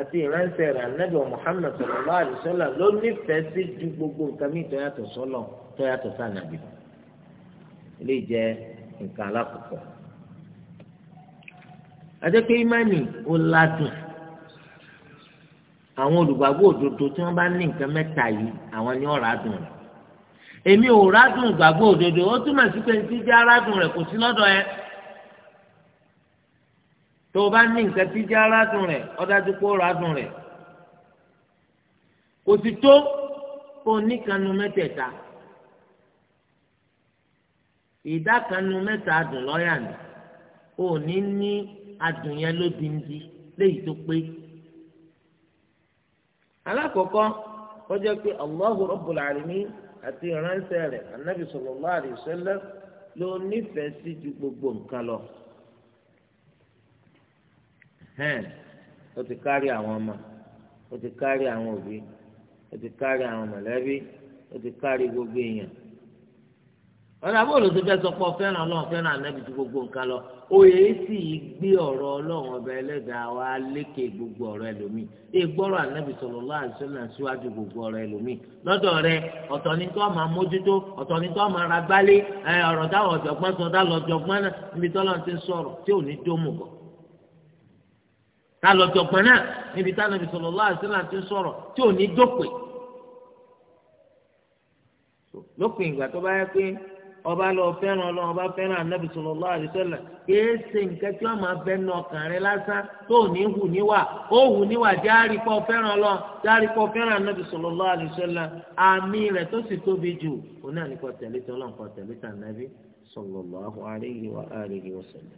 àti ìránṣẹ́ rẹ̀ anábì Muhammad sallallahu alaihi ló nífẹ̀ẹ́ sí ju gbogbo nǹkan mi tó yàtọ̀ sọ́lọ̀ tó yàtọ̀ sànàbì lọ ilé jẹ́ nǹkan alákọ̀ọ́kọ́ àtẹ́kẹ́ ìmánì ó ládùn àwọn olùgbàgbọ́ òdodo tí wọ́n bá ní nǹkan mẹ́ta yìí àwọn ni ó ràádùn rẹ̀ èmi ò ràádùn ìgbàgbọ́ òdodo ó túmọ̀ sí pé ti jẹ́ arádùn rẹ̀ kò sí lọ́dọ̀ ẹ tó o bá ní nǹkan tí jẹ́ arádùn rẹ̀ ó dájú pé ó ràádùn rẹ̀ kò sì tó kó mẹ́tẹ̀ẹ̀ta ìdákanu mẹ́ta adùn lọ́yà ni ò ní ní adùn yẹn lódindi léyìí tó pé alákọ̀ọ́kọ́ kọjá pé Allahu Rabbul Alamin àti ìránṣẹ́ rẹ̀ anabi sallallahu alaihi wasallam ló nífẹ̀ẹ́ sí ju gbogbo nǹkan lọ hẹ́n ó ti kárí àwọn ọmọ ó ti kárí àwọn òbí ó ti kárí àwọn mọ̀lẹ́bí ó ti kárí gbogbo èèyàn ọ̀nà abụọ ló ti fẹ́ sọ pé ọ̀fẹ́ràn ọlọ́run fẹ́ràn gbogbo nǹkan lọ òye sì gbé ọ̀rọ̀ ọlọ́run ọba ẹlẹ́dàá wa lékè gbogbo ọ̀rọ̀ ẹlòmíì ègbọ́rọ̀ ànábì sallallahu alaihi wasallam síwájú gbogbo ọ̀rọ̀ ẹlòmíì lọ́dọ̀ rẹ ọ̀tọ̀ tó máa mójútó ọ̀tọ̀ tó máa ra gbálé ọ̀rọ̀ táwọn ọ̀jọ̀gbọ́n lópin ìgbà tó ọba lọ fẹ́ràn ọlọ́run ọba fẹ́ràn anábì sallallahu alaihi wasallam kìí ṣe nǹkan tí wọ́n máa fẹ́ nu ọkàn rẹ lásán tó ní hù níwà ó hù níwà jáàrí pọ̀ fẹ́ràn ọlọ́run jáàrí pọ̀ fẹ́ràn anábì sallallahu alaihi wasallam àmì rẹ̀ tó sì tóbi jù ó náà ní kọ́ tẹ̀lé tí ọlọ́run kọ́ tẹ̀lé tà nábì sallallahu alaihi wa alihi wasallam.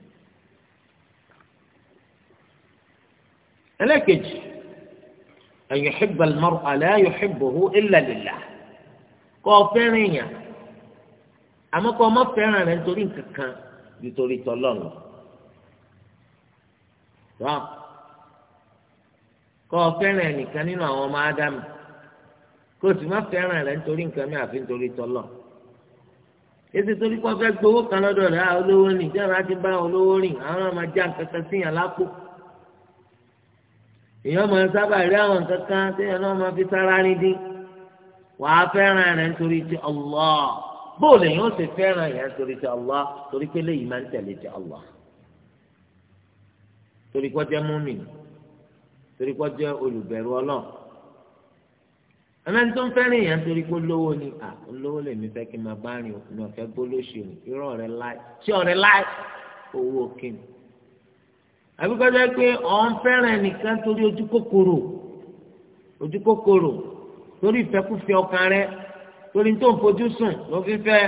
ẹlẹ́kejì an yuhibba al-mar'a la yuhibbuhu illa lillah kọ́ fẹ́ràn èèyàn àmọ́ kọ́ ọmọ fẹ́ràn rẹ̀ nítorí nǹkan kan nítorí tọ́lọ́run rọ kọ́ ọ fẹ́ràn ẹnìkan nínú àwọn ọmọ ádámù kó o sì má fẹ́ràn rẹ̀ nítorí nǹkan mi àfi nítorí tọ́lọ́ èsì torí kọ́ fẹ́ gbowó kan lọ́dọ̀ rẹ̀ á ah, olówó rìn tí àwọn ti bá olówó rìn àwọn ọmọ ajá kankan síyàn lápò èèyàn máa sábà rí àwọn kankan téèyàn náà máa fi sára rìn dín wàá fẹ́ràn rẹ̀ nítorí ti Allah. bọọlụ yìí ó sì fẹ́ràn yẹn torí ti Allah torí pé léyìí máa ń tẹ̀lé ti Allah torí kọ́ jẹ́ mùmínì torí kọ́ jẹ́ olùbẹ̀rù ọlọ́ọ̀ tó ń fẹ́ràn yẹn torí pé ni à olówó lèmi fẹ́ kí n máa bá rìn òun ọ̀fẹ́ lai láì ọ̀rẹ́ láì owó kíni àbíkọ́jọ́ pé fẹ́ràn torí ojú kòkòrò ojú torí tó ń fojú sùn ló fi fẹ́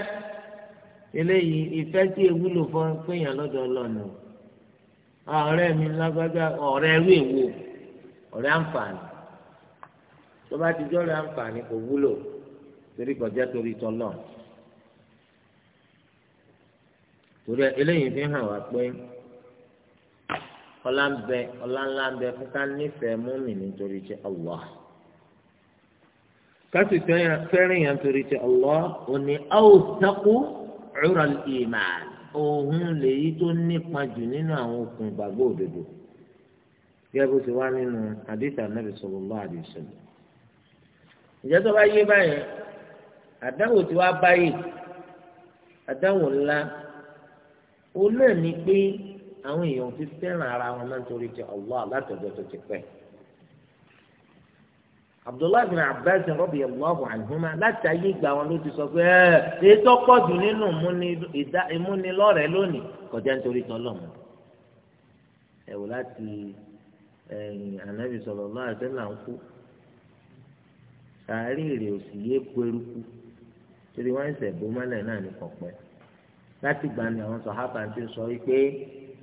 eléyìí ìfẹ́ tí ewúlò fún péyàn lọ́dọ̀ ọlọ́nu ọ̀rẹ́ mi lágbájá ọ̀rẹ́ ẹrú èwo ọ̀rẹ́ àǹfààní tó bá ti jọ́rọ̀ àǹfààní kò wúlò torí kọjá torí tọ́lọ̀ torí eléyìí fi hàn wá pé ọlá ń bẹ ọlá ńlá ń bẹ fún ká nífẹ̀ẹ́ múmi nítorí jẹ́ Allah kásì fẹ́ràn yẹn torí ti Allah òní awsaqu ural iman òun lèyí tó nípa jù nínú àwọn okùn ìgbàgbọ́ òdodo gẹ́gẹ́ bó ti wá nínú àdìsá nàbì sallallahu alaihi wasallam. ìjẹ́ tó bá yé báyẹn àdáwò tí wàá báyìí àdáwò ńlá ó náà ní pé àwọn èèyàn ti fẹ́ràn ara wọn máa torí ti Allah látọ̀dọ̀ tó ti pẹ́ yìí abdullahi bin abbas radiyallahu anhuma láti ayé ìgbà wọn ló ti sọ pé ẹ ètò pọ̀jù nínú ìmúnilọ́rẹ̀ẹ́ lónìí kọjá nítorí tọ́lọ́mù ẹ wò láti anabi sallallahu alaihi wasallam ń kú sàárì rè òsì yé kú eruku torí wọn ń sẹ̀ bó mọ́lẹ̀ náà ní kọ̀pẹ́ láti gbani àwọn sọ̀hábà ti sọ wípé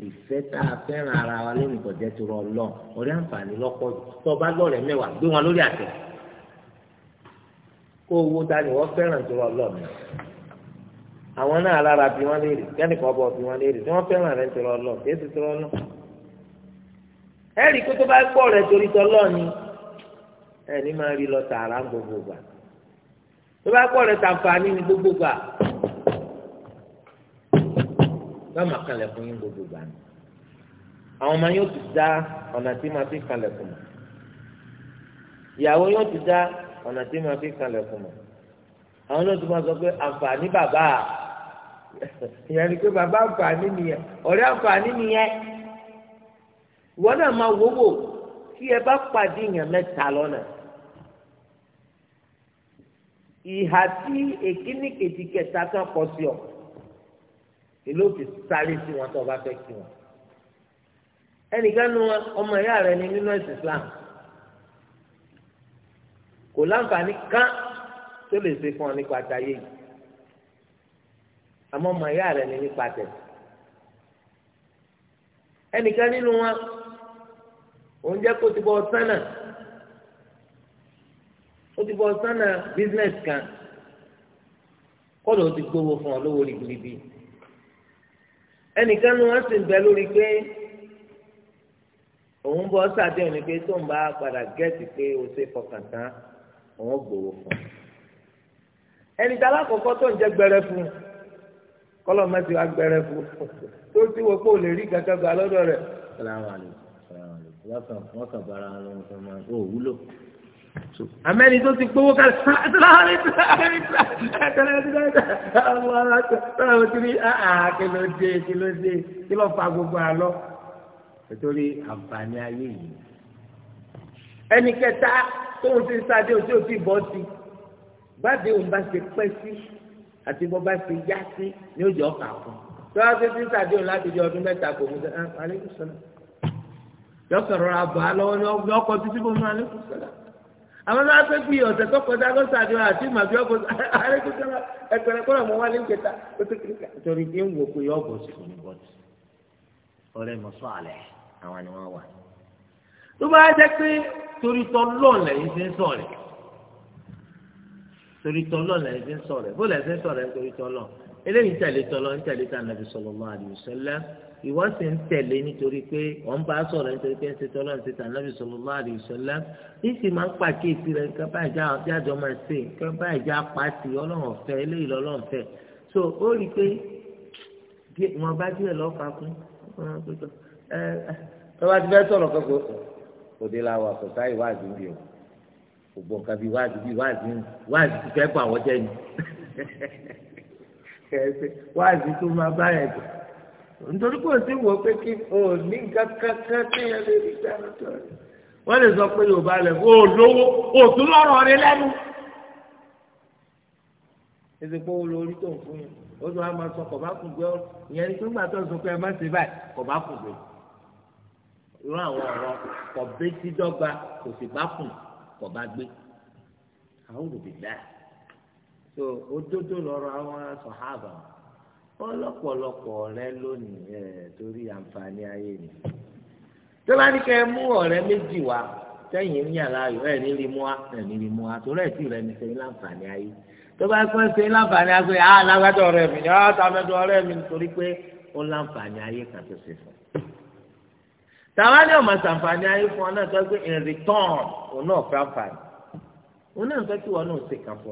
ìfẹ́ tá a fẹ́ràn ara wa lónìí kò jẹ́ tirọ̀ lọ orí àǹfààní lọ́pọ̀ jù tó o bá lọ́rẹ̀ẹ́ mẹ́wàá gbé wọn lórí àtẹ kó o wo ni wọ́n fẹ́ràn tirọ̀ lọ mi àwọn náà lára bí wọ́n léèrè kẹ́nìkan bọ̀ bí wọ́n léèrè tí wọ́n fẹ́ràn rẹ̀ tirọ̀ lọ kí èsì tirọ̀ lọ. ẹ̀rí kó tó bá gbọ́ rẹ̀ torí tọ́lọ́ ni ẹ̀ní máa rí lọ tààrà gbogbo gbà tó bá gbọ́ rẹ̀ tàǹfààní ni gbogbo gbà yóò máa kanlẹ̀kùn yín gbogbo gbà ní. àwọn ọmọ yóò ti dá ọ̀nà tí máa fi kanlẹ̀kùn mọ̀ ìyàwó yóò ti dá ọ̀nà tí máa fi kanlẹ̀kùn mọ̀ àwọn náà ti máa sọ pé àǹfààní bàbá ìyẹn ni pé bàbá àǹfààní nìyẹn ọ̀rẹ́ àǹfààní nìyẹn ìwọ náà máa wówó tí ẹ bá pàdé èèyàn mẹ́ta lọ́nà ìhà tí èkíní kejì kẹta kan pọ̀ sí ọ ìlú òfì sáré sí wọn tó o bá fẹ́ kí wọn. ẹnìkan nu ọmọ ìyá rẹ ní nínú ẹ̀sìn Islam kò láǹfààní kán tó lè ṣe fún ọ nípa àtàyè yìí àmọ́ ọmọ ìyá rẹ ní nípa tẹ̀. ẹnìkan nínú wọn òun jẹ́ kó ti bọ́ sánà ó ti bọ́ sánà bísínẹ́sì kan kọ́dọ̀ ó ti gbowó fún ọ lówó ribiribi ẹnìkan nu wọn sì ń bẹ lórí pé òun bọ sàdéhùn ni pé tó ń bá padà gẹ́ẹ̀tì pé o ṣe fọkàn tán òun gbòòrò fún un ẹnì tí alákọ̀ọ́kọ́ tó ń jẹ́ gbẹrẹ fún un kọ́lọ́ mẹ́tì wá gbẹrẹ fún un tó ti wọ pé o lè rí kankan gbà lọ́dọ̀ rẹ̀. sàlámù àlè sàlámù àlè wọ́n kàn bára wọn lọ́wọ́ sọ́mọ́ ò wúlò amẹ́ni tó ti gbowó ká láàrin láàrin láàrin tí ní kí ló dé kí ló dé kí ló fa gbogbo àlọ́ nítorí àǹfààní ayé yìí ẹnì kẹta tóun ti ń sáré ojú òtí bọ́ sí gbàdé òun bá ṣe pẹ́ sí àti bọ́ bá ṣe yá sí ní ojú ọkà fún tí wọ́n ti ń sáré òun láti di ọdún mẹ́ta kò mú sẹ́yìn ah, alẹ́ kò sọ́la yọkọ̀rọ̀ àbọ̀ alọ́wọ́ ni ọkọ̀ títí bọ́ àwọn náà pé bí ọ̀sẹ̀ tó kọjá ló ṣàdúrà àti màbí ọ̀bọ̀ àrékùsọ̀rọ̀ ẹ̀pẹ̀rẹ̀ kọ́ra mọ́ wálé nkẹta ó ti kiri ká. torí pé ń wò pé ọ̀bọ̀ sì kò ní bọ́tù ọ̀rẹ́ mọ̀ sọ àlẹ́ àwọn ni wọ́n wà. tó bá jẹ́ pé torí tọ́ lọ́ọ̀lẹ̀ yìí ti ń sọ̀rẹ̀ torí tọ́ lọ́ọ̀lẹ̀ yìí ti ń sọ̀rẹ̀ bó lẹ̀ ti ń sọ̀rẹ̀ nítorí tọ́ lọ́ọ̀ eléyìí ń tẹ̀lé tọ́lọ́ ń tẹ̀lé tà nàbì sallallahu alaihi wasallam ìwọ sì ń tẹ̀lé nítorí pé wọ́n bá sọ̀rọ̀ nítorí pé ń ṣe tọ́lọ́ ń ṣe tà nàbì sallallahu alaihi wasallam ní sì máa ń pàkíyèsí rẹ̀ nǹkan báyìí já jájọ́ máa ṣe nǹkan báyìí já pàṣẹ ọlọ́run fẹ́ eléyìí lọ́lọ́run fẹ́ so ó rí i pé wọn bá díẹ̀ lọ́ọ̀fà kún tọ́ba ti fẹ́ sọ̀rọ̀ wáàdì bí wáàdì bí wáàdì ti fẹ́ bà wọ́jẹ́ ni kẹsẹ wáàzì tó máa bá yẹn jù nítorí kò sí wò pé kí o ní kankankan kéèyàn lè rí dáná tó rẹ wọn lè sọ pé yorùbá lẹ o lówó o tún lọ́rọ̀ rẹ lẹ́nu èsì pé o lo orí tó ń fún yẹn o tún wá máa sọ kọba kùn gbé ọ ìyẹn ní pé gbàtọ sọ pé ẹ má ṣe báyìí kọba kùn gbé irú àwọn ọ̀rọ̀ kọbẹ tí dọ́gba kò sì bá kùn kọba gbé àwọn olùdíje dáa. so òdodo lọrọ àwọn sọhábà ọlọ́pọ̀lọpọ̀ ọ̀rẹ́ lónìí ẹ torí àǹfààní ayé ni tó bá ní kẹ́ mú méjì wá ní àlàyé ẹ nílì mú wa ẹ nílì mú wa torí ẹ rẹ ní láǹfààní ayé tó bá láǹfààní ayé mi ni mi nítorí pé ó láǹfààní ayé ṣe fún tàwa ni ọmọ sàǹfààní ayé fún ọ náà sọ pé in return òun náà àǹfààní òun náà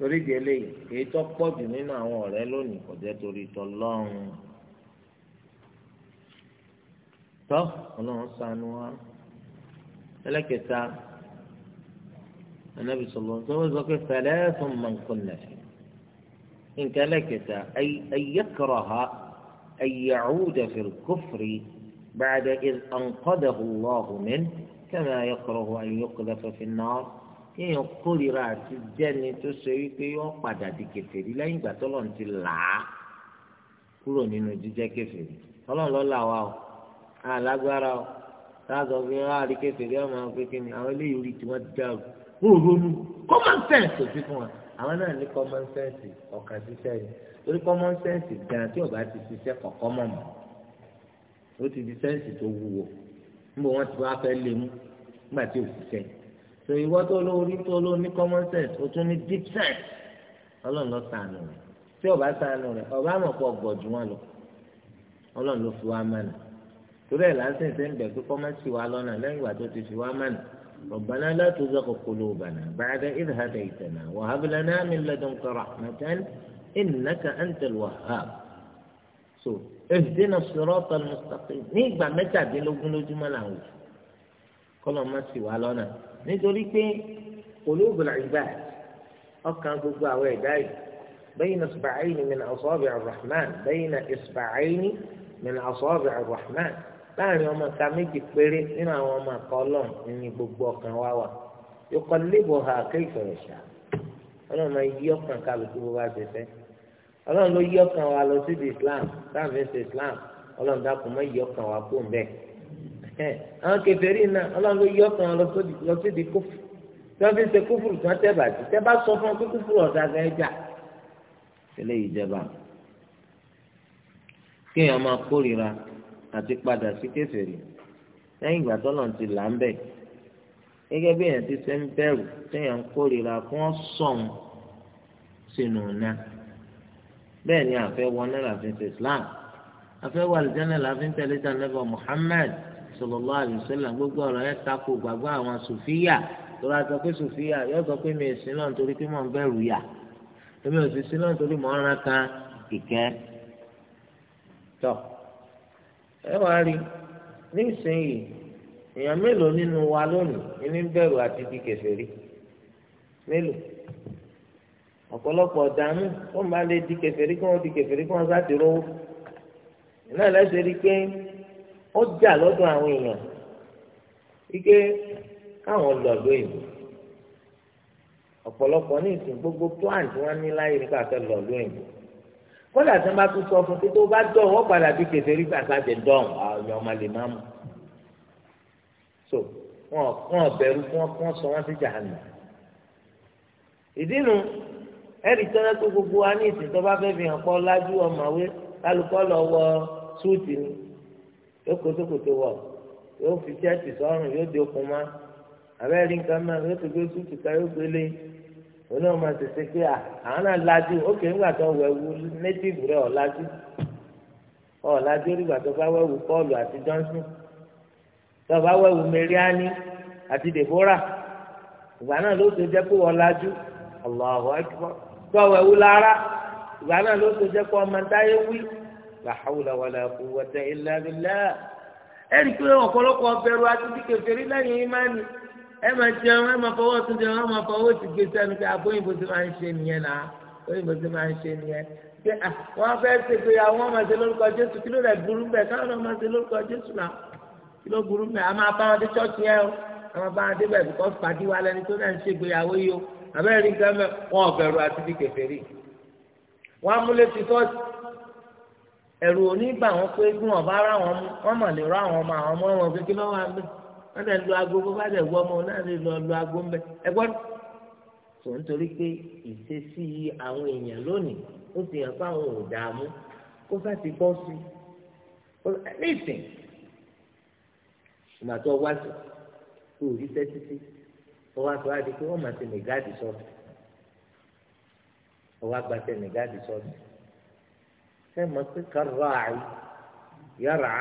torí di eléyìí èyí tó pọ̀ jù nínú àwọn ọ̀rẹ́ lónìí kò jẹ́ torí tọlọ́run tọ́ ọlọ́run sanu wa ẹlẹ́kẹta anabi sọlọ tó wọ́n sọ pé fẹlẹ́ fún mọ̀nkún nàfẹ́ nǹkan ẹlẹ́kẹta ayẹ́kọ̀rọ̀ha ayẹ́cúdà fìlkófìrí bàdà ìlànkọ́dà hùwà hùmín kẹ́mi ayẹ́kọ̀rọ̀ha ayẹ́kọ̀dà fìlnáà. yíyan kórìíra àti jẹ́ni tó ṣe wípé yóò padà di kèfèrí lẹ́yìn ìgbà tọ́lọ́run ti là á kúrò nínú jíjẹ́ kèfèrí ọlọ́run ló là wá o alágbára o sáàsọ fi hàn àrí kèfèrí ọmọ àwọn kékeré ni àwọn eléyìí orí tí wọ́n dárò ó ronú common sense kò sí fún wa àwọn náà ní common sense ọ̀kan ṣiṣẹ́ yìí torí common sense gan tí ọba ti ṣiṣẹ́ kọ̀ọ̀kan mọ̀ mọ́ ó ti di sense tó wúwo níbo wọ́n ti wá fẹ́ lé mú nígbà tí ò ṣiṣẹ́ yìí so ìwọ tó lórí tó ló ní common sense o tún ní deep sense ọlọ́run ló sànù rẹ̀ tí ọba sànù rẹ̀ ọba àmọ̀ pọ̀ gbọ̀ jù wọn lọ ọlọ́run ló fi wá mánà torí ẹ̀ lásìkò ṣe ń bẹ̀ pé kọ́mẹ́sì wa lọ́nà lẹ́yìn ìgbà tó ti fi wá mánà ربنا لا تزغ قلوبنا بعد إذ هديتنا وهب لنا من لدنك رحمة إنك أنت الوهاب so اهدنا الصراط المستقيم ní ìgbà mẹ́tàdínlógún lójúmọ́ làwọn kọ́lọ́ mọ́sí wa lọ́nà. nítorí pé olóògùn àìgbà ọkàn gbogbo àwọn ẹ̀dá yìí bẹ́yìn isbàáyìn min asọ́ọ̀bì arrahman bẹ́yìn isbàáyìn min asọ́ọ̀bì arrahman láàrin ọmọ ká méjì péré nínú àwọn ọmọ àkọọ́lọ̀ ní gbogbo ọkàn wa wà yuqallibuha kayfa yasha ọlọ́run máa yí ọkàn kálukú bó bá ṣe fẹ́ ọlọ́run ló yí ọkàn wa lọ sí islam táàbí ṣe islam ọlọ́run dákun má yí ọkàn wa kó ń bẹ́ẹ̀. ẹ àwọn kèfèrí náà ọlọ́run ló yí ọkàn lọ sí di kófù tí wọ́n fi ṣe kófù tí wọ́n tẹ̀ bàjẹ́ tẹ́ bá sọ fún ọ pé kófù ọ̀dà gan ẹja tẹ́lẹ̀ yìí jẹba kéèyàn máa kórìíra àti padà sí kèfèrí lẹ́yìn ìgbà tó ti là ń bẹ̀ gẹ́gẹ́ bí èèyàn ti ṣe ń bẹ̀rù téèyàn kórìíra kí wọ́n sínú náà bẹ́ẹ̀ ni àfẹ́ wọn náà láfi ṣe Islam àfẹ́ wà lìjánà láfi ń tẹ̀lé Muhammad sallallahu alaihi wasallam gbogbo ọ̀rọ̀ yẹn tako gbàgbọ́ àwọn sòfíà tó ra sọ pé sòfíà yóò sọ pé mi ò sí náà nítorí pé mò ń bẹ̀rù yà èmi ò sì sí náà nítorí mò ń ran kan ìkẹ́ tọ̀ ẹ wá rí nísìnyìí èèyàn mélòó nínú wa lónìí ní bẹ̀rù àti di kèfèrí mélòó ọ̀pọ̀lọpọ̀ ọ̀dààmú kó n bá lè di kèfèrí kó n di kèfèrí kó n sá ti rówó ìnáyà lẹ́sẹ̀ rí pé ó jà lọ́dọ̀ àwọn èèyàn wípé káwọn lọ lóyìnbó ọ̀pọ̀lọpọ̀ ní ìsìn gbogbo plan tí wọ́n ní láyé nípa fẹ́ lọ lóyìnbó kódà tí wọ́n bá tún sọ fún pé tó bá dọ̀ wọ́n padà bí kẹfẹ́ rí gbàgbà jẹ dọ̀n àwọn ọmọ lè má mú so wọn wọn bẹ̀rù fún wọn wọn sọ wọn sí jàǹdà ìdí nu ẹ̀rí tọ́lá tó gbogbo wa ní ìsìn tó bá fẹ́ fi hàn pọ́ lájú ọmọwé kálukọ́ lọ wọ súùtì ni yóò kó sókòtò yóò fi ṣẹ́ẹ̀tì sọ́rùn yóò di okùn mọ́ abẹ́rẹ́ rí nǹkan mọ́ yóò tó gbé súùtù ká yóò gbélé òun náà tètè pé à àwọn náà lajú ókè tó nétìfù ọ̀lajú ọ̀lajú tó bá àti Johnson tó bá wẹ̀wù Mẹríání àti Deborah ìgbà náà ló tó jẹ́ pé ọ̀lajú tó la hawla wala quwwata illa billah ẹnì pé ọ̀pọ̀lọpọ̀ bẹ̀rù àti ti kèfèrí lẹ́yìn ìmánì ẹ máa jẹun ẹ máa fọwọ́ tún jẹun ẹ máa fọwọ́ ti gbé sẹ́nu pé abóyìnbó ti máa ń ṣe nìyẹn náà abóyìnbó ti máa ń ṣe nìyẹn pé wọ́n fẹ́ ṣe pé àwọn ọmọ ṣe lórúkọ Jésù kí ló rẹ̀ burú bẹ́ẹ̀ káwọn ọmọ ṣe lórúkọ Jésù náà kí ló burú bẹ́ẹ̀ a máa bá wọn dé chọ́ọ̀kì yẹn o a máa bá wọn dé bẹ́ẹ̀ bíkọ́ pàdé wa lẹni tó náà ń ṣe ìgbéyàwó yìí o àbẹ́rẹ́ rí gẹ́mẹ́ wọn ọ̀bẹ̀rù àti bí kèfèrí wọn amúlé ti sọ́ọ̀tì ẹ̀rù onígbà wọn pé bí wọn bá rà wọn mú wọn mọ̀ lè rà wọn mọ àwọn ọmọ wọn kékeré lọ́wọ́ abẹ́ wọn dẹ̀ lu aago bó bá dẹ̀ wọ ọmọ náà lè lọ lu aago mbẹ ẹgbọ́n tó ń torí pé ìṣesí àwọn èèyàn lónìí ó fi hàn fáwọn ò dààmú kó fẹ́ ti bọ́ sí nísìn ìgbà tó wá sí kó o rí sẹ́ títí ó wá sọ wá di pé wọ́n máa ti nìgáàdì sọ́ọ̀tù ó wá gba tẹ̀ nìgáàdì sọ́ọ̀tù. sẹ́mọ̀ pé kàráàì yàrá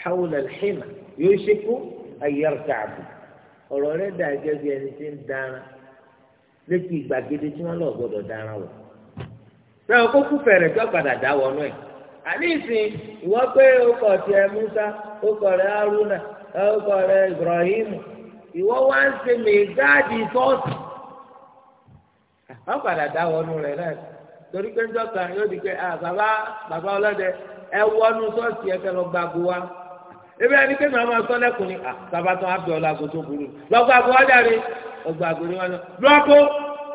hawla al-hima yóò ṣekú ayélujára àbò ọ̀rọ̀ rẹ̀ dà gẹ́gẹ́ bí ẹni tí ń dára tí wọ́n lọ gbọ́dọ̀ dára wọ̀ sẹ́wọ̀n kó kú fẹ̀rẹ̀ tó padà dá wọnú ẹ̀ àní ìsìn ìwọ́n pé ọkọ̀ tiẹ̀ torí pé njọ́ kan yóò di pé ah bàbá bàbá ọlọ́dẹ ẹ wọnú sọ́ọ̀sì ẹ fẹ́ lọ gba àgbo wa ebi ẹni pé màmá sọ́lẹ̀kùn ni ah bàbá tó ábẹ́ ọ̀la àgbo tó burú lọ́gbà àgbo wa dàrí ọgbà àgbo ni wọn lọ lọ́kọ́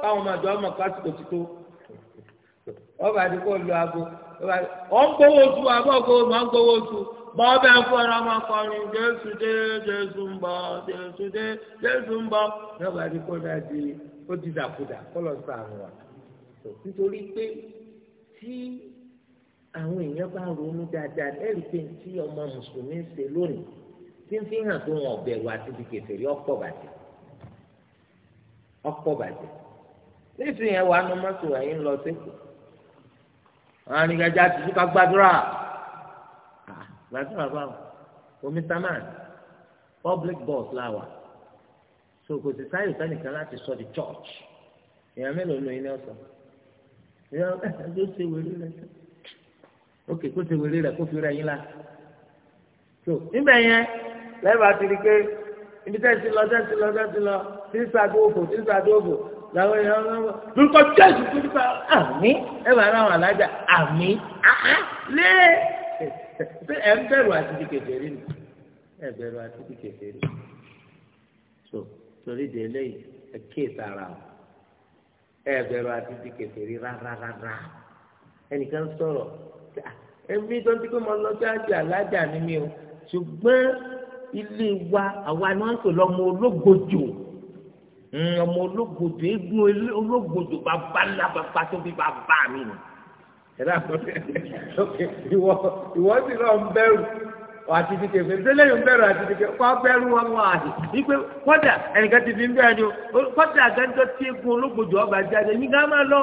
káwọn máa jọ ọmọ kásìkò ti tó ọba àti kò lu àgbo ọba ọ̀ ń gbowó oṣù àbọ̀ gbowó mọ̀ ń gbowó oṣù bọ́ọ̀bẹ̀ fọ́ra máa kọrin jésù dé jésù ń bọ̀ jésù dé jésù ń bọ̀ di ó ti dàkúdà kọ́ lọ nítorí pé tí àwọn èèyàn bá ronú dáadáa lẹ́rìí pé tí ọmọ mùsùlùmí ń ṣe lónìí tí ń fi hàn pé wọn ọ̀bẹ̀rù àti ti kèfèrí ọ̀pọ̀ bàjẹ́ ọ̀pọ̀ bàjẹ́ nísìnyí ẹwà nu mọ́tò ẹ̀yìn lọ sẹ́kù àwọn anìgbàjá ti túká gbàdúrà gbàdúrà báwọn omi tamán public bus làwà so kò sí sáyò sẹ́nìkan láti sọ di church èèyàn mélòó lóyún ní ọ̀sán ìyá ẹjọ́ ṣe wèrè rẹ̀ ókè kó ṣe wèrè rẹ̀ kó fi rẹ̀ yín la tó níbẹ̀ yẹn lẹ́bàá ti di pé ibi tẹ́sí lọ tẹ́sí lọ tẹ́sí lọ tírísà dóòbò tírísà dóòbò làwọn èèyàn ń lọ lórúkọ jésù tó nípa àmì ẹ bá ara wọn alájà àmì àá lé ẹ ń bẹ̀rù àtìdí kékeré nù ẹ bẹ̀rù àtìdí kékeré so torí de eléyìí ẹ kéè sára o ẹ bẹ̀rù àti di kèfèrí rárára ẹnìkan sọ̀rọ̀ ah, ẹbí tó ń tí kò mọ lọ sí àjò alájà ni mí o ṣùgbọ́n ilé wa àwa ni wọ́n ń pè lọ́mọ ológojò hmm, ọmọ ológojò eégún ológojò bàbá ńlá bàbá tó fi bàbá mi nù. ìwọ sì lọ ń bẹ̀rù. àti ti kẹfẹ ìdílé yìí ń àti ti kẹfẹ wọn ipe kọjá ẹnìkan ti fi ń ọba jáde yín máa lọ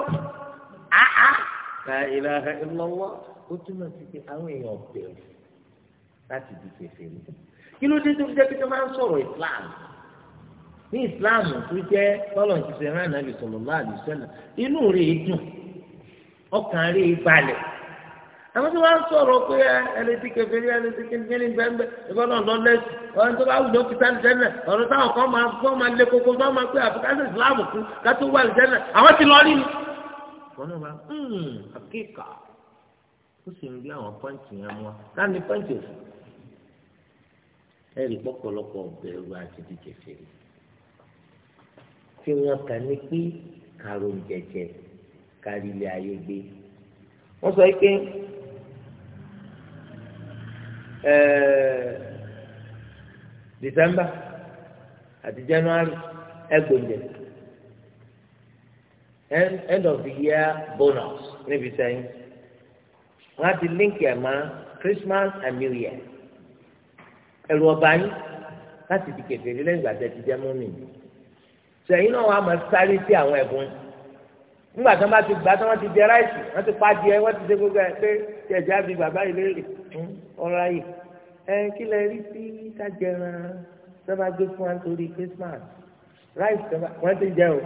ìlà ìlọwọ ó túmọ̀ sí pé àwọn èèyàn bẹ̀rù láti di kẹfẹ mi kí ló dé tó jẹ́ pé tó Islam ní Islam tó jẹ́ tọ́lọ̀ ti lè sọ̀rọ̀ láàbì inú rẹ̀ àwọn tí wọ́n sọ̀rọ̀ pé ẹni tí kẹfẹ́ rí ẹni tí kẹfẹ́ rí bẹ́ẹ̀ ìbọn náà lọ lẹ́sìn ọ̀rọ̀ tó bá wù ló fi jẹ́nẹ̀ ọ̀rọ̀ táwọn kan máa fọ́ máa lé koko fọ́ máa pé àfikásẹ̀ ìsìláàmù kú kátó wà lè jẹ́nẹ̀ àwọn ti lọ rí ni. wọn náà máa hmm, ń àkíkà ó sì ń gbé àwọn pọ́ǹtì yẹn mọ́ láti pọ́ǹtì òfin. ẹ̀rí pọ́pọ̀lọpọ̀ bẹ̀rù àti wọ́n kà ní pé Eh, december àti january ẹgbẹ̀jẹ̀ end end of the year bonus níbi sẹ́yìn wọ́n á ti líǹkì ẹ̀ mọ́ christmas and new year ẹ̀rù ọba yín láti di kẹfẹ́ lẹ́yìn ìgbà tẹ́ ti jẹ́ mọ́mì sẹ́yìn náà wọ́n á máa sáré sí àwọn ẹ̀bùn nígbà tí wọn bá ti gbà tí wọn ti di ráìsì wọn ti pa díẹ̀ wọn ti ṣe gbogbo ẹ pé jẹjẹ àbí bàbá yìí léèrè ọ̀rọ̀ ayé ẹ kí lẹ rí sí kájẹran sábà gbé fún wa nítorí Christmas ráìsì sábà wọn ti jẹ o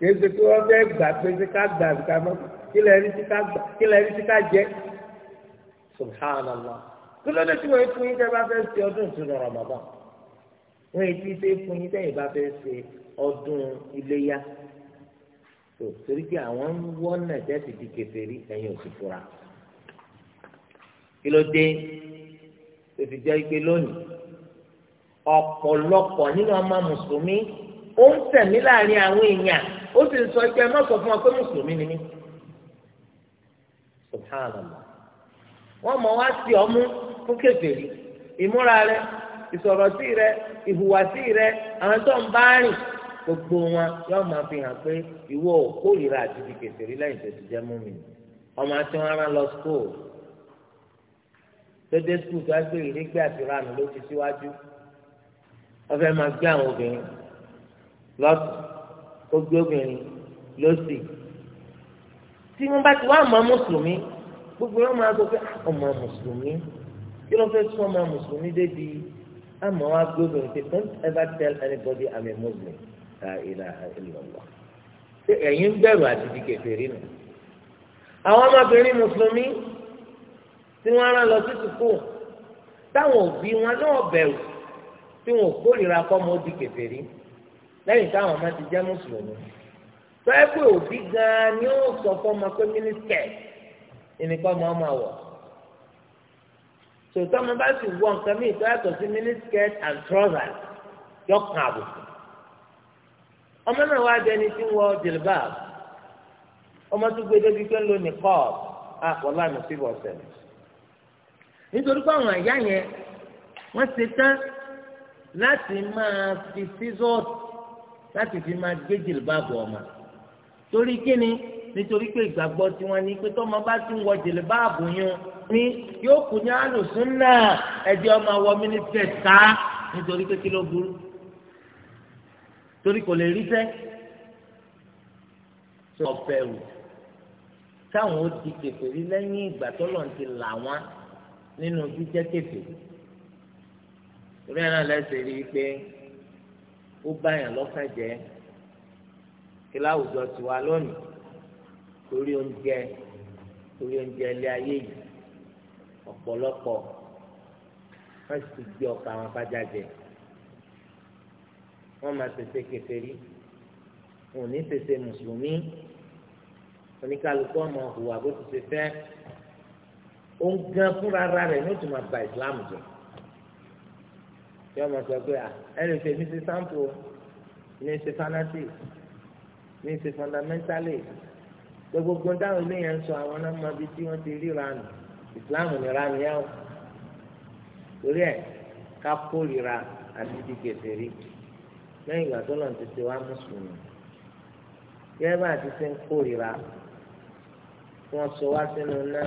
kìí ṣe pé wọn fẹ́ẹ́ gbà pé ṣe ká gbà àbí ká mọ kí lẹ rí sí ká gbà kí lẹ rí sí ká jẹ subhanallah kí ló dé tí wọn fún yín tẹ́ bá fẹ́ẹ́ ṣe ọdún ìṣúná Ramadan wọn èyí tí ṣe fún yín tẹ́ ìbá fẹ́ẹ́ ṣe ọdún iléyà tó torí pé àwọn ń wọ́nà tẹ́sí di kèfèrí ẹ̀yin òsì fura kí ló dé tó fi jẹ́ pé lónìí ọ̀pọ̀lọpọ̀ nínú ọmọ mùsùlùmí ó ń tẹ̀mí láàrin àwọn èèyàn ó sì ń sọ pé ẹ má sọ fún ọ pé mùsùlùmí ni mí subhanallah wọ́n mọ̀ wá sí ọmú fún kèfèrí ìmúra rẹ ìsọ̀rọ̀sí rẹ ìhùwàsí rẹ àwọn tó ń bá rìn gbogbo wọn yóò máa fi hàn pé ìwọ ò kórìíra àti di kèfèrí lẹ́yìn tó ti jẹ́ mùmínì ọmọ àti wọn rán lọ skul dédé skul tó ẹgbẹ́ ìrégbé àti ránù ló ti síwájú ọfẹ máa gbé àwọn obìnrin lọ́tù kó gbé obìnrin lọ́sì tí wọ́n bá ti wá ọmọ mùsùlùmí gbogbo wọn máa gbọ́ pé ah, ọmọ mùsùlùmí kí ló fẹ́ sún ọmọ mùsùlùmí débi àmọ́ wá gbé obìnrin don't ever tell anybody I'm a Muslim la ilaha illallah ẹ̀yin bẹ̀rù àti di kèfèrí nù àwọn ọmọbìnrin mùsùlùmí tí wọ́n rán lọ sí sùkú táwọn òbí wọn náà bẹ̀rù tí wọn ò kórìíra kọ́mọ di kèfèrí lẹ́yìn táwọn ọmọ ti jẹ́ mùsùlùmí tọ́ẹ́ pé òbí gan-an ni ó sọ fọ́mọ pé mínísítẹ̀ ìnìkan ọmọ ọmọ àwọ̀ tòótọ́ ọmọ bá sì wọ nǹkan míì tó yàtọ̀ sí mínísítẹ̀ and trousers yọkàn àbùkù ọmọ náà wá jẹni tí ń wọ jìlbáàbù ọmọ tó gbé débi pé ń lo nìkọ́ọ̀bù àpọ̀lá mi sí wọ̀ọ̀sẹ̀ nítorí pé àwọn àyà yẹn wọ́n ṣe tán láti máa fi sísọ́ọ̀tù láti fi máa gbé jìlbáàbù ọmọ torí kíni nítorí pé ìgbàgbọ́ tí wọ́n ní pé tọ́mọ bá ti ń wọ jìlbáàbù yún ni yóò kù ní alùsùn náà ẹ̀jẹ̀ ọmọ wọ mínísítẹ̀ ká nítorí pé kí ló burú torí kò lè rí sẹ́ ọ̀fẹ́ rù táwọn ó di kèfèrí lẹ́yìn ìgbà tọ́lọ̀ ti là wọ́n nínú jíjẹ́ kèfèrí torí ẹ̀rọ lẹ́sẹ̀ rí i pé ó báyàn lọ́kàn jẹ́ kí láwùjọ tiwa lónìí torí oúnjẹ torí oúnjẹ ilé ayé yìí ọ̀pọ̀lọpọ̀ wọ́n sì ti gbé ọkà wọn bá jáde wọ́n máa tètè kèfèrí wọn ò ní tètè mùsùlùmí oníkálukú ọmọ hùwà bó ti ṣe fẹ́ ó ń gan fúnra ara rẹ̀ ní òtún máa gba islam jẹ yọ ọmọ sọ pé ẹni ṣe mí ṣe sampo ní ṣe fanatic ní ṣe fundamentalist gbogbo dáhùn iléyẹn ń sọ àwọn náà máa bí tí wọ́n ti rí ranù islam ní ranù yẹn o torí ẹ̀ ká kórìíra àti di kèfèrí lẹ́yìn ìgbà tó lọ́n ti ṣe wá mùsùlùmí gẹ́gẹ́ bá ti ṣe ń kórìíra tí wọ́n sọ wá sínú ná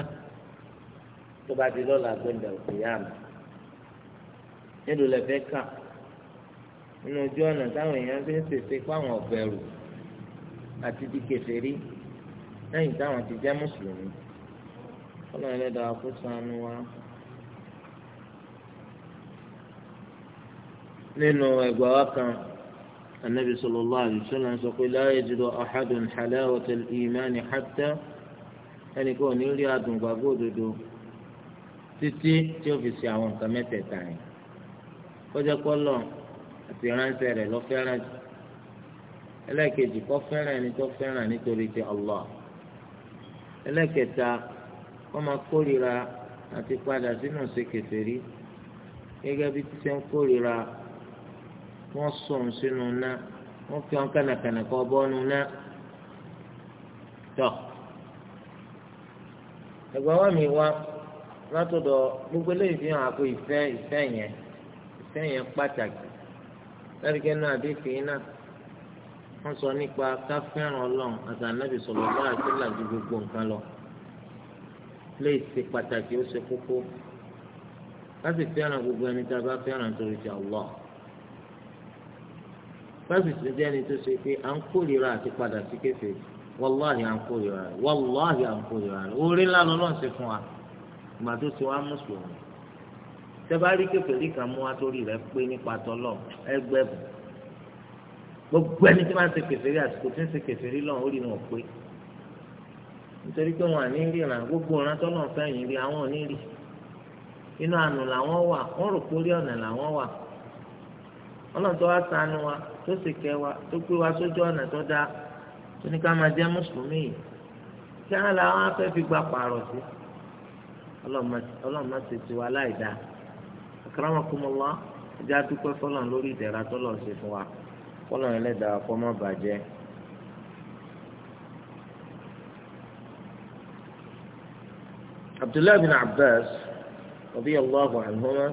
tó bá di lọ́la gbẹ̀ndẹ̀ òkè yá mi nílùú lẹ́fẹ́ kà nínú ojú ọ̀nà táwọn èèyàn fi ń ṣèṣe fáwọn ọ̀bẹ̀rù àti di kèfèrí lẹ́yìn táwọn ti jẹ́ mùsùlùmí ọlọ́run ẹlẹ́dàá kó ṣàánú wa. nínú ẹgbàá kan. النبي صلى الله عليه وسلم يقول لا يجد أحد حلاوة الإيمان حتى أن يكون يريد أن يقول títí tí ó fi ṣe àwọn nǹkan mẹ́tẹ̀ẹ̀ta yẹn kọjá kọlọ àti ránṣẹ́ rẹ̀ lọ fẹ́ràn jù ẹlẹ́ẹ̀kejì kó fẹ́ràn ẹni tó fẹ́ràn nítorí ti Allah ẹlẹ́ẹ̀kẹta kó máa kórìíra àti padà sínú ṣe kèfèrí gẹ́gẹ́ bí títí ń kórìíra wọ́n sọ̀rọ̀ sínú ná wọ́n fi wọn kànàkànà kọ́ bọ́ọ̀nù ná tọ́ ẹgbẹ́ wa mi wá látọ̀dọ̀ gbogbo eléyìí fi hàn àpò ìfẹ́ ìfẹ́ yẹn ìfẹ́ yẹn pàtàkì lẹ́rìkẹ́ náà àdéhùn iná wọ́n sọ nípa káfíńrán ọlọ́run àtànábì sọ̀rọ̀ bá àtìlà ju gbogbo nǹkan lọ léè ṣe pàtàkì ó ṣe kókó láti fẹ́ràn gbogbo ẹni tá a bá fẹ́ràn torí ti Allah káfí tó jẹ́ ẹni tó ṣe pé à ń kórìíra àti padà sí kéfì wàláhì à ń kórìíra rẹ̀ wàláhì à ń kórìíra rẹ̀ orí ńlá lọ́nà ṣe fún wa ìgbà tó ṣe wá mùsùlùmí tẹ́bárí kékeré kan mú atórí rẹ̀ pé nípa tọ́lọ̀ ẹgbẹ́ bù gbogbo ẹni tí wọ́n ṣe kèfèrí àsìkò tí ń ṣe kèfèrí lọ́wọ́ ó wọn pé nítorí pé wọn à ní ríran gbogbo ọ̀ràn tọ́lọ̀ fẹ́yìn rí àwọn ò ní rí inú àánú làwọn wà wọ́n rò ọlọ́run tó wá ṣàánú wa tó sì kẹ́ wa tó gbé wa sójú ọ̀nà tó dáa tó ní ká máa jẹ́ mùsùlùmí yìí kí á la wọn fẹ́ fi gba pààrọ̀ sí ọlọ́run má ṣe tiwa láì dáa akramakumullah ẹja dúpẹ́ fọlọ́n lórí ìdẹ̀ra tọ́lọ̀ ṣe fún wa fọlọ́n ẹlẹ́dàá kọ́ má bàjẹ́. abdullahi bin abbas radiyallahu anhuma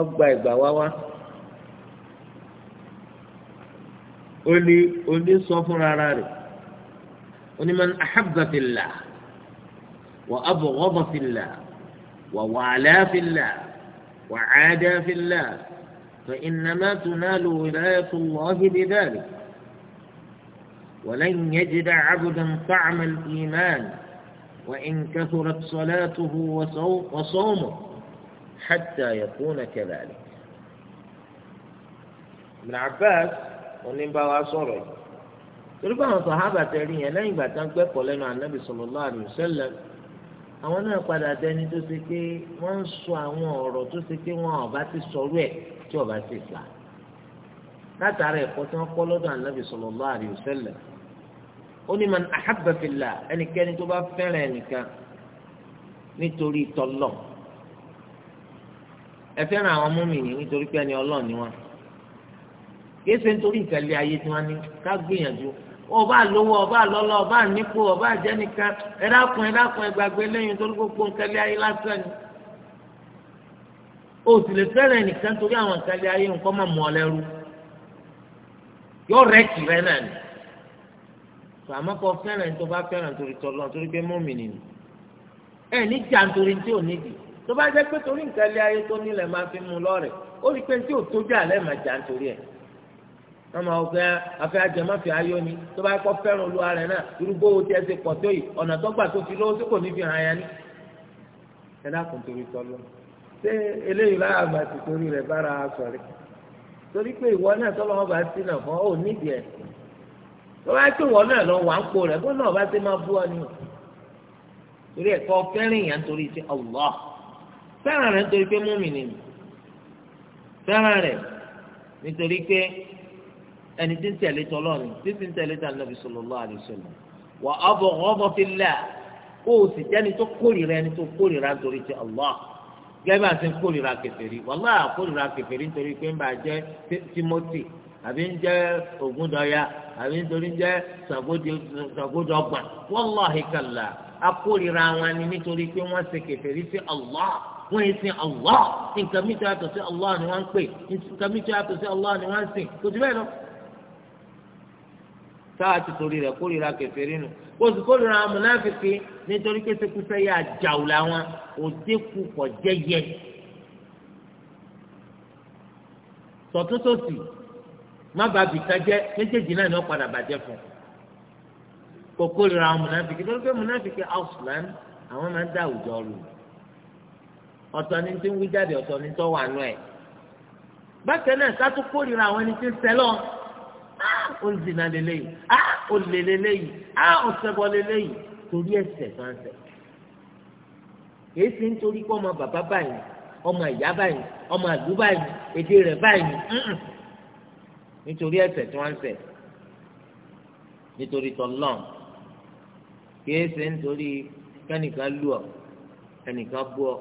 ọgbà ìgbà wá wá. oni oní sọ fún ara rẹ̀ oni man ahabba fillah wa abu abghada fillah wa wala fillah wa ada fillah fa innama tunalu wilayatu Allahi bidhalik ولن يجد عبدا طعم الإيمان وإن كثرت صلاته وصومه حتى يكون كذلك ابن عباس oníbàwá sọ̀rọ̀ yìí torí pé àwọn sọ̀hábà tẹ rí yẹn lẹ́yìn ìgbà tán gbẹ́kọ̀ọ́ lẹ́nu ànábì sallallahu alaihi wasallam àwọn náà padà dẹni tó ṣe pé wọ́n ń sọ àwọn ọ̀rọ̀ tó ṣe pé ti sọ̀rọ̀ ẹ̀ tí ọ̀bá ti fà látara ẹ̀kọ́ tí wọ́n kọ́ lọ́dọ̀ ànábì sallallahu alaihi wasallam ó ní man ahabba ẹnikẹ́ni tó bá fẹ́ràn ẹnìkan nítorí tọ́lọ̀ ẹ fẹ́ràn àwọn kìí ṣe nítorí ìtẹ̀lé ayé tí wọ́n ní ká gbìyànjú ọba lówó ọba lọ́lọ́ ọba nípò ọba àjẹnìkan ẹ̀dákun ẹ̀dákun ẹgbàgbé lẹ́yìn torí gbogbo ntẹ̀lé ayé lásán ni o sì lè fẹ́rẹ̀ nìkan torí àwọn ntẹ̀lé ayé nǹkan mọ̀ mọ́ lẹ́rú yóò rẹ̀ kì rẹ̀ náà ni tó àmọ́ kọ fẹ́ràn tó bá fẹ́ràn torí tọ́lọ́ torí pé mọ́mìnì ni ẹ ní jà nítorí tí ò nídìí tó bá jẹ́ pé torí nǹkan ayé tó nílẹ̀ máa fi mú lọ́rẹ̀ ó rí pé tí ò tó wọ́n máa fẹ́ afẹ́ ajẹmọ́fẹ́ ayọ́ ni tó bá kọ́ fẹ́ràn olúwa rẹ̀ náà irúgbó wo ti ẹsẹ̀ pọ̀ tó yìí ọ̀nà tó gbà tó fi lówó tó kò ní fi hàn yá ni. ẹ dákun torí tọ́lọ́ ṣé eléyìí láyà bá ti torí rẹ̀ bára a sọ̀rọ̀ torí pé ìwọ náà tọ́lọ́ wọn bá sí náà fún ọ nídìí ẹ̀ tó bá tó ìwọ náà lọ wà ń po rẹ̀ bó náà bá ti máa bú ọ ni o torí ẹ̀kọ́ fẹ́ràn yẹn torí ti Allah fẹ́ràn rẹ̀ nítorí pé múmi ẹni tí ń tẹ̀lé tọlọ́run tí ń tẹ̀lé tà nàbì sallallahu alaihi wasallam wà á bọ̀ ọ̀bọ̀ fillah kó o sì jẹ́ni tó kórìíra ẹni tó kórìíra nítorí ti Allah gẹ́gẹ́ bá ti ń kórìíra kèfèrí wàlá kórìíra kèfèrí nítorí pé ń bá jẹ́ Timothy àbí ń jẹ́ Ògúndọ̀yà àbí nítorí ń jẹ́ Sàgódọ̀gbà wallahi kàlà akórìíra wọn ni nítorí pé wọ́n ṣe kèfèrí sí Allah wọ́n yìí sin Allah nǹkan mìíràn yàtọ̀ sí Allah ni wọ́n ń pè nǹkan mìíràn yàtọ̀ sí Allah ni wọ́n ń sìn kò jù bẹ́ẹ̀ lọ táwa ti torí rẹ̀ kórìíra kèfèrí nù kó o sì kórìíra àwọn mùnáfíkì nítorí pé sekúsẹ́ yà jàù làwọn òdekù kọ̀ jẹ́yẹ. sọ̀túnṣòsì má bàa bìkan jẹ́ méjèèjì náà ni wọ́n padà bàjẹ́ fún un kò kórìíra àwọn mùnáfíkì torí pé mùnáfíkì ausland àwọn máa ń dá àwùjọ rù ọ̀tọ̀ ni tí ń wí jáde ọ̀tọ̀ ni tó wà nù ẹ̀ bákan náà ká kórìíra àwọn ẹni tí ń sẹ́lọ̀ ó ń zina lélẹ́yìí á ó lè lélẹ́yìí á ó ṣẹbọ lélẹ́yìí torí ẹ̀ṣẹ̀ tó ń ṣẹ̀ kìí ṣe nítorí pé ọmọ bàbá báyìí ọmọ ìyá báyìí ọmọ àdú báyìí èdè rẹ̀ báyìí nítorí ẹ̀ṣẹ̀ tó ń ṣẹ̀ nítorí tọlọ́n kìí ṣe nítorí kẹ́nìkan lù ọ́ ẹnìkan bú ọ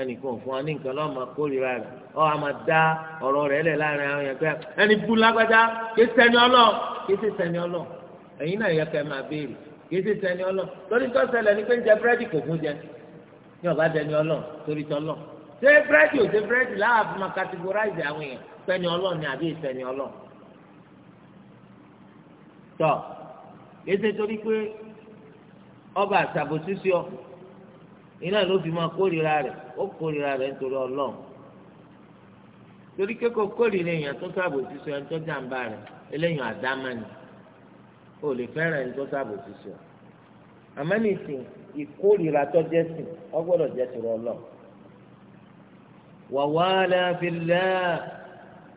ẹnìkan fún ọ ní nǹkan lọ́mọ kórìíra rẹ̀ ọ ama da ọ̀rọ̀ rẹ láàrin àwọn yẹn ẹni bú lágbájá kí sẹ́ni ọlọ́ kí sì sẹ́ni ọlọ́ náà yẹ kẹ́ máa béèrè kí sì sẹ́ni lórí tó fún jẹ ní dẹni torí ṣé búrẹ́dì ò ṣe búrẹ́dì láwà fún ma àwọn ni àbí torí pé ọba iná ló fi máa ó nítorí ọlọ́run torí kéko kórìíra èèyàn tó sábò ti sọ ẹni tó jàǹbá rẹ̀ eléyàn àdámánì ò lè fẹ́ràn ẹni tó sábò ti sọ àmọ́ nìsín ìkórìíra tó jẹ́ sìn ọgbọ́dọ̀ jẹ́ ti rọ lọ. wàwá aláfilá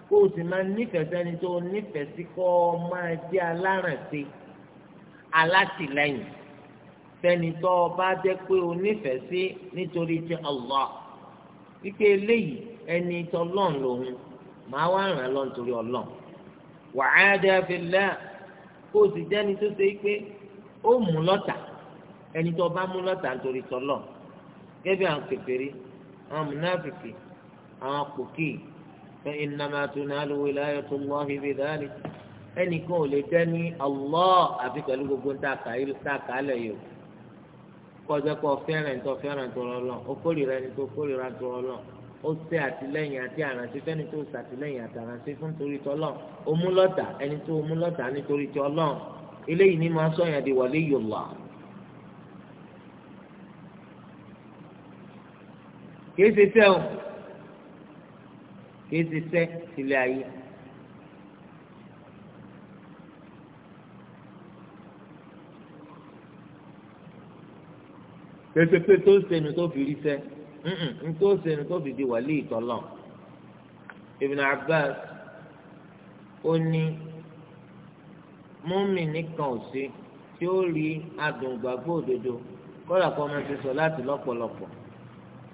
kó o sì máa nífẹ̀ẹ́ sẹ́ni tó nífẹ̀ẹ́ sí kọ́ ọ máa jẹ́ alárànṣe alátìlẹ́yìn sẹ́ni tó o bá jẹ́ pé o nífẹ̀ẹ́ sí nítorí ti Allah wípé eléyìí. ẹni tọlọ́n lòun ma wá ràn án lọ́n torí ọlọ́n wa'ada fillah kó o sì jẹ́ni tó ṣe pé ó mú lọ́tà ẹni tó bá mú lọ́tà nítorí tọlọ́n gẹ́gẹ́ àwọn kèfèrí àwọn mùnáfìkì àwọn pòkì fa innama tunalu wilayatullahi ẹnìkan ò lè jẹ́ ní pẹ̀lú gbogbo ń ta kàálẹ̀ yìí o kọjá kọ fẹ́ràn tó fẹ́ràn tó rọ lọ okórìíra ẹni tó tó ó ṣe àtìlẹ́yìn àti àrànṣe fẹ́ni tó ṣàtìlẹ́yìn àti àrànṣe fún torí ti Ọlọ́run ó mú lọ́tà ẹni tó mú lọ́tà nítorí ti Ọlọ́run eléyìí ni máa sọ yàn di waliyullah. kìí ṣe sẹ́ o kìí ṣe sẹ́ sílẹ̀ ayé. kìí tó ṣe ni tó fi rí sẹ́ nítorí sẹ́ni tó fìdí wàlí ìtọ́lọ̀ Ibn Abbas ó ní mọ́mì nìkan ò sí tí ó rí adùngbàgbọ́ òdodo kọ́lá kọ́ máa ṣe sọ láti lọ́pọ̀lọpọ̀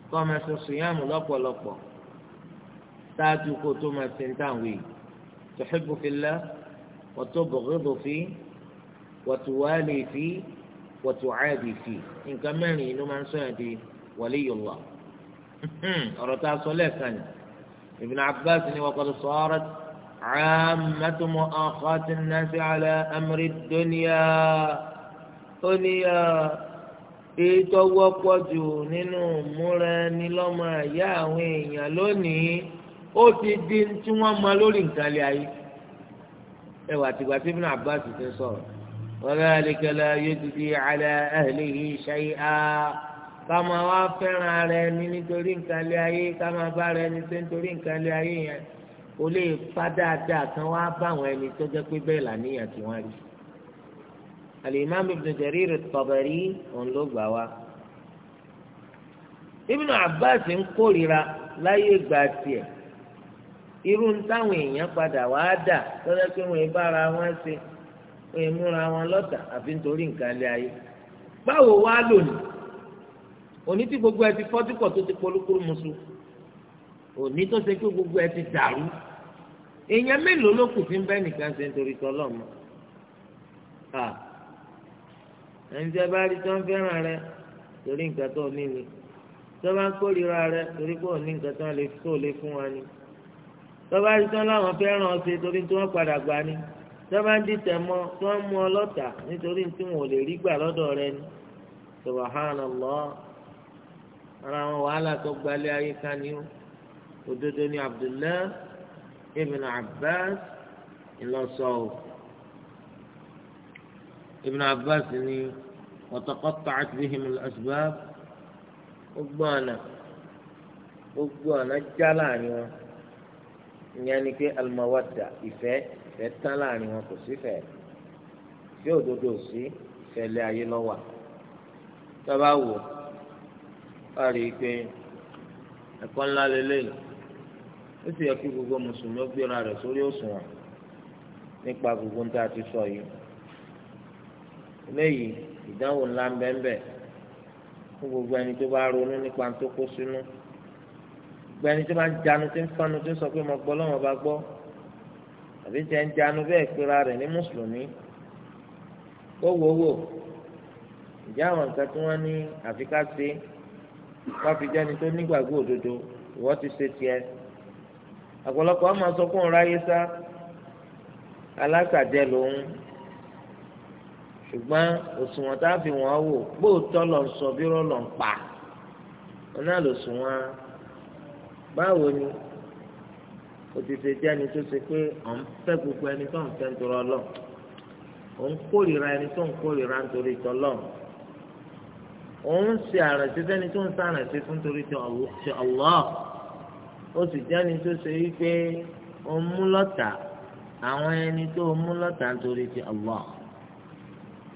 kọ́ máa ṣe sùnyàmù lọ́pọ̀lọpọ̀ ṣáájú kó tó máa ṣe ń tàwé tuhibbu fillah wa tubghidu fi wa tuwali fi wa tu'adi fi nǹkan mẹ́rin ló máa ń sọ̀rọ̀ di waliyullah. Hmm. ọ̀rọ̀ tá a sọ lẹ́ẹ̀kan ni Ibn Abbas ni wọ́n kọ́ni sọ́ọ́rọ́ عامة مؤاخاة الناس على أمر الدنيا ó ní èyí tó wọ́pọ̀ jù nínú múra ẹni lọ́mọ ẹ̀yà àwọn èèyàn lónìí ó ti di tí wọ́n mọ lórí nǹkan lé ayé ẹwà tìgbà tí Ibn Abbas ti sọ̀rọ̀ wa dhalika la yujzi ala ahlihi shay'a ká máa wá fẹ́ràn ara ẹni nítorí nǹkan lé ayé ká máa bá ara ẹni tó nítorí nǹkan lé ayé yẹn kò lè fa dáadáa kan wá bá àwọn ẹni tó jẹ́ pé bẹ́ẹ̀ làníyàn tí wọ́n rí. Al-Imam Ibn Jarir at òun ló gbà wá. Ibn Abbas ń kórìíra láyé ìgbà tiẹ̀ irú táwọn èèyàn padà wá dà lọ́dọ̀ pé wọ́n bára wọn ṣe wọ́n múra wọn lọ́tà àfi nítorí nǹkan lé ayé báwo wá lónìí òní tí gbogbo ẹ ti fọ́jú tó ti polúkúrú musu òní tó ṣe pé gbogbo ẹ ti dàrú èèyàn mélòó ló kù fi ń bẹ́ nìkan ṣe nítorí tọ́lọ́mọ ẹni tí a bá rí tí wọ́n fẹ́ràn rẹ torí nǹkan tó ní ni tí wọ́n bá ń kórìíra rẹ torí pé òní nǹkan tó lè tó lè fún wa ni tí wọ́n bá rí tí wọ́n láwọn fẹ́ràn ọ̀sẹ̀ torí tí wọ́n padà gbà ni tí wọ́n bá ń dìtẹ̀ mọ́ tí wọ́n mú ọ lọ́tà nítorí tí wọ́n ò lè rí gbà lọ́dọ̀ rẹ ni subhanallah ara àwọn wàhálà tó gbalẹ̀ ayé ká ní o òdodo ni Abdullah ibn Abbas ńlọsọ o ibn Abbas ni wataqatta'at bihim al-asbab gbogbo ọ̀nà gbogbo ọ̀nà já láàrin wọn ìyẹn ni pé al ìfẹ́ ìfẹ́ tán láàrin wọn kò sífẹ̀ẹ́ tí òdodo sí ìfẹ́ lé ayé lọ́wọ́ tó wò ó a rí i pé ẹ̀kọ́ ńlá lélẹ́yìn ó sì yẹ kí gbogbo mùsùlùmí ó gbéra rẹ̀ sórí òṣùwọ̀n nípa gbogbo nta ti sọ yìí léyìí ìdánwò ńlá ń bẹ́ńbẹ́ fún gbogbo ẹni tó bá ronú nípa tó kó sínú gbogbo ẹni tó bá ń janu tó ń fanu tó sọ pé mo gbọ́ lọ́wọ́ bá gbọ́ àbí tẹ ń janu bẹ́ẹ̀ pera rẹ̀ ní mùsùlùmí ó wò ó wò ìjà àwọn nǹkan tí wọ́n ní àfi ká wọ́n fi jẹ́ni tó nígbàgbọ́ òdodo ìwọ ti ṣe tiẹ̀ àpọ̀lọpọ̀ ọmọ sọ fún un ráyé sá alákàjẹ lòun ṣùgbọ́n òṣùwọ̀n tá a fi wọ́n wò gbóòótọ́ lọ sọ bí rọ́ọ̀lọ́ ń pa wọn náà lò sùn wọn báwo ni o ti ṣe jẹ́ ẹni tó ṣe pé ọ̀ ń fẹ́ gbogbo ẹni tó ń fẹ́ ń torọ́ lọ ò ń kórìíra ẹni tó ń kórìíra ń torí tọ́lọ́ọ̀ òun ṣe àrànṣe fẹ́ni tó ń ṣàrànṣe fún torí ti Allah ó sì jẹ́ni tó ṣe wípé ó mú lọ́tà àwọn ẹni tó mú lọ́tà nítorí ti Allah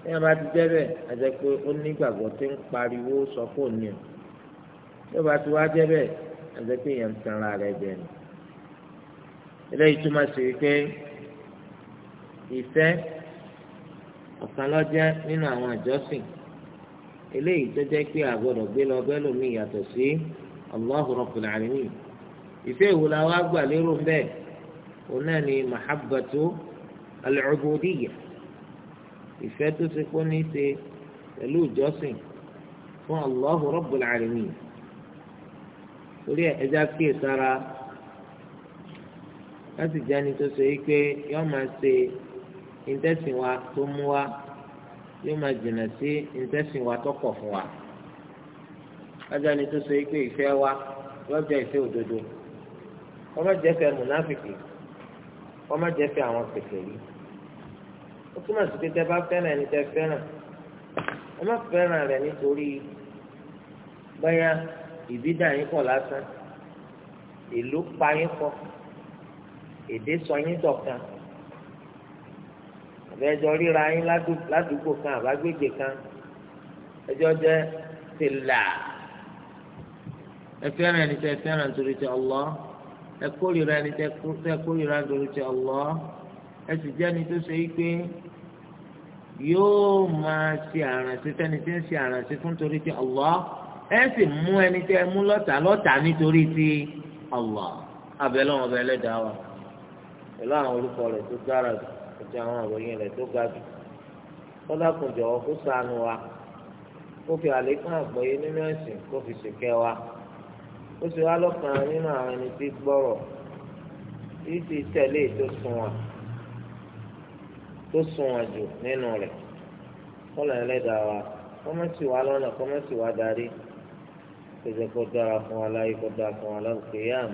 ní ọba ti jẹ́ bẹ́ẹ̀ àti pé ó nígbàgbọ́ tí ń pariwo sọ fún òní o ní ọba ti wá jẹ́ bẹ́ẹ̀ àti pé èèyàn ń tanra rẹ̀ jẹ ni eléyìí túmọ̀ sí wípé ìfẹ́ ọ̀kan ló nínú àwọn ìjọsìn eléyìí tó jẹ́ pé àgbọ̀dọ̀ gbé lọ bẹ́ẹ̀ lómi yàtọ̀ sí Allahu Rabbul Alamin ìfẹ́ ìwò la wá gbà lérò bẹ́ẹ̀ òun náà ni mahabbatu al-ubudiyya ìfẹ́ tó ti kó ní ṣe pẹ̀lú ìjọsìn fún Allahu Rabbul Alamin torí ẹja kí sára láti jẹ́ni tó ṣe é pé yọ́ọ́ máa ṣe ìtẹ̀sìn wa tó mú wa yóò máa jìnnà sí ìtẹ́sìn wa tọkọ̀ fún wa ọjọ́ ni tó so pé ìfẹ́ wa lọ́jọ́ ìfẹ́ òdodo wọ́n má jẹ́fẹ́ mùnáfìkì wọ́n má jẹ́fẹ́ àwọn kèfèrí ó túmọ̀ sí pé tẹ́ bá fẹ́ràn ẹni tẹ́ fẹ́ràn ẹ má fẹ́ràn rẹ̀ nítorí bẹ́yà ìbídà yín pọ̀ lásán ìlú pa yín pọ̀ èdè sọ yín dọ̀kan ẹjọ́ ríra yín ládùúgbò kan àbágbègbè kan ẹjọ́ jẹ́ tìlà ẹ fẹ́ràn ẹni tẹ́ fẹ́ràn torí ti Allah ẹ kórìíra ẹni tẹ́ kórìíra torí ti Allah ẹ sì jẹ́ ẹni tó ṣe é pé yóò máa ṣe àrànṣe tẹni tí ń ṣe àrànṣe fún torí ti Allah ẹ sì mú ẹni tẹ mú lọ́tà lọ́tà nítorí ti Allah abẹ́lẹ́ wọn bẹ́ẹ̀ lẹ́dàá wa pẹ̀lú àwọn orúkọ rẹ̀ tó dára jù àti àwọn àròyìn rẹ̀ tó ga jù kọ́lá kò jọ̀wọ́ kó ṣàánú wa kó fi àlékún àgbọ́yé nínú ẹ̀sìn kó fi ṣèkẹ́ wa ó sì wá lọ́kàn nínú àwọn ẹni tí gbọ́rọ̀ tí ti tẹ̀lé tó sunwọ̀n tó sunwọ̀n jù nínú rẹ̀ kọ́lá ẹlẹ́dàá wa kọ́mẹ́sì wa lọ́nà kọ́mẹ́sì wa darí pèsè kó dára fún wa láyé kó dára fún wa lọ́nà kéèyàn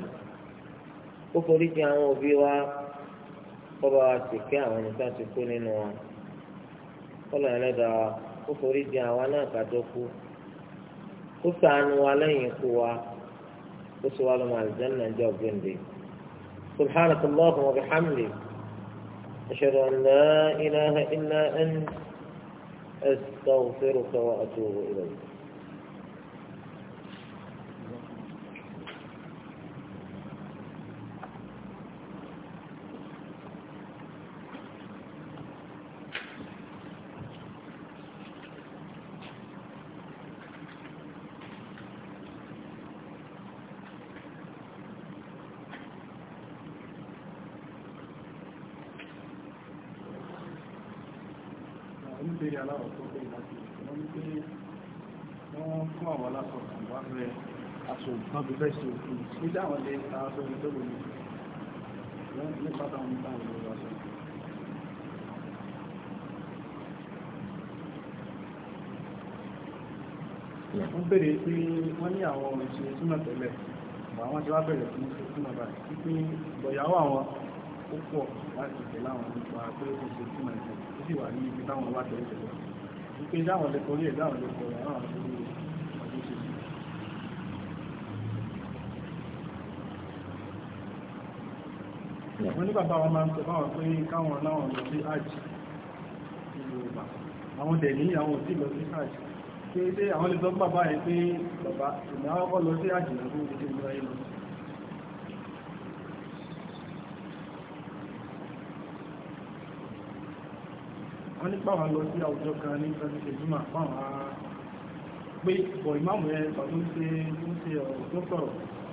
kó forí jì àwọn òbí wa. kọ́ba wa sì kí àwọn ẹni tá a ti kú nínú wa kọ́lọ̀ yẹn wa ó forí di àwa náà kàtó kú ó sànù wa lẹ́yìn ikú wa ó sì wá lọ́mọ náà jẹ́ ọ̀gbìndì سبحانك اللهم وبحمدك أشهد أن لا إله إلا أنت أستغفرك وأتوب إليك nígbà wọn lè ta aṣọ ìjọba ní nípa táwọn nípa àwọn olówó aṣọ. wọ́n bèrè pé wọ́n ní àwọn ìṣe súnmọ̀ tẹ́lẹ̀ àwọn tí wá bẹ̀rẹ̀ fún súnmọ̀ báyìí pípín ìgbọ̀yàwó àwọn ó pọ̀ láti tẹ̀lé àwọn nípa pé kò ṣe súnmọ̀ ìṣe ó wà ní ibi táwọn wá tẹ̀lé wọ́n ní bàbá wọn máa ń sọ báwọn pé káwọn láwọn lọ sí hajj yorùbá àwọn dẹ̀ ní àwọn òsì lọ sí hajj pé pé àwọn lè sọ bàbá yẹn pé bàbá ìgbà àkọ́kọ́ lọ sí hajj lọ́dún ìdíje ìgbà yìí lọ wọ́n ní pàwọn lọ sí àwùjọ kan ní ìfẹ́sẹ̀ jùmọ̀ pàwọn pé bọ̀ ìmáàmù yẹn pàtó ń ṣe ọ̀rọ̀ tó sọ̀rọ̀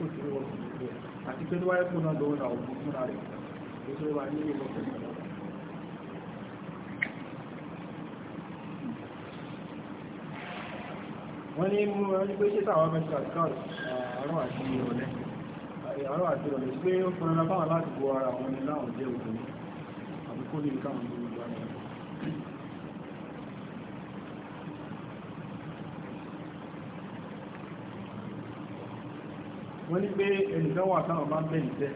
tó ti wọ́n sí ìgbẹ́ àti pé níwáyé kó náà lọ́wọ́ náà òkú fúnra rẹ̀ tó tó wà nílé lọ́pọ̀ wọ́n ní mú wọn ní pé ṣé táwọn mẹ́ta àkáàlù àárọ̀ àti ìrọ̀lẹ́ àárọ̀ àti ìrọ̀lẹ́ pé ó fúnra lábáwọn láti bo ara wọn ní láwọn jẹ́ òkú àbúkó ní ìkáwọn wọ́n ní pé ẹnìkan wà táwọn bá bẹ̀ ìtẹ́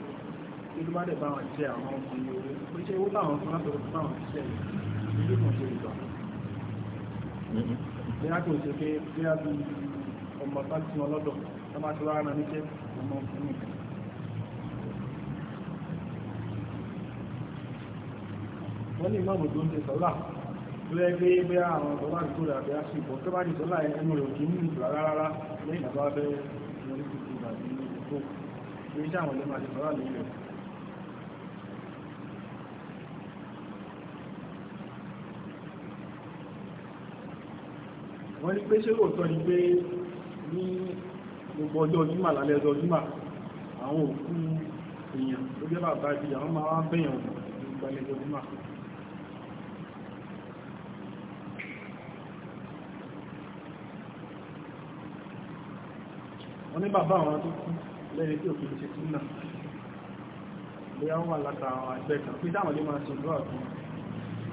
tí ló bá dẹ̀ bá wọn jẹ àwọn ọmọ ní orí pé ṣé owó táwọn fún látọ̀rọ̀ fún àwọn iṣẹ́ ìlú kan ṣe ìgbà bí a kò ṣe pé bí a bí ọmọ bá tí wọn lọ́dọ̀ tó máa ti wá ara níṣẹ́ ọmọ fún mi wọ́n ní ìmọ̀ tó ń ṣe sọ́lá lẹ́ gbé bí àwọn ọ̀dọ́ bá ti rà bí a ṣe ìbọ̀ tó bá ti sọ́lá ẹnu rẹ̀ òkè nínú ìgbà rárá lẹ́yìn àbá bẹ́ẹ̀ torí wọ́n ní pé ṣé lóòótọ́ ni pé ní gbogbo ọjọ́ júmà lálẹ́ ọjọ́ júmà àwọn òkú èèyàn tó jẹ́ bàbá ibi àwọn máa wá bẹ̀yàn gbogbo alẹ́ ọjọ́ júmà wọ́n ní bàbá àwọn tó kú lẹ́yìn tí òfin ṣe túnà bóyá wọ́n wà láta àwọn àgbẹ̀ kan pí dáwọn lè máa ṣe ìlú àgbọn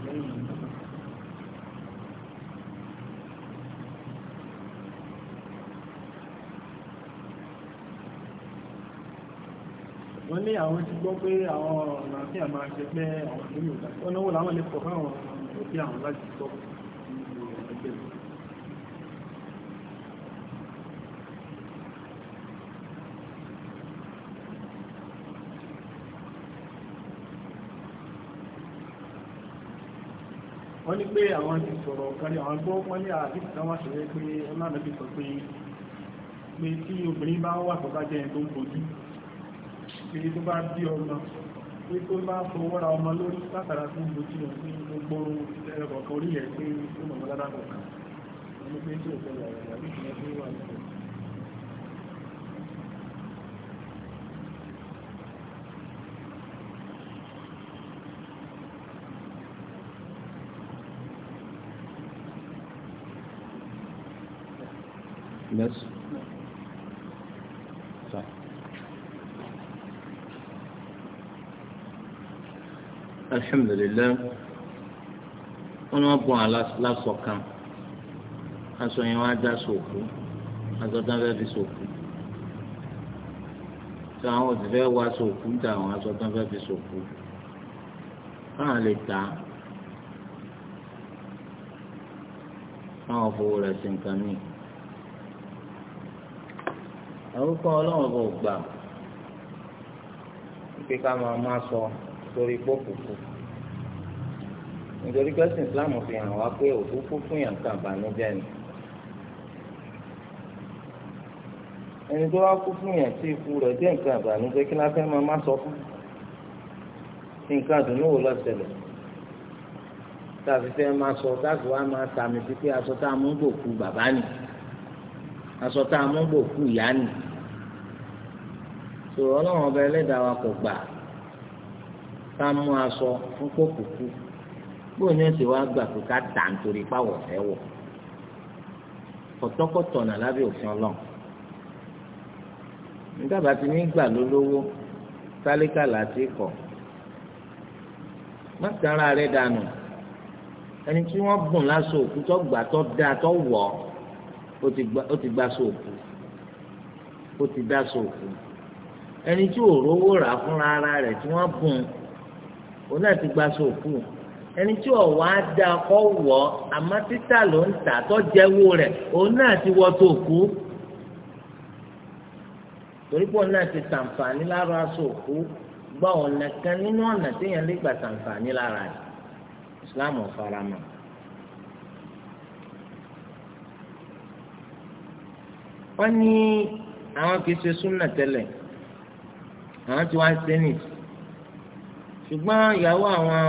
lẹ́yìn ìlú wọ́n ní àwọn ti gbọ́ pé àwọn ọ̀nà tí a máa ṣe pé àwọn ìlú ìgbà ọ̀nà wo làwọn lè pọ̀ fáwọn òbí àwọn láti sọ ìlú ẹgbẹ̀rún wọ́n ní pé àwọn ti sọ̀rọ̀ kan ní àwọn gbọ́ wọ́n ní àdìsí kan wá ṣẹlẹ̀ pé ọlọ́run ti sọ pé pé tí obìnrin bá wà tó bá jẹ́ ẹni tó ń bojú pé tó bá bí ọmọ pé tó bá fọwọ́ra ọmọ lórí látara tó ń bojú rẹ̀ pé gbogbo ẹ̀rọ orí ẹ̀ pé ó mọ̀ mọ́ wọ́n ní pé tí ò nẹ́sù. alhamdulilayi wọn máa bọ àwọn lásọ kan aṣọ yẹn wọn á dá sòkú aṣọ tán fẹẹ fi sòkú tí àwọn òṣìṣẹ́ wá sòkú dá àwọn aṣọ tán sòkú káwọn lè tà á fowó rẹ̀ sí nǹkan mìíràn àwọn kan ọlọ́run bò gbà pé ká máa má sọ torí pọ́ kùkù nítorí pẹ́sìn Islam fi hàn wá pé òkúkú fún yàn kan ìbànújẹ́ ni ẹni tó wá kú fún yàn tí ikú rẹ̀ jẹ́ nǹkan ìbànújẹ́ kí láfẹ́ máa má sọ fún nǹkan àdùnnú wò lọ ṣẹlẹ̀ máa sọ tá máa tàmì sí pé aṣọ tá a mú gbòkú bàbá nìyí aṣọ tá a mú fún ìyá nì so ọlọ́run ọba ẹlẹ́dàá wa kò gbà ká mú aṣọ fún kókùkù bóun ní ẹsẹ̀ wa gbà pé ká tà nítorí páwọ̀ fẹ́ wọ̀ kọ̀tọ́kọ̀tọ̀ nà lábẹ́ òfin ọlọ́run nígbàgbà tí ní gbà lólówó tálíkà láti kọ̀ má tẹ ara rẹ dànù ẹni tí wọ́n bùn lásò gbà tó dáa tó wọ̀ ọ́ ó ti gbá sóòkù ó ti dá sóòkù ẹni tí ò rówó rà fúnra ara rẹ̀ tí wọ́n bùn ó náà ti gbá sóòkù ẹni tí ò wá da kọ́ wọ̀ àmọ́ títà ló ń tà tó jẹ́wó rẹ̀ òun náà ti wọ́ sóòkù torí pé náà ti sàǹfààní lára sóòkù gbọ́ ọ̀nà kan nínú ọ̀nà téèyàn lè gbà sàǹfààní lára rẹ̀ Islam ò wọ́n ní àwọn kì í ṣe súnà tẹ́lẹ̀ àwọn tí wọ́n ṣe nì ṣùgbọ́n ìyàwó àwọn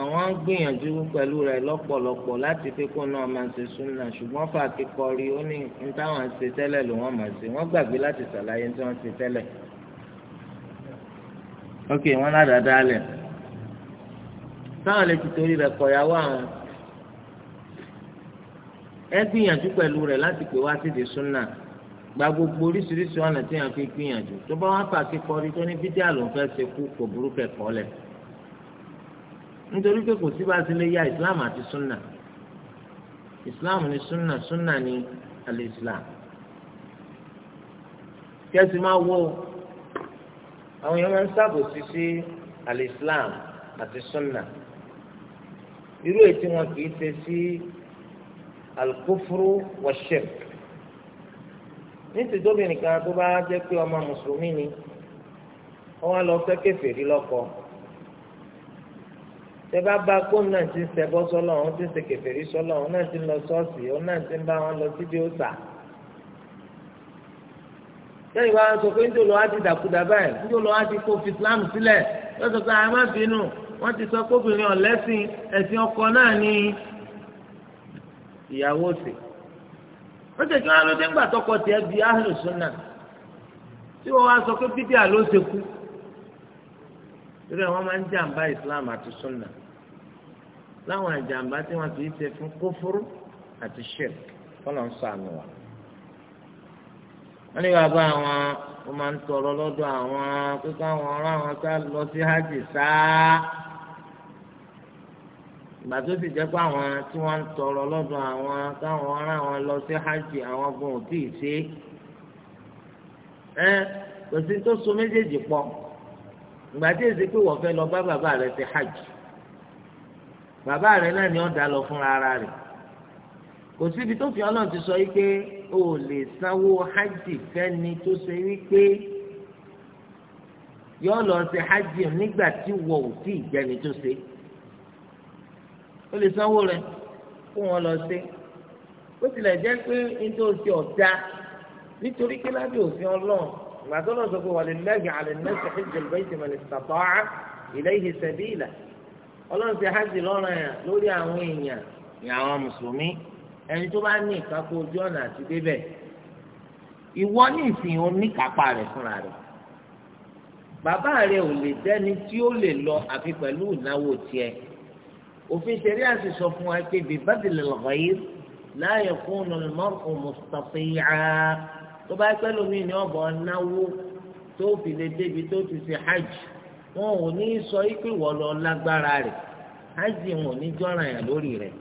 àwọn ń gbìyànjú pẹ̀lú rẹ̀ lọ́pọ̀lọpọ̀ láti fi kó náà máa ṣe súnà ṣùgbọ́n fàákì kọrí ó ní ní táwọn ṣe tẹ́lẹ̀ ló wọ́n máa ṣe wọ́n gbàgbé láti ṣàlàyé tí wọ́n ṣe tẹ́lẹ̀. ok wọn ládàáda alẹ táwọn lè ti torí rẹ̀ kọyàwó àwọn ẹ gbìyànjú pẹ̀lú rẹ̀ láti pè wá sídìí súnà gba gbogbo oríṣiríṣi ọ̀nà tí yàn fi gbìyànjú tó bá wọn pàṣẹ kọrí tó ní bídíà ló ń fẹ́ ṣe kú kò burú kẹ̀kọ́ lẹ̀ nítorí pé kò sí bá a ti lè ya islam àti sunna islam ni sunna sunna ni al-islam kẹ́sì máa wọ àwọn èèyàn máa ń ṣàbòsí sí al-islam àti sunna irú ètí wọn kì í ṣe sí al-kufru wa shirk nítìdóbìnrin kan tó bá jẹ́ pé ọmọ mùsùlùmí ni wọ́n lọ fẹ́ kèfèrí lọ́kọ tẹ bá bá kó náà ti ń ṣẹbọ sọlọ òun ti ń ṣe kèfèrí sọlọ òun náà ti ń lọ ṣọ́ọ̀ṣì òun náà ti ń bá wọn lọ síbi òòṣà sẹ́yìn bá wọn sọ pé níjọ́ lọ́wọ́ á ti dàkúdà báyìí níjọ́ lọ́wọ́ á ti kó fi Islam sílẹ̀ wọ́n sọ pé a má bínú wọ́n ti sọ kóbìnrin ọ̀lẹ́sìn ẹ̀sìn ọkọ náà ní ìyàwó sèé ó sì kí wọn ló dé ńgbà tọkọ tiẹ̀ bí ahlu sunna tí wọ́n wá sọ pé bídíà ló ṣe kú wọn máa ń jàǹbá islam àti sunna láwọn àjàǹbá tí wọ́n kì ṣe fún kófóró àti shirk kọ́nà ń sànù wa wọ́n ní bàbá àwọn wọ́n máa ń tọrọ lọ́dọ̀ àwọn pé káwọn ìgbà tó sì jẹ́ pé àwọn tí wọ́n ń tọrọ lọ́dọ̀ àwọn táwọn ará wọn lọ sí hajj àwọn gan ò tíì ṣe é kò sí tó so méjèèjì pọ̀ ìgbà tí èsì pé wọ́n fẹ́ lọ bá bàbá rẹ̀ ṣe hajj bàbá rẹ̀ náà ni ó dá lọ fúnra ara rẹ̀ kò síbi tó fi ọlọ́run ti sọ yìí pé o lè sanwó hajj fẹ́ni tó ṣe wípé yọ lọ ṣe hajj nígbà tí wọ́n ò tí jẹ́ni tó ṣe é ó lè sanwó rẹ̀ kó wọn lọ sí ó tilẹ̀ jẹ́ pé nítorí o ti ọ̀dà nítorí pé lábẹ́ òfin ọlọ́run ìgbà tó lọ́sọ̀ pé wàlẹ̀ lẹ́gàn àlẹ́ nẹ́sẹ̀ hijjal bayti man istata'a ilayhi sabila ọlọ́run ti hajj lọ́rùn yẹn lórí àwọn èèyàn ní àwọn mùsùlùmí ẹni tó bá ní ìkápá ojú ọ̀nà àti débẹ̀ ìwọ ní ìsìn oníkápá rẹ̀ fúnra rẹ̀ bàbá rẹ̀ ò lè dẹ́ni tí ó lè lọ àfi pẹ̀lú ìnáwó tiẹ̀ òfin ṣẹ̀rí àti sọ fún wa pé bíbádìí lọ́gọ́ yìí láàyè fún ọmọọmọ mùsùlùmíà tó bá pẹ́ lómi ní ọ̀bọ̀ náwó tó fi lè débi tó ti ṣe hajj wọn ò ní sọ pé wọ́n lọ lágbára rẹ̀ hajj wọn ò ní jọ́ràn yàn lórí rẹ̀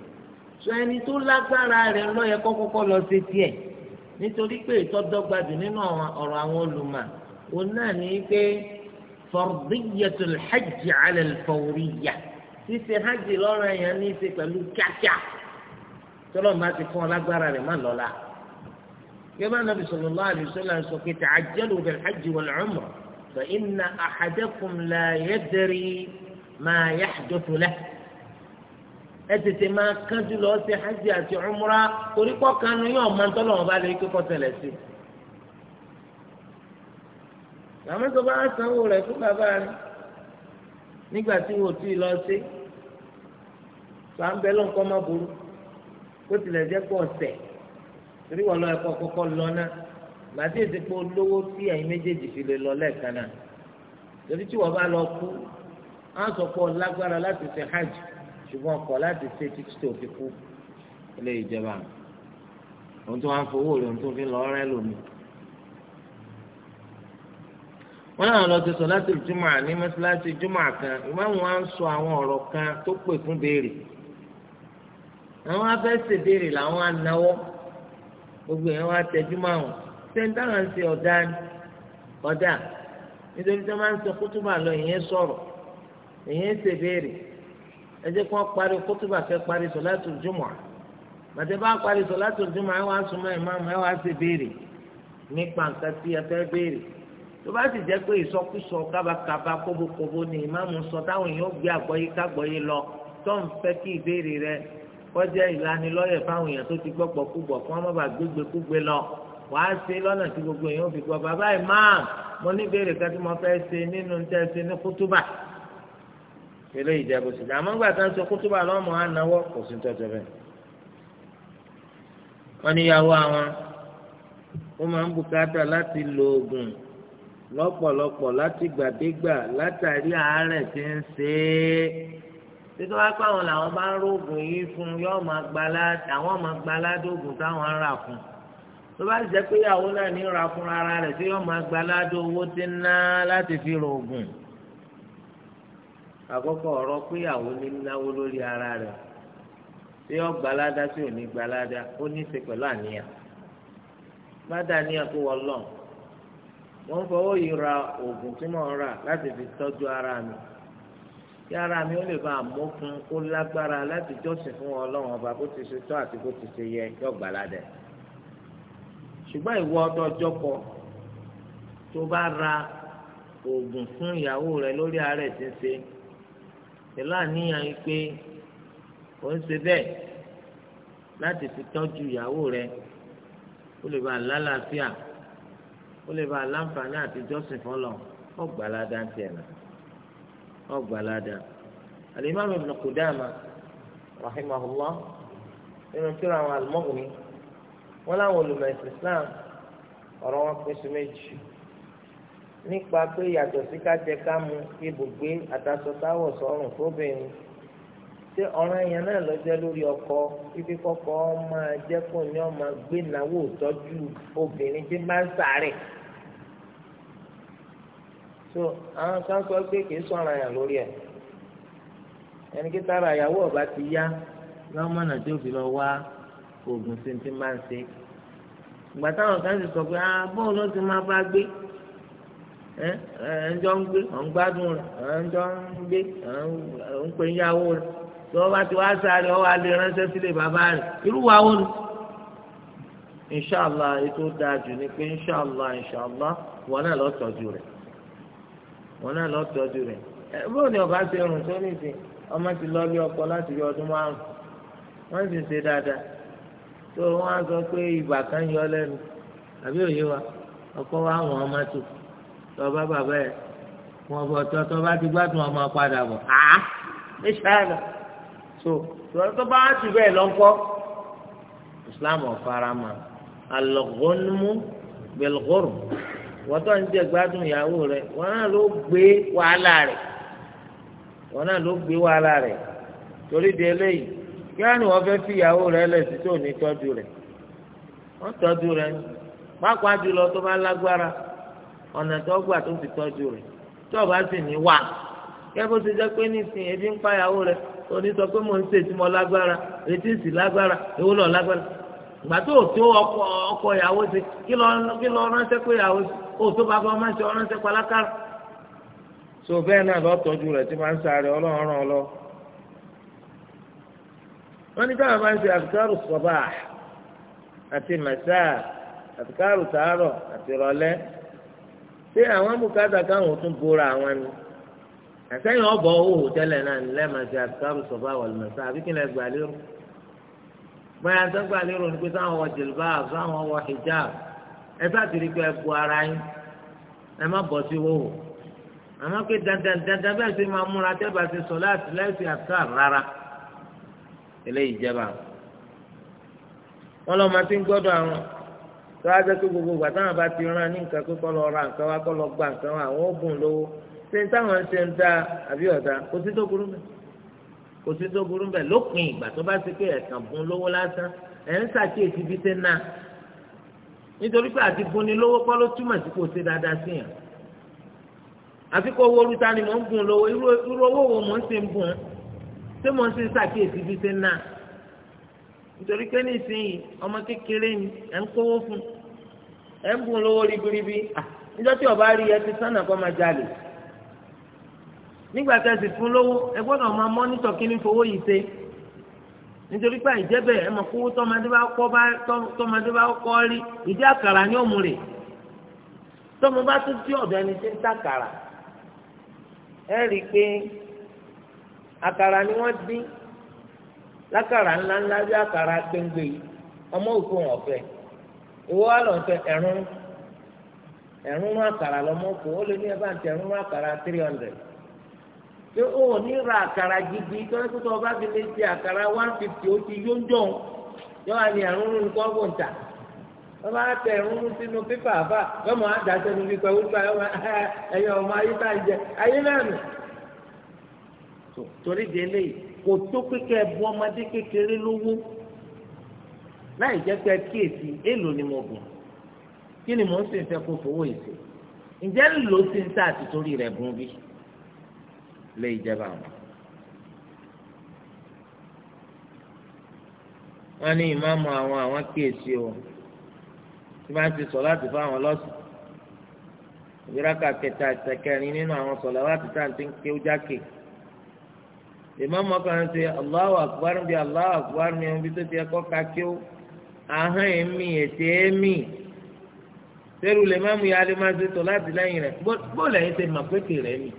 sọ ẹni tó lágbára rẹ̀ lọ́yẹ kọ́kọ́kọ́ lọ sí tiẹ̀ nítorí pé ìtọ́dọ́gbadù nínú ọ̀rọ̀ àwọn olùmọ̀ òun náà ní pé fardiyyatul hajj ala al-fawriyya. ṣíṣe hajj lọ́rùn ẹ̀yàn ní í ṣe pẹ̀lú kíákíá tọ́lọ́mù bá ti fún ọ lágbára rẹ̀ má lọ́la yọba nàbì sallallahu alaihi wasallam sọ pé ta'ajjalu bil hajj wal umrah fa na la yadri ma hajj àti yóò máa tọ́lọ́mù bá lè sí àmọ́ bá sanwó rẹ̀ fún bàbá rẹ̀ nígbà tó à ń bẹ lọ́nkọ́ má burú kó tilẹ̀ jẹ́ pọ̀ ọ̀sẹ̀ torí wọn lọ ẹ̀kọ́ kọ́kọ́ lọ náà màtí èsì pé olówó tí ẹ̀yin méjèèjì fi lè lọ lẹ́ẹ̀kan náà torí tí wọ́n bá lọ kú á sọ pé ọ lágbára láti ṣe hajj ṣùgbọ́n ọkọ̀ láti ṣe títí tó fi kú ilé ìjọba ohun tó wá ń fowó rẹ̀ ohun tó fi lọ rẹ́ lómi. wọ́n náà lọ ti sọ láti jùmọ̀ ní mọ́ṣáláṣí jùmọ̀ kan ìmáàmù wa ń sọ àwọn ọ̀rọ̀ kan tó pè fún béèrè. àwọn afẹ́ ṣèbéèrè làwọn anáwọ́ gbogbo yẹn wá tẹjú máwọn sẹ́ńtà náà ń ṣe ọ̀dà ọ̀dà nítorí tí wọ́n máa ń sọ kútùbà lọ ìyẹn sọ̀rọ̀ ìyẹn ṣèbéèrè ẹ jẹ́ kí wọ́n parí kútùbà fẹ́ parí sọ̀látù jùmọ̀ màtẹ́ bá parí sọ̀látù jùmọ̀ ẹ wá súnmọ́ ìmáàmù ẹ wá ṣèbéèrè nípa nǹkan tí ẹ fẹ́ béèrè tó bá sì jẹ́ pé ìsọkúsọ kábàkábà kóbókóbó ni ìmáàmù sọ táwọn èèyàn gbé àgbọ́yé kágbọ́yé lọ tó ń fẹ́ kí ìbéèrè rẹ̀ kọjá ìlanilọ́yẹ̀ fáwọn èèyàn tó ti gbọ́pọ̀ kúgbọ̀ kí wọ́n má bàa gbégbé kúgbé lọ wà á ṣe lọ́nà tí gbogbo èèyàn fi gbọ́ bàbá ẹ̀ máa mo ní ìbéèrè kan tí mo fẹ́ ṣe nínú tẹ́ ṣe ní kútúbà eré ìjẹ́bù sí àmọ́ gbà tá ń sọ kútúbà lọ́mọ ànáwọ́ kò sí tọ́jú bẹ́ẹ̀. wọ́n ní àwọn ó máa ń bùkátà láti lo oògùn lọ́pọ̀lọpọ̀ láti gbàdégbà látàrí àárẹ̀ tí ń ṣe é títí wá pé àwọn làwọn bá ń rógùn yìí fún yóò máa gbalá àwọn máa gbalá dógùn táwọn ń rà fún tó bá jẹ́ pé ìyàwó náà ní ra fún ara rẹ̀ tí yóò máa gbalá dó owó tí ń ná láti fi rògùn àkọ́kọ́ ọ̀rọ̀ pé ìyàwó ní náwó lórí ara rẹ̀ tí yóò gbalada tí ò ní gbalada ó ní ṣe pẹ̀lú àníyàn má dàníyàn kó wọ́n lọ wọ́n fọwọ́ yìí ra oògùn tí mò ń rà láti fi tọ́jú ara mi kí ara mi ó lè bá àmókun kó lágbára láti jọ́sìn fún ọlọ́run ọba bó ti ṣe tọ́ àti bó ti ṣe yẹ yọ̀gbà ládẹ̀. ṣùgbọ́n ìwọ ọdọ ọjọ́kọ tó bá ra oògùn fún ìyàwó rẹ lórí àárẹ̀ tí ń ṣe pẹ̀lú àníyàn pé ó ń ṣe bẹ́ẹ̀ láti fi tọ́jú ìyàwó rẹ ó lè bá lálàáfíà ó lè bá láǹfààní àti jọ́sìn fún ọlọ́run ọgbà ládàá tiẹ̀ náà wọn gbà ládàá alimami ibn Qudama rahimahullah nínú tí ra àwọn alimọ́gùnmí wọn láwọn olùmọ̀ ẹ̀sìn Islam ọ̀rọ̀ wọn pín sí méjì nípa pé yàtọ̀ sí kájẹ kámu ibùgbé àtàsọ̀táwọ̀ sọ̀rùn fóbìnrin ṣé ọ̀ràn yẹn náà lọ jẹ́ lórí ọkọ fífi kọ́kọ́ máa jẹ́ kó ní ọmọ gbé náwó tọ́jú obìnrin tí máa ń sàárẹ̀ so àwọn kan sọ pé kì í sọ̀rọ̀ àyàn lórí ẹ̀ ẹni kí tára ìyàwó ọba ti yá lọ́mọ́nà tí ó fi lọ wá oògùn sí ti máa ń ṣe ìgbà táwọn kan sì sọ pé ah bóun ló ti máa bá gbé ẹ ẹ ń jọ ń gbé ọ̀ ń gbádùn rẹ̀ ẹ ń jọ ń gbé ẹ ń pè ń yàwó rẹ̀ tí wọ́n bá ti wá sáré ọ wá lè ránṣẹ́ sílé bàbá rẹ̀ irú wa wọ́n ni ètò dáa jù ni pé inṣàlá inṣàlá wọn náà lọ tọ́jú rẹ̀ wọn náà lọ tọ́jú rẹ̀ ẹ bóun ni ọba ṣe rùn tó ní ìsìn ọmọ ti lọ lé ọkọ láti rí ọdún márùn wọn sì ṣe dáadáa tó wọn á sọ pé ibà kan yọ lẹ́nu àbí òye wa ọkọ wa wọn ọmọ tó lọba bàbá yẹ wọn bọ tọtọ bá ti gbádùn ọmọ padà bọ àá ní ṣáàlà tó tọtọ bá ti bẹ́ẹ̀ lọ́nkọ́ Islam ọ̀farama alọ́gọ́nmú bẹ́ẹ̀ wọ́n tó ń jẹ gbádùn ìyàwó rẹ̀ wọ́n náà ló gbé wàhálà rẹ̀ wọ́n náà ló gbé wàhálà rẹ̀ torí di eléyìí kí á ní wọ́n fẹ́ fi ìyàwó rẹ̀ tó ní tọ́jú rẹ̀ wọ́n tọ́jú rẹ̀ pápá jùlọ tó bá lágbára ọ̀nà tọ́gbà tó fi tọ́jú rẹ̀ tó bá sì ní wà ti jẹ́ pé ebi ń pa ìyàwó rẹ̀ oní sọ pé mo ń ìgbà tó tó ọkọ ọkọ ìyàwó ṣe kí lọ kí pé ìyàwó ṣe tó bàbá ọmọ ṣe so bẹ́ẹ̀ náà lọ́tọ́jú máa ń sáré ọlọ́run lọ. wọ́n ní táwọn máa ń ṣe àfikárù sọ́bà àti mẹ́sà àfikárù sàárọ̀ àti rọ̀lẹ́ ṣé àwọn àwọn ni àtẹ̀yìn ọ̀bọ̀ tẹ́lẹ̀ náà ní ṣe àfikárù sọ́bà bóyá ń sọ́gbà lérò ní pé sáwọn wọ jìlbáàb sáwọn wọ hijab ẹ bá ti rí pé ẹ bu ara yín ẹ má bọ̀ sí wòwò àmọ́ pé dandan dandan bẹ́ẹ̀ sì máa múra tẹ́ bá ti sọ láti láìsí àtúrà rárá eléyìí jẹba wọn lọ́ọ́ máa ti ń gbọ́dọ̀ àwọn tó wá jẹ́ pé gbogbo ìgbà táwọn bá ti rán ní nǹkan pé kọ́ lọ ra nǹkan wá kọ́ lọ gba nǹkan wá àwọn ó bùn lówó ṣé táwọn ṣe ń dá àbí ọ̀dà kò sí tó burú mẹ́ta kò sí tó burú bẹ́ẹ̀ lópin ìgbà tó bá ṣe pé ẹ̀kan bùn lówó lásán ẹ̀ ń ṣàkíyèsí bí ṣe ń ná nítorí pé àti bùn ni lówó kọ́ ló túmọ̀ sí kò ṣe dáadáa sí yàn àfi kó owó olùta ni mò ń bùn lówó irú owó wo mò ń ṣe ń bùn ṣé mò ń ṣe ń ṣàkíyèsí bí ṣe ń ná nítorí pé nísìnyí ọmọ kékeré ni ẹ̀ ń kówó fún ẹ̀ ń bùn lówó ribiribi níjọ́ tí ọba rí ẹ ti sánà kọ́ máa jalè nígbà tá a sì fún lówó ẹ gbọ́dọ̀ máa mọ́nítọ̀ kí ni fowó yìí ṣe nítorí pé àìjẹ́bẹ̀ ẹ mọ̀ kówó tọ́mọdé bá kọ́ bá tọ́mọdé bá kọ́ rí ìdí àkàrà ní òmù rẹ̀ tọ́mọ bá tún tí ọ̀dọ̀ ẹni tí ń tàkàrà ẹ rí i pé àkàrà ni wọ́n dín lákàrà ńláńlá bí àkàrà péńgbé yìí ọmọ òkú wọn ọ̀fẹ́ ìwọ wà lọ́n fẹ́ ẹ̀rún ẹ̀rún àkàrà lọ́mọ òkú ó lé ní ẹ ń tẹ ẹ̀rún àkàrà three hundred pé ó ní ra àkàrà gidi tọ́lá tó bá fi lè ṣe àkàrà one fifty ó ti yóńjọ́ yọ wà ní àrùn rún kọ́ ń tà wọ́n bá tẹ ẹ̀rún sínú pépà àbá yọmọ àdàtẹ nu pípẹ́ wípé ẹ̀yọ ọmọ ayé tá ń jẹ ayé náà nù. torí eléyìí kò ni mo bùn kí ni ń kó fowó ǹjẹ́ ń lé ìjẹba àwọn. wọ́n ní ìmáàmù àwọn àwọn kíyèsí o tí wọ́n ti sọ láti fún àwọn lọ́sùn ìgbéraká kẹta ìsẹkẹrin nínú àwọn sọlá láti tá à ń ti ń ké ó jákè ìmáàmù ọkùnrin ti Allahu Akbar bí Allahu Akbar ní ohun bí tó ti ẹkọ ká kí ó ahọ́n èémì ètè èémì sẹ́rù lè má mú lè má ṣe láti lẹ́yìn rẹ̀ bó lẹ́yìn ṣe mà pété rẹ̀ nìyí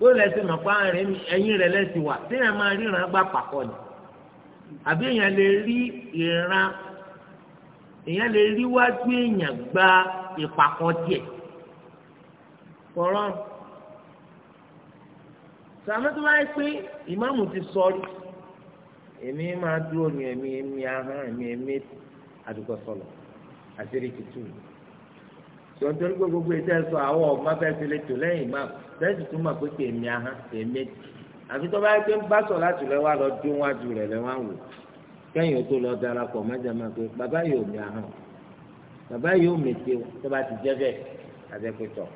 bó lẹsẹ mọ pa ẹyin rẹ lẹsẹ wà téèyàn máa ríran gbà pàkọ ni àbí èèyàn lè rí ìran èèyàn lè rí wájú èèyàn gba ìpàkọ díẹ̀ kọrọ sàmì tó báyìí pé ìmáàmù ti sọrí èmi máa dúró ní ẹmí ẹmí ahọ́n ẹmí ẹmí àdúgbò sọlọ àti èrè tuntun tí torí gbogbo ètò àwọn ọmọ bẹ́ẹ̀ ti lè tò lẹ́yìn ìmáàmù. lẹ́sìn tó mọ̀ pé kèmí ahán kèmí àfi tó bá yẹ pé ń bá sọ láti rẹ wá lọ dún wájú rẹ lẹ wá wò tó lọ darapọ̀ mẹ́jọ máa pé bàbá yóò ahán bàbá yóò o tó bá ti jefe bẹ́ẹ̀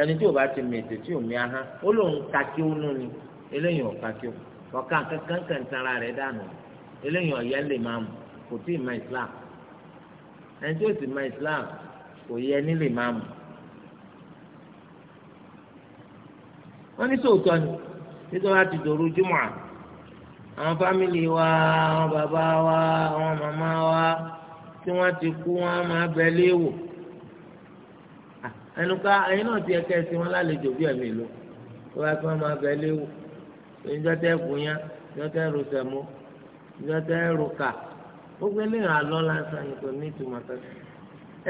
ẹni tí o bá ti tí o mi ahán ó lóun ka kí ó nú ni eléyìí ò ka kí ó kan dànù eléyìí lè máa mú kò tí ì Islam ẹni tí sì ma Islam kò yẹ ní lè máa mú. wọ́n ní sòótọ́ ni nítorí wọ́n ti dòru jùmọ̀ àwọn fámìlì wa àwọn bàbá wa àwọn màmá wa tí wọ́n ti kú wọ́n á máa bẹ léèwò ẹnu ká ẹyin náà ti ẹkẹ sí wọn lálejò bí ẹ̀mí lò tó bá fi wọn máa bẹ léèwò ìjọ tẹ gbóyà ìjọ tẹ ro sẹmó ìjọ tẹ ro kà gbogbo eléyàn alọ lásán ni kò ní ìtumọ̀ kankan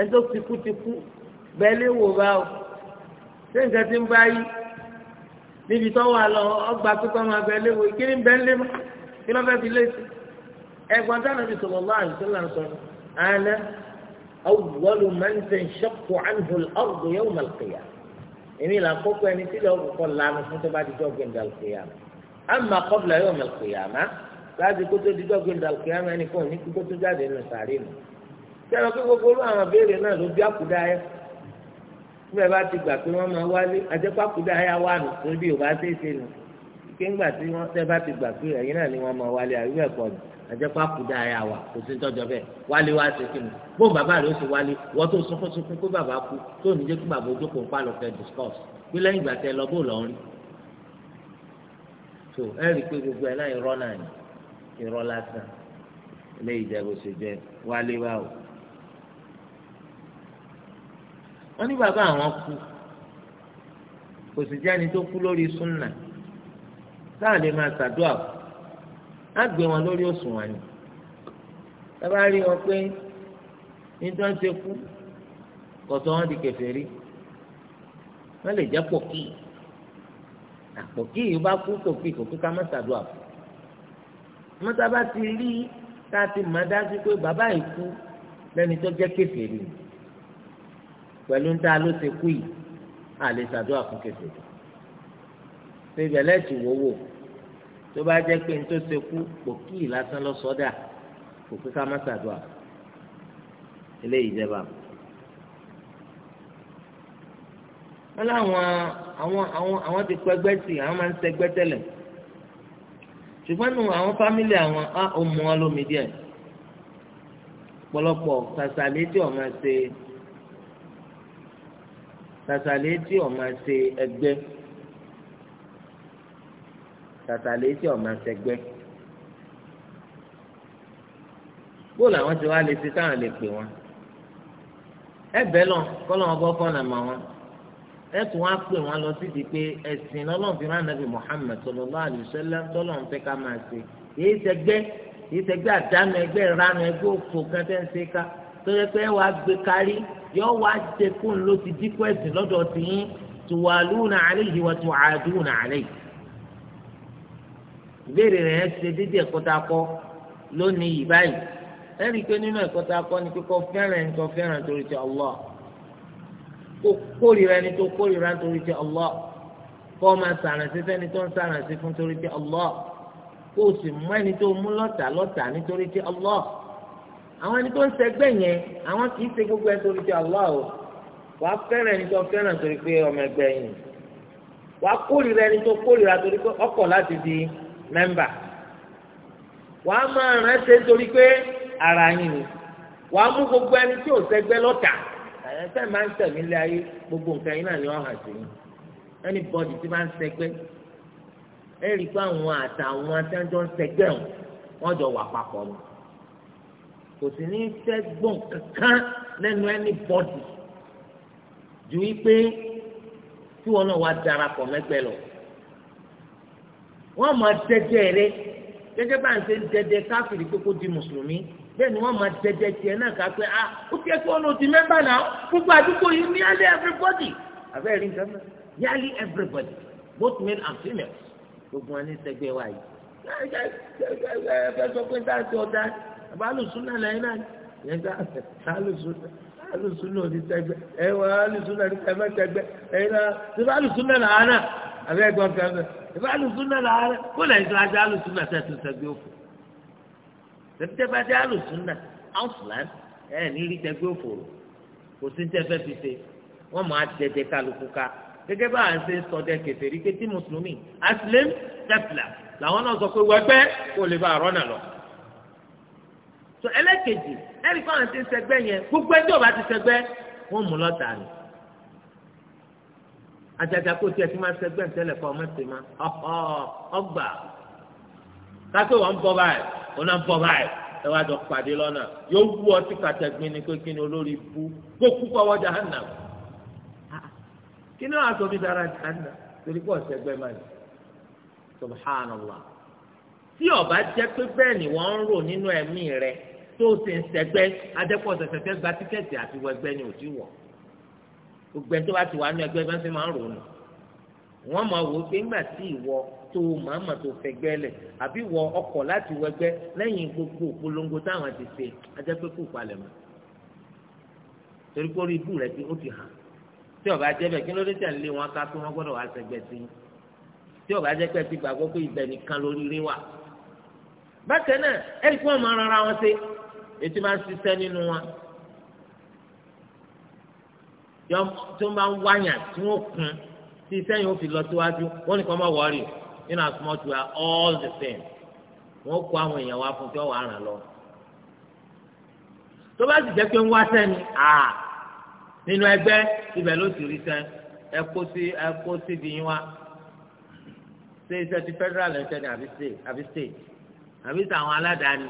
ẹjọ́ tikutikú bẹ léèwò báwo ṣé nǹkan ti ń báyìí níbi tó wà lọ ọgbà pípọ́ máa bẹ léwu ìkíni bẹ́ ń lé mọ́ kí ló fẹ́ fi lé sí. ẹ̀gbọ́n táwọn ibi sọ̀rọ̀ lọ́wọ́ àìsílẹ̀ sọ àná awùwọ́lù mẹ́ńtẹ̀ ṣọ́kù àǹhùl ọ̀rùn yóò mọ̀ lùkìyà. èmi là kókó ẹni tí lọ́wọ́ kọ́kọ́ lánàá fún tó bá di jọ́gbìn dàlùkìyà. àmà kọ́bìlà yóò mọ̀ lùkìyà má láti kótó di jọ́gbìn dàlùkìyà má ẹnì bẹ́ẹ̀ bá ti gbà pé wọ́n máa wálé àjẹpákúdá yá wà nù torí bí yorùbá ṣe é ṣe nù kéńgbà tí wọ́n tẹ́ bá ti gbà pé ẹ̀yin náà ni wọ́n máa wálé àríwá ẹ̀kọ́ nù àjẹpákúdá yá wà kò sí tọ́jọ́ bẹ́ẹ̀ wálé wá ṣe kí nù bó bàbá rẹ̀ ó ṣe wálé wọ́n tó sunkún sunkún pé bàbá kú tó ní jẹ́ kí bàbá ojókòó ń pàlọ́ fẹ́ discuss pé lẹ́yìn ìgbà tẹ lọ bó lọ rí tó ẹ rí i pé gbogbo ẹ náà irọ́ náà ni lásán ilé ìjẹ́bù wọ́n ní bàbá àwọn kú kò sì jẹ́ ẹni tó kú lórí súnà táà lè máa ṣàdúrà fún á gbé wọn lórí òṣùwọ̀n ni tábà rí wọn pé nítorí wọn ti kú kọ̀tọ̀ wọn di kèfèrí wọ́n lè jẹ́ pọ̀kì àpọ̀kì yìí bá kú pọ̀kì kò kú ká má ṣàdúrà fún mọ́tàbá ti rí tá a ti mọ̀ dájú pé bàbá yìí kú lẹ́ni tó jẹ́ kèfèrí ni pẹ̀lú níta ló ti kú yìí àlè ṣàdúrà fún kẹfìrí ṣe ìbẹ̀lẹ̀ ti wò wò tó bá jẹ́ pé nítorí ṣe kú kò kí ì lásán lọ sọ́dà kò pé ká má ṣàdúrà eléyìí jẹba. wọ́n láwọn àwọn àwọn àwọn ti kọ́ ẹgbẹ́ sí àwọn máa ń ṣẹgbẹ́ tẹ́lẹ̀ ṣùgbọ́n nù àwọn fámìlì àwọn á ò mú wọn lómi díẹ̀ pọ̀lọpọ̀ sàṣàlẹ́ tí ọ̀ máa tàtàlẹ́ tí ọ̀ máa ṣe ẹgbẹ́ tàtàlẹ́ tí ọ̀ máa ṣe ẹgbẹ́ bóòlù àwọn ti wá lè ṣe táwọn lè pè wọn ẹbẹ lọ kọlọ wọn bọ fọnà mà wọn ẹ tún wá pè wọn lọ síbi pé ẹsìn lọlọrun fi rán nàbì Muhammad sallallahu alaihi wasallam tọlọrun fẹ ká máa ṣe èyí ṣẹgbẹ èyí ṣẹgbẹ àdánù ẹgbẹ ìranu ẹgbẹ òfò kan tẹ ń ṣe ká tó yẹ pé ẹ wàá gbé kárí yóò wá jẹ fún un ló ti dínkù ẹ̀sìn lọ́dọ̀ tí yín tuwaluna alayhi wa tuaduna alayhi. ìbéèrè rẹ̀ ṣe déédéé ẹ̀kọ́ tá a kọ́ lónìí yìí báyìí ẹ̀rí pé nínú ẹ̀kọ́ tá a kọ́ ni kíkọ́ fẹ́ràn ẹni tó fẹ́ràn torí ti Allah kó kórìíra ẹni tó kórìíra torí ti Allah kó máa sàrànsí fẹ́ni tó ń sàrànsí fún torí ti Allah kó o sì mú ẹni tó mú lọ́tà lọ́tà nítorí ti Allah. àwọn ẹni tó ń sẹgbẹ́ yẹn àwọn kì í gbogbo ẹni ti Allah o wàá fẹ́ràn ẹni tó fẹ́ràn torí pé ọmọ ẹgbẹ́ yìí wàá kórìíra ẹni tó kórìíra torí pé ọkọ̀ di mẹ́mbà wàá máa rán ṣe torí pé ara yín ni wàá mú gbogbo ẹni tí ò sẹgbẹ́ lọ́tà ẹ̀fẹ́ máa ń tẹ̀mí lé ayé gbogbo nǹkan náà ni wọ́n kò sì ní fẹ́ gbọ́n kankan lẹ́nu ẹni bọ́dì ju wípé tí wọn náà wá darapọ̀ mẹ́gbẹ́ lọ. wọ́n máa dẹ́jẹ́ rẹ gẹ́gẹ́ bá ń ṣe ń dẹ́jẹ́ káfíìrì pé kó di mùsùlùmí bẹ́ẹ̀ ni wọ́n máa dẹ́jẹ́ tiẹ̀ náà ká pé ah ó ti ẹ́ kí wọ́n lọ di mẹ́mbà náà gbogbo àdúgbò yìí ní alẹ́ everybody àbẹ́rẹ́ rí nǹkan mọ́ yálé everybody both male and females gbogbo wọn ní sẹ́gbẹ́ wa yìí. ẹ ẹ ẹ ẹ fẹ́ sọ pé táà ti ọ̀dà àbálùsúnà lẹ́yìn náà yẹn ká àlùsúnà àlùsúnà òní tẹgbẹ ẹ wọ àlùsúnà ní tẹgbẹ tẹgbẹ ẹ̀yìn náà tí bá àlùsúnà làánà àbẹ ẹ̀gbọ́n kẹfẹ tí bá àlùsúnà làánà kó lẹ́yìn tó ajá àlùsúnà tẹtù tẹgbẹ òfò tẹtẹ bá dé àlùsúnà áùsùlán ẹ ní rí tẹgbẹ òfò rò kò sí tẹfẹ fi ṣe wọn máa dẹdẹ kálukú ká gẹ́gẹ́ bá à ń ṣe sọdẹ kẹfẹ rí pé mùsùlùmí àtìlẹ́m tẹfìlà làwọn náà sọ pé wẹgbẹ́ kò lè bá àrọ́nà lọ so ẹlẹ́kejì ẹ̀rí fáwọn ti ń sẹgbẹ́ yẹn gbogbo ẹjọ́ ọba ti sẹgbẹ́ wọ́n mú lọ́tà rẹ̀ àjàgà kò tiẹ̀ ti máa sẹgbẹ́ ntẹ́lẹ̀ kọ́ ọmọ ti máa ọ̀họ́ ọgbà kátó wọn bọ́ báyìí wọn náà bọ́ báyìí ẹ wá jọ pàdé lọ́nà yóò wú ọtí kàtẹ́gbin ni kékin ni olórí bú kó kú kọ́ wọ́jà hànà ah, kí ni wàá tóbi dára hànà torí kó ọ̀sẹ̀ gbẹ́ subhanallah tí ọba jẹ́ pé bẹ́ẹ̀ ni wọ́n ń rò nínú ẹ̀mí rẹ̀ tó o sì ń sẹgbẹ́ adẹ́pọ̀ sẹ̀sẹ̀fẹ́ gba tíkẹ́ẹ̀tì àti wọ ẹgbẹ́ ni ò ti wọ̀ gbogbo ẹni tó bá ti wà nínú ẹgbẹ́ bá ń fi máa ń rònú wọ́n máa wò ó pé ńgbà tí ìwọ tó màmá tó fẹgbẹ́ lẹ̀ àbí wọ ọkọ̀ láti wẹgbẹ́ lẹ́yìn gbogbo òpolongo táwọn ti ṣe adẹ́pẹ́ kò palẹ̀ mọ́ torí pé orí ibú rẹ ti ó ti hàn tí ọba jẹ́bẹ̀ kí ló dé tẹ̀ lé wọn ká tó wọn gbọ́dọ̀ wá sẹgbẹ́ sí i tí ọba jẹ́ pé ti gbàgbọ́ pé ibẹ̀ nìkan lóríire wà bákan náà ẹ̀rí kí wọ́n máa rọra wọn ṣe ètí máa ń ṣiṣẹ́ nínú wọn yọ tó máa ń wáyà tí wọ́n kún tí iṣẹ́ yìí ó fi lọ síwájú wọ́n nìkan máa wọ́ọ̀rì nínú àsomọ́ tó wá all the same wọ́n kó àwọn èèyàn wá fún tí wọ́n wà á ràn lọ. tó bá sì jẹ́ pé ń wá sẹ́ni à nínú ẹgbẹ́ ibẹ̀ ló sì rí sẹ́n ẹ kó sí ẹ kó síbi yín wá ṣé iṣẹ́ ti federal ẹ̀ṣẹ̀ ni àbí state àbí state àbí sàwọn aládàáni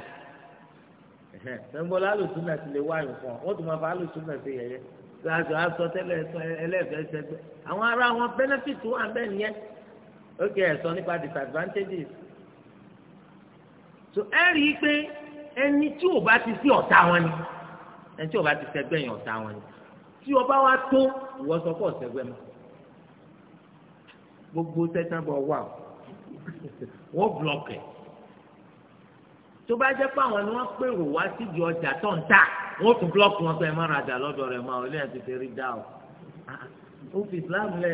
sẹ́ńbọ́lá alùsùn náà ti lè wá ìfọ̀n wọ́n tún máa fa alùsùn náà ṣe yẹ̀yẹ́ láti aṣọ tẹ́lẹ̀ ẹlẹ́fẹ̀ẹ́ sẹ́gbẹ́ àwọn ará wọn benefit wà bẹ́ẹ̀ nìyẹn ó kẹ́ ẹ̀ sọ nípa disadvantages so ẹ rí i pé ẹni tí ò bá ti sí ọ̀tá wọn ni ẹni tí ò bá ti sẹ́gbẹ́ yẹn ọ̀tá wọn ni tí ọba wa tó ìwọ sọ pé ọ̀sẹ̀gbẹ́ mọ́ gbogbo sẹ́tàn bọ̀ wà wọ́n blọ̀kì ẹ̀ tó bá jẹ́ pé àwọn ni wọ́n pèrò wá síbi ọjà tó ń tà wọ́n tún búlọ́ọ̀kì wọn pé ẹ má ra àjà lọ́dọ̀ rẹ̀ máa ilé ẹ̀ ti fi rí dá o. Ah, ó fi Islam lẹ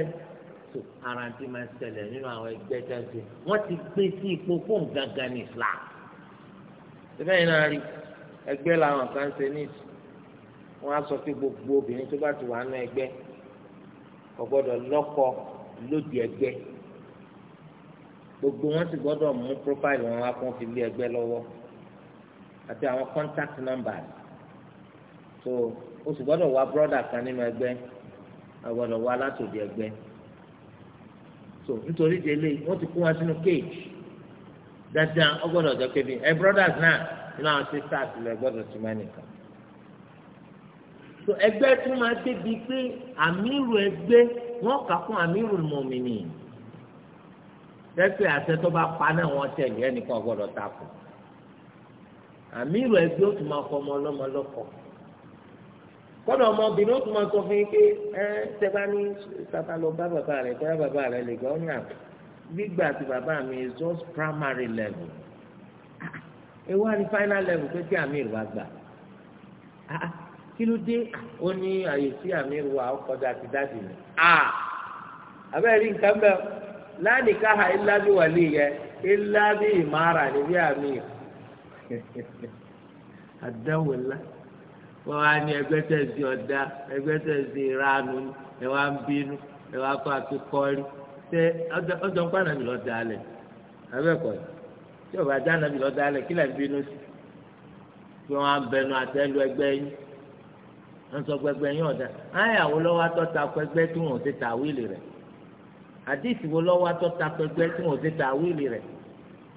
tó ara ti máa ṣẹlẹ̀ nínú àwọn ẹgbẹ́ jáde wọ́n ti gbé sí ipò fóun gangan ní Islam. síbẹ̀ yìí náà rí ẹgbẹ́ làwọn kan ṣe ní ìsù wọ́n á sọ pé gbogbo obìnrin tó bá ti wà nínú ẹgbẹ́ kò gbọ́dọ̀ lọ́kọ lódì ẹgbẹ́ gbogbo wọn sì gbọ́dọ̀ mú profile wọn wá fún fi lé ẹgbẹ́ lọ́wọ́ àti àwọn contact number so o sì gbọ́dọ̀ wá brother kan nínú ẹgbẹ́ a gbọ́dọ̀ wá látòdì ẹgbẹ́ so nítorí délé wọ́n ti kó wọn sínú cage dáadáa ọ gbọ́dọ̀ jẹ́ pé bí ẹ brothers náà nínú àwọn sisters lẹ gbọ́dọ̀ ti máa nìkan so ẹgbẹ́ tún máa débi pé àmírù ẹgbẹ́ wọ́n kà fún àmírù mọ̀mìnì lẹ́sẹ̀ àṣẹ tó bá pa náà wọ́n tẹ̀lé ẹnìkan gbọ́dọ̀ takò àmírù ẹgbẹ́ ó tún máa fọ ọmọ ọlọ́mọ lọ́kọ̀ kọ́dọ̀ ọmọbìnrin ó tún máa sọ fún yín pé ẹ tẹ́gbá ní sábà lọ bá bàbá rẹ̀ bóyá bàbá rẹ̀ lè gbọ́ ní àpò gbígbà tí bàbá mi just primary level ah, ewu àti final level pé kí àmírù wá gbà ah, ah, kí ló dé ó ní àyè sí àmírù wa ó kọjá ti dáàbì mi abẹ́rẹ́ nǹkan bẹ́ẹ̀ lánìí káha ilá bí wàlíì yẹ ilá bí ìmárà níbí àmírù. àdáwò ńlá wọ́n wá ní ẹgbẹ́ tẹ̀sí ọ̀dá ẹgbẹ́ tẹ̀sí ìranù ẹ wá ń bínú ẹ wá kọ́ akíkọ́rí ṣé ọjọ́ ń pàdánù lọ da alẹ̀ abẹ́ẹ̀kọ́ tí ọba dáná mi lọ da alẹ̀ kí lẹ́ ń bínú sí kí wọ́n á bẹnu àtẹ́lu ẹgbẹ́ yín wọ́n sọ gbẹgbẹ́ yín ọ̀dà ayàwó lọ́wọ́ atọ́ta pẹgbẹ́ tí wọ́n ti ta wíìlì rẹ̀ àdìsí wo lọ́wọ́ atọ́ta pẹgbẹ́ tí wọ́n ti ta wíìlì rẹ̀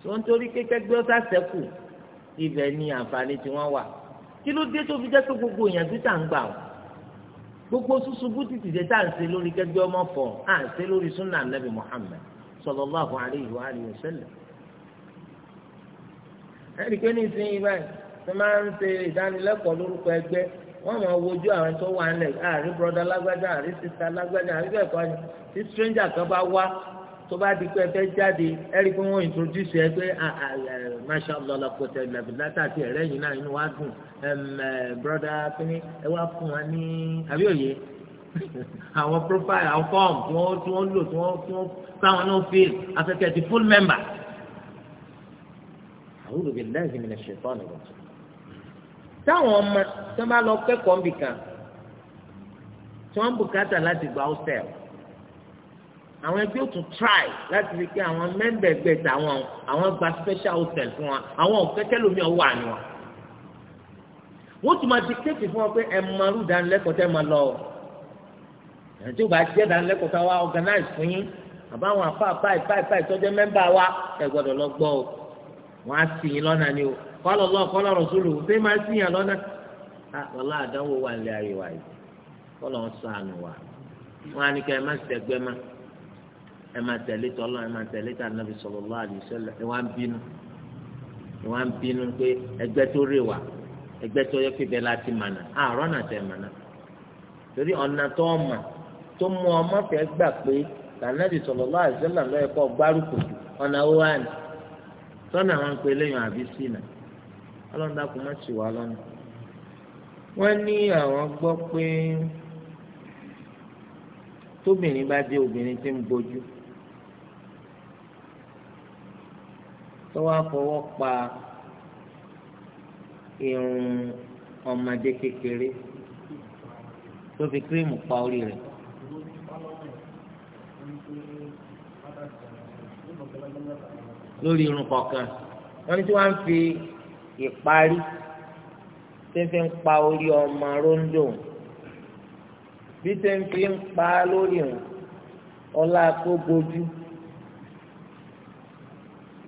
tó ń torí kékeré gbé ọ́ sá sẹ́kù ibẹ̀ ni àǹfààní tí wọ́n wà kí ló dé tó fi jẹ́ pé gbogbo ìyànjú tá à ń gbà ọ́ gbogbo ṣùṣubú títí dé tá à ń ṣe lórí kẹgbẹ́ ọmọ fọ̀ à ń ṣe lórí sunna nabi Muhammad sallallahu alayhi wa alihi wa sallam. ẹnì pé nísìnyí báyìí wọ́n máa ń ṣe ìdánilẹ́kọ̀ọ́ lórúkọ ẹgbẹ́ wọ́n máa wojú àwọn tó wà nílẹ̀ àárín brọ́dá lágbájá àárín sista lágbájá àárín bẹ́ẹ̀ kọ́ni tí stranger kan bá wá tó bá di pé ẹ fẹ́ jáde ẹ rí i pé wọ́n introduce ẹ pé ah, ah, masha allah la kọtẹ ìlàbí látàkì ẹ̀rẹ́ yìí náà inú wa dùn eh, broda kínní ẹ wá fún wa ní àbíòye àwọn profile àwọn form tí wọ́n tí wọ́n lò tí wọ́n tí wọ́n táwọn náà fill afẹ́kẹ́ ti full member. a'udhu billahi minash shaitani rajim. táwọn ọmọ tí wọ́n bá lọ kẹ́kọ̀ọ́ nbìkan tí wọ́n bùkátà láti gba hostel àwọn ẹgbẹ́ ò tún try láti rí i pé àwọn mẹ́ńbẹ̀gbẹ̀ tàwọn àwọn gba special hotel fún wa àwọn òkẹ́kẹ́ lómi ọwọ́ àná wa wọ́n tún máa dictate fún wa pé ẹ máa rú ìdánilẹ́kọ̀ọ́ tẹ́ máa lọ ẹ̀jẹ̀ ò bá jẹ́ ìdánilẹ́kọ̀ọ́ tá wa organize fún yín àbáwọn àfa àfa ìfa ìfa ìtọ́jẹ́ mẹ́mbà wa ẹ gbọ́dọ̀ lọ gbọ́ o wọ́n á sì yín lọ́nà ni o kọ́lọ̀ lọ́ kọ́lọ̀ rọ̀súlù ṣé máa sì yàn lọ́nà ah, wọ́lá àdánwò wà nílé ayé wa á ní kẹ́ ẹ má ṣẹgbẹ́ máa ẹ máa tẹ̀lé tọ́lọ́ ẹ tẹ̀lé tà nàbì sallallahu alaihi wasallam ẹ wá ń bínú ẹ wá ń bínú pé ẹgbẹ́ tó rè wá ẹgbẹ́ tó yẹ pé láti mànà àárọ̀ náà tẹ̀ mànà torí ọ̀nà tó ọmọ tó mú ọmọ fẹ́ gbà pé tànàbì sallallahu alaihi wasallam lọ́yẹ̀ kọ́ gbárùkù ọ̀nà ó wà tó wá fọwọ́ pa irun ọmọdé kékeré tó fi kírímù pa orí rẹ̀. lórí irun kọ̀ọ̀kan wọ́n ní tí wọ́n á fi ìparí tí ń fi ń pa orí ọmọ róńdò bí tí ń fi ń pa lórí òun ọlá tó gojú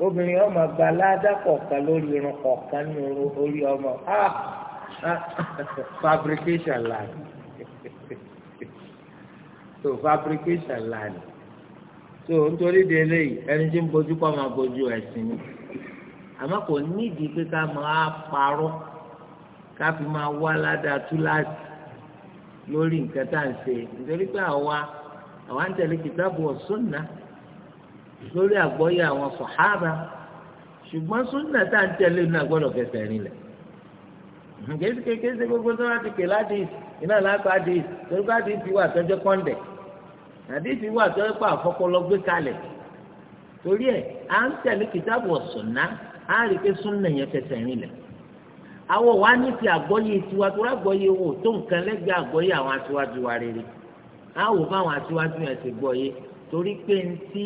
obìnrin ọmọ gba aládá kọ̀ọ̀kan lórí irun kọ̀ọ̀kan ní orí ọmọ ah! Ah! fabrication line so fabrication line so nítorí de eléyìí ẹni tí ń bójú kọ́ máa bójú ẹ̀sìn ni àmọ́ kò nídìí pé ká máa parọ́ ká fi máa wá aládá túláàsì lórí nǹkan tá à ń ṣe nítorí pé àwa àwa ń tẹ̀lé kìtàbù ọ̀ṣun náà lórí àgbọ́yé àwọn sọ̀hábà ṣùgbọ́n súnà tá à ń tẹ̀lé náà gbọ́dọ̀ fẹsẹ̀ rinlẹ̀ kéésì kéésì gbogbo tó láti pè ládìs iná lápá àdìs torí pé àdìs wà tọ́jọ́ kọ́ńdẹ̀ àdìs wà tọ́jọ́ pé àfọkọ́lọ́ gbé kalẹ̀ torí ẹ̀ à ń tẹ̀lé kìtàbù ọ̀sùnà á rí i pé súnà yẹn fẹsẹ̀ rinlẹ̀ àwọn wa ní ti àgbọ́yé tiwa tó rágbọ́yé torí pé ntí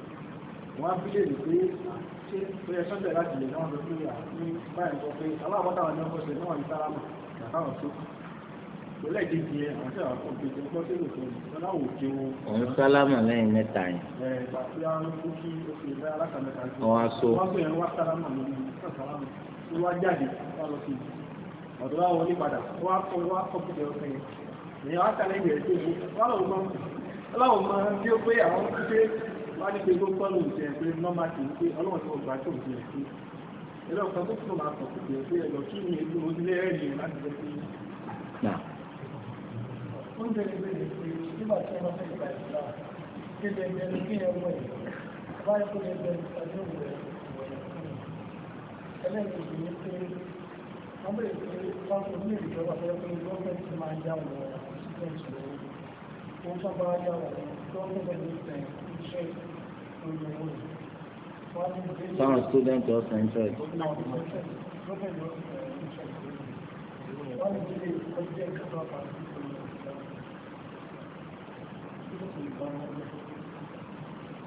wọ́n fi lè pé ṣé ó yẹ sọ́jà láti lè náà lọ sí ní báyìí sọ pé aláàbọ̀tà wọn ni náà ní sáramà àtàwọn tó pẹ̀lẹ́ ìdíje àwọn òkèèjì tó lè fẹ́ ọ̀nà òkè wọn. òun sálámà lẹ́yìn mẹ́ta yẹn. ẹ̀ pàṣẹ àwọn kókí oṣù ìgbà alákàmẹ́ta yìí. wọ́n á so. wọ́n á so yẹn wá sálámà lórí sálámà tó wá jáde wá lọ sí ọ̀dọ́ wa wọlé ọ̀sẹ̀ yẹn. ìyẹn wọ́n á ní pé tó tọ́ ló ń jẹ pé nọ́mbà kì í pé ọlọ́run tó gbà tó ń jẹ sí ẹlọ́ kan tó tún máa sọ̀tò pé pé ẹ̀lọ́ kí ni ètò ilé ẹ̀rì láti jẹ sí. oúnjẹ ìwé rẹ̀ pé nígbà tí wọ́n fẹ́ gba ìgbà gẹ́gẹ́ bí ẹni kí ẹ wọ ẹ̀ báyìí kó lè bẹ̀rẹ̀ ìtàjú rẹ̀ ẹlẹ́yìn ìgbìmọ̀ pé wọ́n bẹ̀rẹ̀ pé wọ́n fún ní ìjọba fẹ́ pé gọ́ọ̀mẹ̀ntì máa yá wọn ṣíṣẹ́ Some students also enjoy.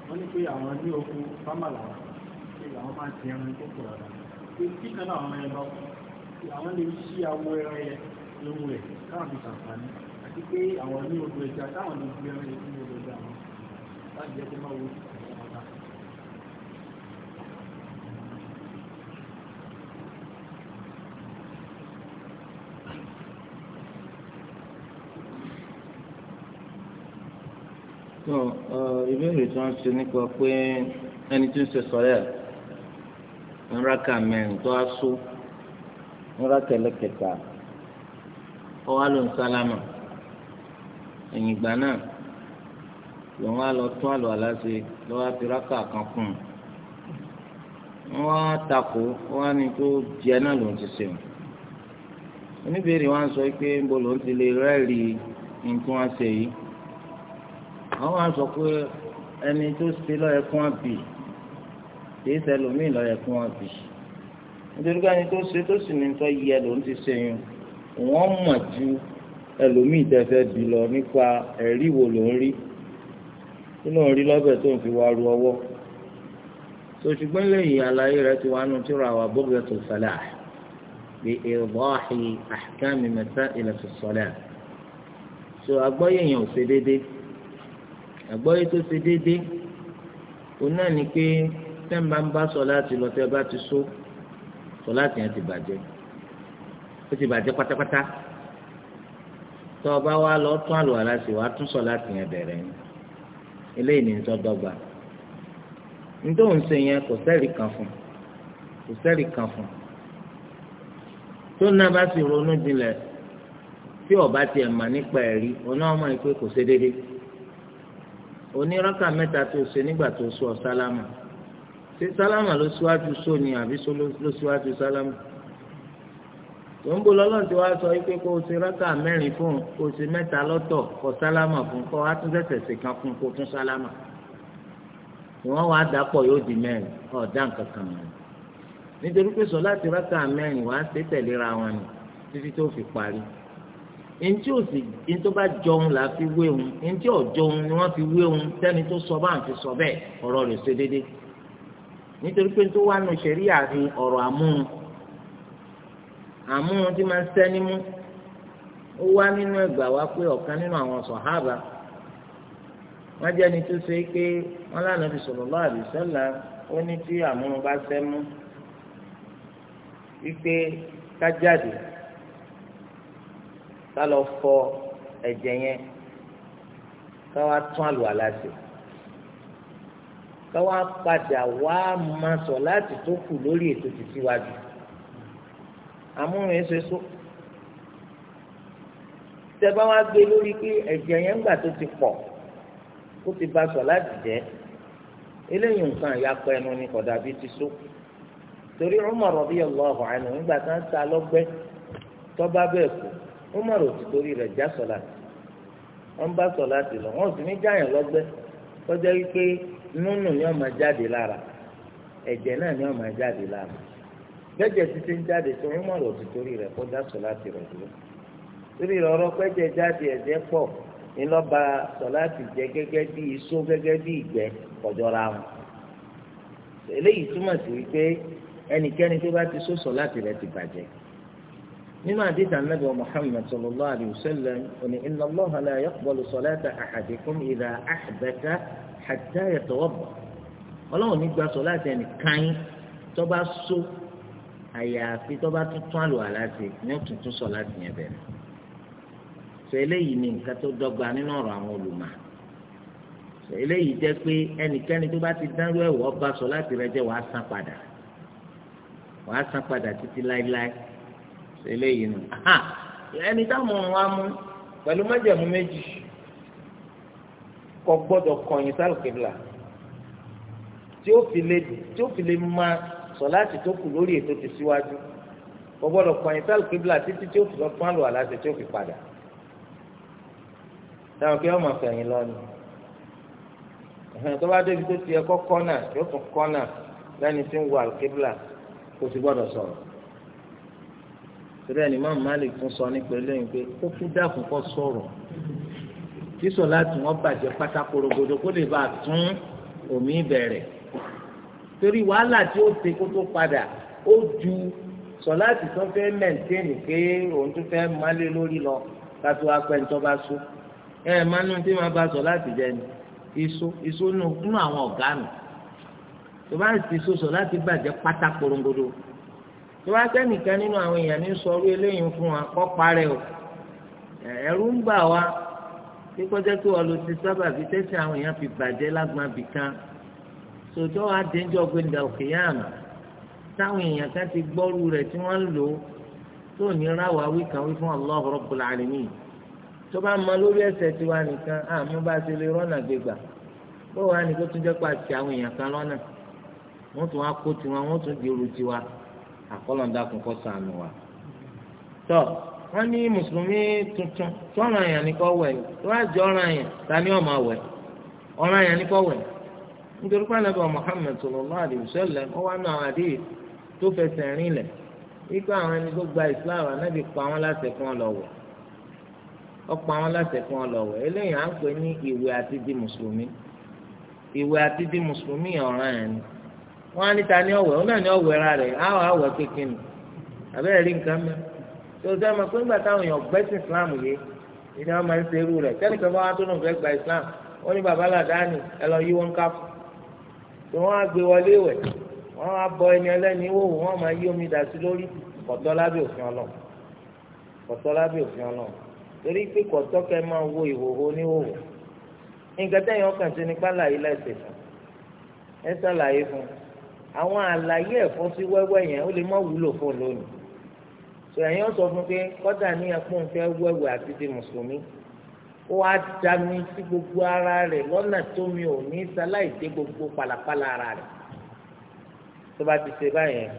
wọ́n ní pé àwọn ní oko fámàlà pé àwọn máa ti ẹran tó kù rárá pé kí kan náà àwọn ẹran àwọn lè ṣí awọ ẹran yẹn lóhun rẹ̀ káwọn fi ṣàǹfààní àti pé àwọn ní oko ẹja táwọn lè fi ẹran yẹn sínú odò ẹja àwọn láti jẹ́ kó má wo sí. Uh, ìbéèrè tí wọ́n ṣe nípa pé ẹni tí ń ṣe sọ́yà ńraka mẹ́rin tó aṣọ ńraka ẹlẹ́kẹta ó wá ló ń sálámà ẹ̀yìn ìgbà náà lòun á lọ tún àlọ́ aláṣẹ lọ́wọ́ fi rákà kan kùn wọ́n á takò wọ́n á ní tó jẹ́ náà lòun ti ṣe oníbèrè wọn sọ pé ń lòun ti lè rẹ́ẹ̀rí nǹkan ṣe yìí àwọn á sọ pé ẹni tó ṣe lọ́yẹ̀ fún wọn bì kìí sẹlòmíì lọ́yẹ̀ fún wọn bì nítorí pé ẹni tó ṣe tó sì ní tọ́ yẹ lòún ti ṣe yun wọ́n mọ̀ ju ẹlòmíì tẹ́fẹ́ bì lọ nípa ẹ̀rí wo lòún rí nínú orí lọ́bẹ̀ tó ń fi wá ru ọwọ́ sòṣùgbọ́n lẹ́yìn àlàyé rẹ̀ ti wá nu tíra wa Bughatul Falah bi idahi ahkam masail as-salat so àgbọ́yé yẹn ò ṣe déédéé àgbọ́yé tó ṣe déédéé òun náà ni pé tẹ́ǹbà ń bá sọ láti lọ tẹ́ ẹ bá ti sọ sọ láti yẹn ti bàjẹ́ ó ti bàjẹ́ pátápátá tọ́ ọ bá wá lọ tún àlùwà láti wàá tún sọ láti yẹn bẹ̀rẹ̀ ni eléyìí ni ń tọ́ dọ́gba nítorí ṣe yẹn kò sẹ́rì kan fún kò sẹ́rì kan fún tó náà bá sì ronú jinlẹ̀ tí ọba tiẹ̀ mà nípa ẹ̀rí ọ̀nà ọmọ yìí kò ṣe déédéé oníraka mẹ́ta tó ṣe nígbà tó sọ sálámà ṣé sálámà ló síwájú sóni àbí ló síwájú sálámà tó ń bo lọ́lọ́run tí wàá sọ wípé kó o ṣe rákà mẹ́rin fún kó o ṣe mẹ́ta lọ́tọ̀ kó sálámà fún kó wàá tún tẹ̀sẹ̀ sí kan fún kó tún sálámà ìwọ́n wàá dàpọ̀ yóò di mẹ́rin ọ̀dà nǹkan kan mọ́ nítorí pé sọ láti rákà mẹ́rin wàá ṣe tẹ̀léra wọn ni títí tó fi parí ntí ò sì ntí ó bá jọun là á fi wé òun ntí ò jọun ni wọ́n fi wé òun tẹ́ni tó sọ bá ń fi sọ bẹ́ẹ̀ ọ̀rọ̀ rẹ̀ ṣe déédé nítorí pé tó wà nù sẹ̀ríà ni ọ̀rọ̀ àmúhun àmúhun tí máa ń sẹ́ni mú ó wá nínú ẹgbà wá pé ọ̀kan nínú àwọn sọ̀hábà wọ́n jẹ́ ni tó ṣe pé wọ́n lánàá fi sọ̀rọ̀ lọ́wọ́ àbísọ́là ó ní tí àmúhun bá sẹ́ mú wípé ká jáde ká lọ fọ ẹ̀jẹ̀ yẹn ká wá tún àlùwàlá ṣe ká wá padà wá máa sọ láti tó kù lórí ètò tìsíwájú àmúrin ṣe sọ tẹ bá wá gbé lórí pé ẹ̀jẹ̀ yẹn gbà tó ti pọ̀ ó ti ba sọ láti jẹ́ eléyìí nǹkan ìyapọ̀ ẹnu ni kódà bíi ti sọ torí Umar radiyallahu anhu nígbà tá ń sa lọ́gbẹ́ tọ́ba bẹ́ẹ̀ kù Umar ò ti torí rẹ̀ já sọ̀lá wọ́n bá sọ̀lá ti lọ wọ́n sì ní jáyàn lọ́gbẹ́ kọjá wípé nùnù ni wọ́n máa jáde lára ẹ̀jẹ̀ náà ni wọ́n máa jáde lára gbẹ́jẹ̀ títí ń jáde tó Umar ò ti torí rẹ̀ kọjá sọ̀lá ti rẹ̀ dúró torí ọ̀rọ̀ pẹ́jẹ̀ jáde ẹ̀jẹ̀ pọ̀ ńlọba sọláàtì jẹ gẹ́gẹ́ bí iṣó gẹ́gẹ́ bí ìgbẹ́ kọjọra wọn eléyìí túmọ̀ sí wípé ẹnikẹ́ni tó bá ti sọ sọláàtì rẹ̀ ti bàjẹ́ nínú àdìsá nàbẹ Muhammad sallallahu alayhi wa sallam òní inna Allaha la yaqbalu salata ahadikum idha ahdatha hatta yatawadda ọlọ́run ní gba sọlá àti ẹnìkan yín tó bá so àyàfi tó bá tuntun àlùwàlá ṣe ní tuntun sọlá ti yẹn bẹ̀rẹ̀ sọ eléyìí ni nǹkan tó dọ́gba nínú ọ̀rọ̀ àwọn olùmọ̀ sọ eléyìí jẹ́ pé ẹnikẹ́ni tó bá ti dánrú ẹ̀wọ̀ bá sọlá ti eléyìí nù ẹni táwọn wa mú pẹ̀lú májẹ̀mú méjì kò gbọ́dọ̀ kọ̀yìn sálùkìlà tí ó fi lè tí ó fi lè máa sọ láti tó kù lórí ètò ti síwájú kò gbọ́dọ̀ kọ̀yìn sálùkìlà títí tí ó fi lọ fún àlọ́ àláṣẹ tí ó fi padà táwọn kí wọ́n máa fẹ̀yìn lọ ni tó bá débi tó ti ẹ̀kọ́ kọ́nà yóò tún kọ́nà lẹ́ni tí ń wo àlùkìlà kò sì gbọ́dọ̀ sọ̀rọ̀ torí ẹni máa Malik tún sọ nípa eléyìí pé ó tún dákun kọ́ sọ̀rọ̀ sísọ láti wọn bàjẹ́ pátákórogodo kó lè bá a tún omi bẹ̀rẹ̀ torí wàhálà tí ó ṣe kó tó padà ó ju sọláàtì tó fẹ́ mẹ̀ntẹ́nì pé òun tó fẹ́ mọ́lé lórí lọ kátó wá pẹ́ ní tó bá so ẹ ẹ máa nú tí máa bá sọláàtì jẹ ni iṣu iṣu nù nù àwọn ọ̀gá nù tó bá ti so sọláàtì bàjẹ́ pátákórogodo. tó bá sẹ́nìkan nínú àwọn èèyàn ní sọ̀rọ̀ eléyìí fún wa kọ́ parẹ́ o ẹ̀rù ń bà wá bí kọjá tó wà ló ti sábà fi tẹ́sí àwọn èèyàn fi bàjẹ́ lágbọ́n bì kan sòtọ́ àdéjọ́ gbẹ̀ndà òkè yá táwọn èèyàn kan ti gbọ́rú rẹ̀ tí wọ́n ń lò ó tó ní wí kan wí fún Allah tó bá mọ lórí ẹsẹ̀ nìkan jẹ́ pàṣẹ kan lọ́nà wá kó tiwọn wọ́n àkọlọ̀ dákun kọ́ sànù wa. tọ́ wọ́n ní mùsùlùmí tuntun tí ọ̀ràn yẹn ni kọ́ wẹ̀ tí wọ́n á jẹ́ ọ̀ràn yẹn ta ni ọ̀ma wẹ̀ ọ̀ràn yẹn ni kọ́ wẹ̀. nítorí pé anábẹ́ Muhammad sallallahu alaihi wasallam ó wá nù àwọn àdéhìí tó fẹsẹ̀ rìn lẹ̀ wípé àwọn ẹni tó gba Islam anábì pa wọn láṣẹ fún ọ lọ wẹ̀ ọ̀pọ̀ àwọn aláṣẹ fún ọ lọ́wọ́ eléyìí à ń pè ní ìwé àti di mùsùlùmí ìwé àti di mùsùlùmí ọ̀ràn yẹn ni wọ́n á ní ta ní ọ̀wẹ́ òun náà ní ọ̀wẹ́ ra rẹ̀ á wà kékin nù àbẹ́rẹ́ rí nǹkan mẹ́ tó o pé nígbà táwọn èèyàn gbẹ́sìn Islam yé ni wọ́n máa ń ṣe irú rẹ̀ tẹ́nìkan bá wá tó náà fẹ́ gba Islam ó ní bàbá làdáni ẹ lọ yí wọn ká fún tó wọ́n á gbé wọlé wẹ̀ wọ́n á bọ ẹni ẹlẹ́ni wò wọ́n máa yí omi dà sí lórí kọ̀tọ́ lábẹ́ òfin ọlọ́run kọ̀tọ́ lábẹ́ òfin ọlọ́run torí pé kọ̀tọ́ kẹ́ máa wo ìhòhò oníhòhò nǹkan tẹ́yìn ọkàn sí ni pálá yìí àwọn àlàyé ẹ̀fọ́ sí wẹ́wẹ́ yẹn ó lè má wúlò fún un lónìí sọ ẹ̀yìn sọ fún pé kọ́dà ní ẹ̀kún fẹ́ wẹ́wẹ́ àti ti mùsùlùmí ó wá da mi sí gbogbo ara rẹ̀ lọ́nà tó mi ò ní sáláì dé gbogbo pàlàpàlà ara rẹ̀ tó bá ti ṣe báyẹn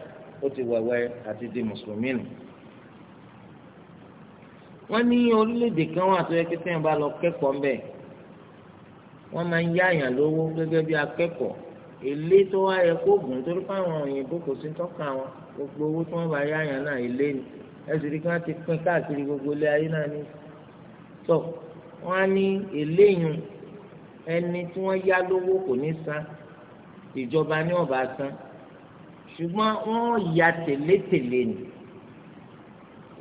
ó ti wẹ̀wẹ́ àti di mùsùlùmí nù. wọ́n ní orílẹ̀-èdè kan wà tó yẹ kí sẹ́yìn bá lọ kẹ́kọ̀ọ́ mbẹ́ wọ́n máa ń yá àyàn lówó gẹ́gẹ́ bí akẹ́kọ̀ọ́ èlé tó wá yẹ kó gùn torí pé àwọn òyìnbó kò sí tọ́ka wọn gbogbo owó tí wọ́n bá yá yàn náà èlé ni ẹsùn rí kí wọ́n ti pín káàkiri gbogbo ilé ayé náà ní. tó wọ́n á ní èléyìn ẹni tí wọ́n yá lówó kò ní san ìjọba ní ọ̀bà san ṣùgbọ́n wọ́n ya tẹ̀lé-tẹ̀lé ni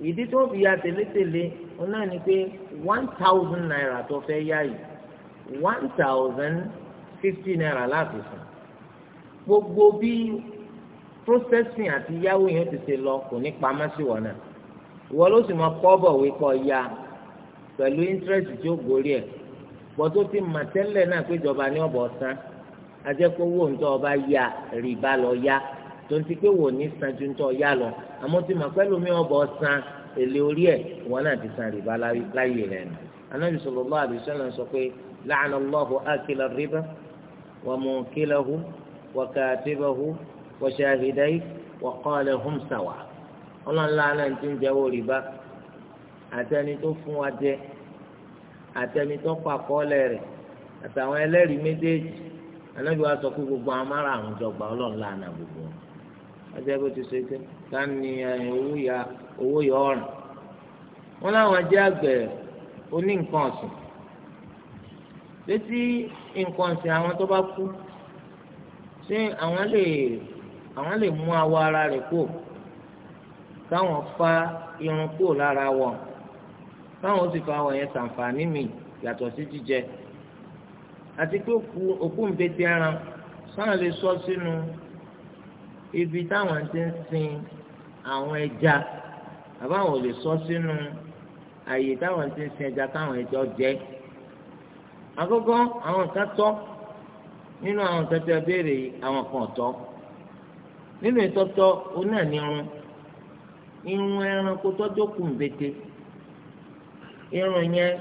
ìdí tó fi ya tẹ̀lé-tẹ̀lé wọn náà ni pé one thousand naira tó fẹ́ yá yìí one thousand fifty naira láti san gbogbo bí processing àti yáwó yẹn ti ṣe lọ kò ní pamọ́ sí wọn náà ìwọ ló sì mọ kọ́bọ̀ wí kọ́ ya pẹ̀lú interest tí ó gorí ẹ̀ bọ́ tó ti mà tẹ́lẹ̀ náà pé ní ọ̀bọ̀ san ajẹ́kọ̀wó ńtọ́ ọba ya rìbá lọ ya tó ń ti pé wò ní san ju ńtọ́ ya lọ àmọ́ ti mà pẹ́lú mi ọ̀bọ̀ san èlé orí ẹ̀ wọn náà ti san rìbá láyè rẹ̀ nù anábì sallallahu alaihi wasallam sọ pé la'ana Allahu akila riba wa mukilahu وكاتبه وشاهديه وقال هم سواء ọlọ́run lánà tí ń jẹ́wọ́ rìbá àtẹni tó fún wa jẹ àtẹni tó pa kọ́lẹ̀ rẹ̀ àtàwọn ẹlẹ́rìí méjèèjì anábì wa sọ pé gbogbo àwọn mara àrùn jọgbà ọlọ́run lánà gbogbo wọn. ọjọ́ bó ti ṣe pé ká ní owó ya owó ya ọ̀ràn. wọ́n láwọn jẹ́ àgbẹ̀ oní nǹkan ọ̀sìn létí nǹkan ọ̀sìn àwọn tó bá kú ṣé àwọn lè àwọn lè mú awọ ara rẹ̀ kó káwọn fa irun kó lára wọn káwọn ó sì fa awọ yẹn ṣàǹfààní mi yàtọ̀ sí jíjẹ àti pé òkú ń bẹ ti ẹran sáwọn lè sọ sínú ibi táwọn ti ń sin àwọn ẹja àbáwọn ò lè sọ sínú àyè táwọn ti ń sin ẹja káwọn ẹja jẹ àkọ́kọ́ àwọn kan tọ́ nínú àwọn nǹkan tí a béèrè àwọn kan ọ̀tọ̀ nínú ìtọ́tọ́ oní ànírun irun ẹranko tọ́jú kùnbété irun yẹn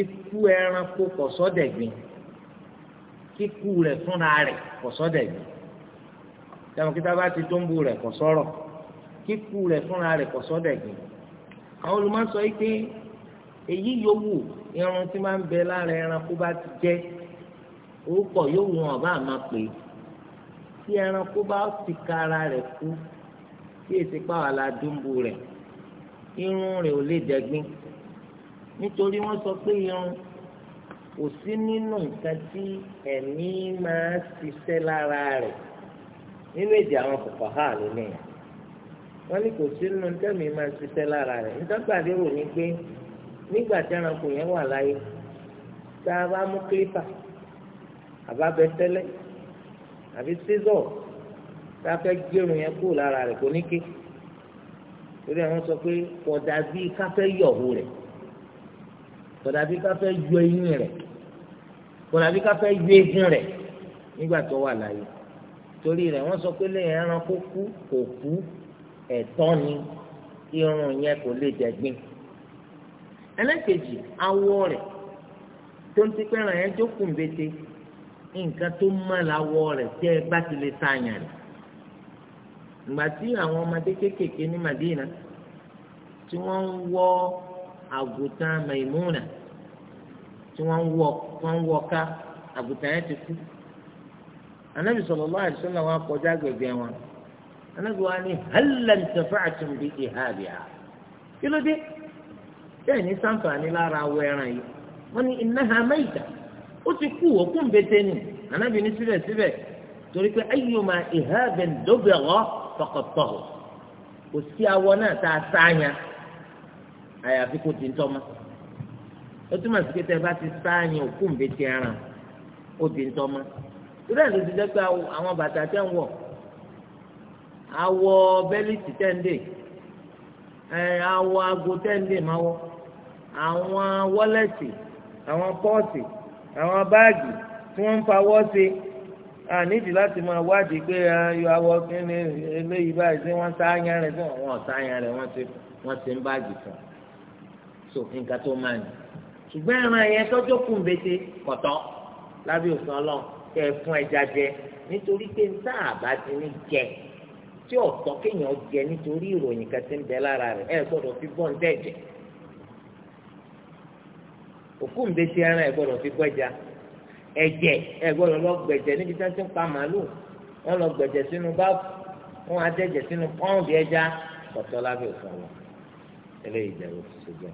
ikú ẹranko kọ̀sọ́dẹ̀gbìn kíkú rẹ̀ fúnra rẹ̀ kọ̀sọ́dẹ̀gbìn tẹ̀wọ̀n kí tábà ti tóńbù rẹ̀ kọ̀sọ́rọ̀ kíkú rẹ̀ fúnra rẹ̀ kọ̀sọ́dẹ̀gbìn àwọn olùmọ̀sọ yìí pé èyí yòówù irun tí máa ń bẹ lára ẹranko bá ti jẹ́ orúkọ yóò wù wọn bá máa pè é tí ẹranko bá ti ka ara rẹ̀ kú tí èsì pàwọn aládùnbù rẹ̀ irun rẹ̀ ò lè dẹ̀gbin nítorí wọ́n sọ pé irun kò sí nínú nǹkan tí ẹ̀mí máa ṣiṣẹ́ lára rẹ̀ nínú èdè àwọn kòkò ha ló nìyẹn wọ́n ní kò sí nínú tẹ́mi máa ṣiṣẹ́ lára rẹ̀ nítorí àdéhùn ni pé nígbà tí ẹranko yẹn wà láyé tá a bá mú kílípà àbábẹ tẹ́lẹ̀ àbí sísọ tá a fẹ́ gbẹrun yẹn kúrò lára rẹ̀ kò ní ké torí àwọn sọ pé kódà bí káfẹ́ yọ̀wò rẹ̀ kódà bí káfẹ́ yọ eyín rẹ̀ kódà bí káfẹ́ yọ egun rẹ̀ nígbà tó wà láàyè torí rẹ̀ wọ́n sọ pé lẹ́yìn ẹranko kú kò kú ẹ̀tọ́ ni irun yẹn kò lè dẹ̀gbin ẹlẹ́kejì awọ rẹ̀ tó ń ti pẹ́ràn yẹn jókòó ń nǹkan tó mọ làwọ rẹ̀ tẹ́ ẹ bá ti lè sàyàn rẹ̀ ìgbà tí Madina tí wọn ń wọ Maimuna tí wọn ń wọ wọ́n ń wọ ká àgùntàn yẹn ti kú anabi sallallahu alaihi wasallam wa kọjá gbẹgbẹ wọn anabi ni halla intafa'tum bi ihabiha kí ló dé ní lára awọ ẹran yìí ó ti kú òkú nbẹ́tẹ́ ni ànábì ní síbẹ̀síbẹ̀ torí pé ayyuma ihaban dubagha faqad tahur kò sí awọ náà tá a sáàyàn àyàfi kò tí ń tọ́ ma ó túmọ̀ sí pé tẹ́ bá ti sáàyàn òkú nbẹ́tẹ́ ara ó di ń tọ́ ma torí àti ti dẹ́gbẹ́ àwọn bàtà tẹ́ ń wọ̀ awọ bẹ́líìtì tẹ́ ń dè awọ ago tẹ́ ń dè máa wọ àwọn wọ́lẹ́tì àwọn pọ́ọ̀tì àwọn báàgì tí wọ́n ń fawọ́ ṣe àníjì láti máa wádìí pé ayọ awọ kíni eléyìí báyìí sí wọ́n sáyà rẹ̀ sí wọ́n sáyà rẹ̀ wọ́n ti wọ́n ti ń báàgì fún un so nǹkan tó máa nì ṣùgbọ́n ẹran yẹn tọ́jú kù ń bete kọ̀tọ́ lábẹ́ òfin ọlọ́run kẹ́ ẹ fún ẹja jẹ nítorí pé níta àbá ti ní jẹ tí ọ̀tọ́ kéèyàn jẹ nítorí ìròyìn kan ti ń bẹ lára rẹ̀ ẹ gbọ́dọ̀ fi bọ́ǹdẹ̀ jẹ òkú ń bẹsẹ ẹran ẹ gbọ́dọ̀ fi gbẹjà ẹ̀jẹ̀ ẹ gbọ́dọ̀ lọ gbẹjẹ níbi tí wọn ti ń pa màálù wọn lọ gbẹjẹ sínú báàbù wọn adẹjẹ sínú pọ́ǹdì ẹja ọtọ lábẹ òfin wọn eléyìí jẹ òfin ṣojú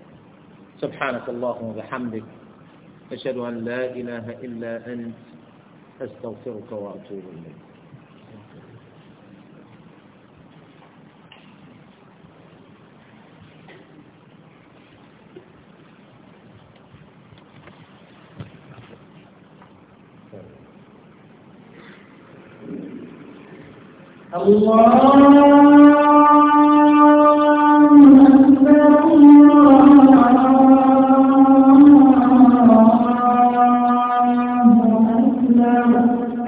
سبحانك اللهم وبحمدك أشهد أن لا إله إلا أنت أستغفرك وأتوب إليك الله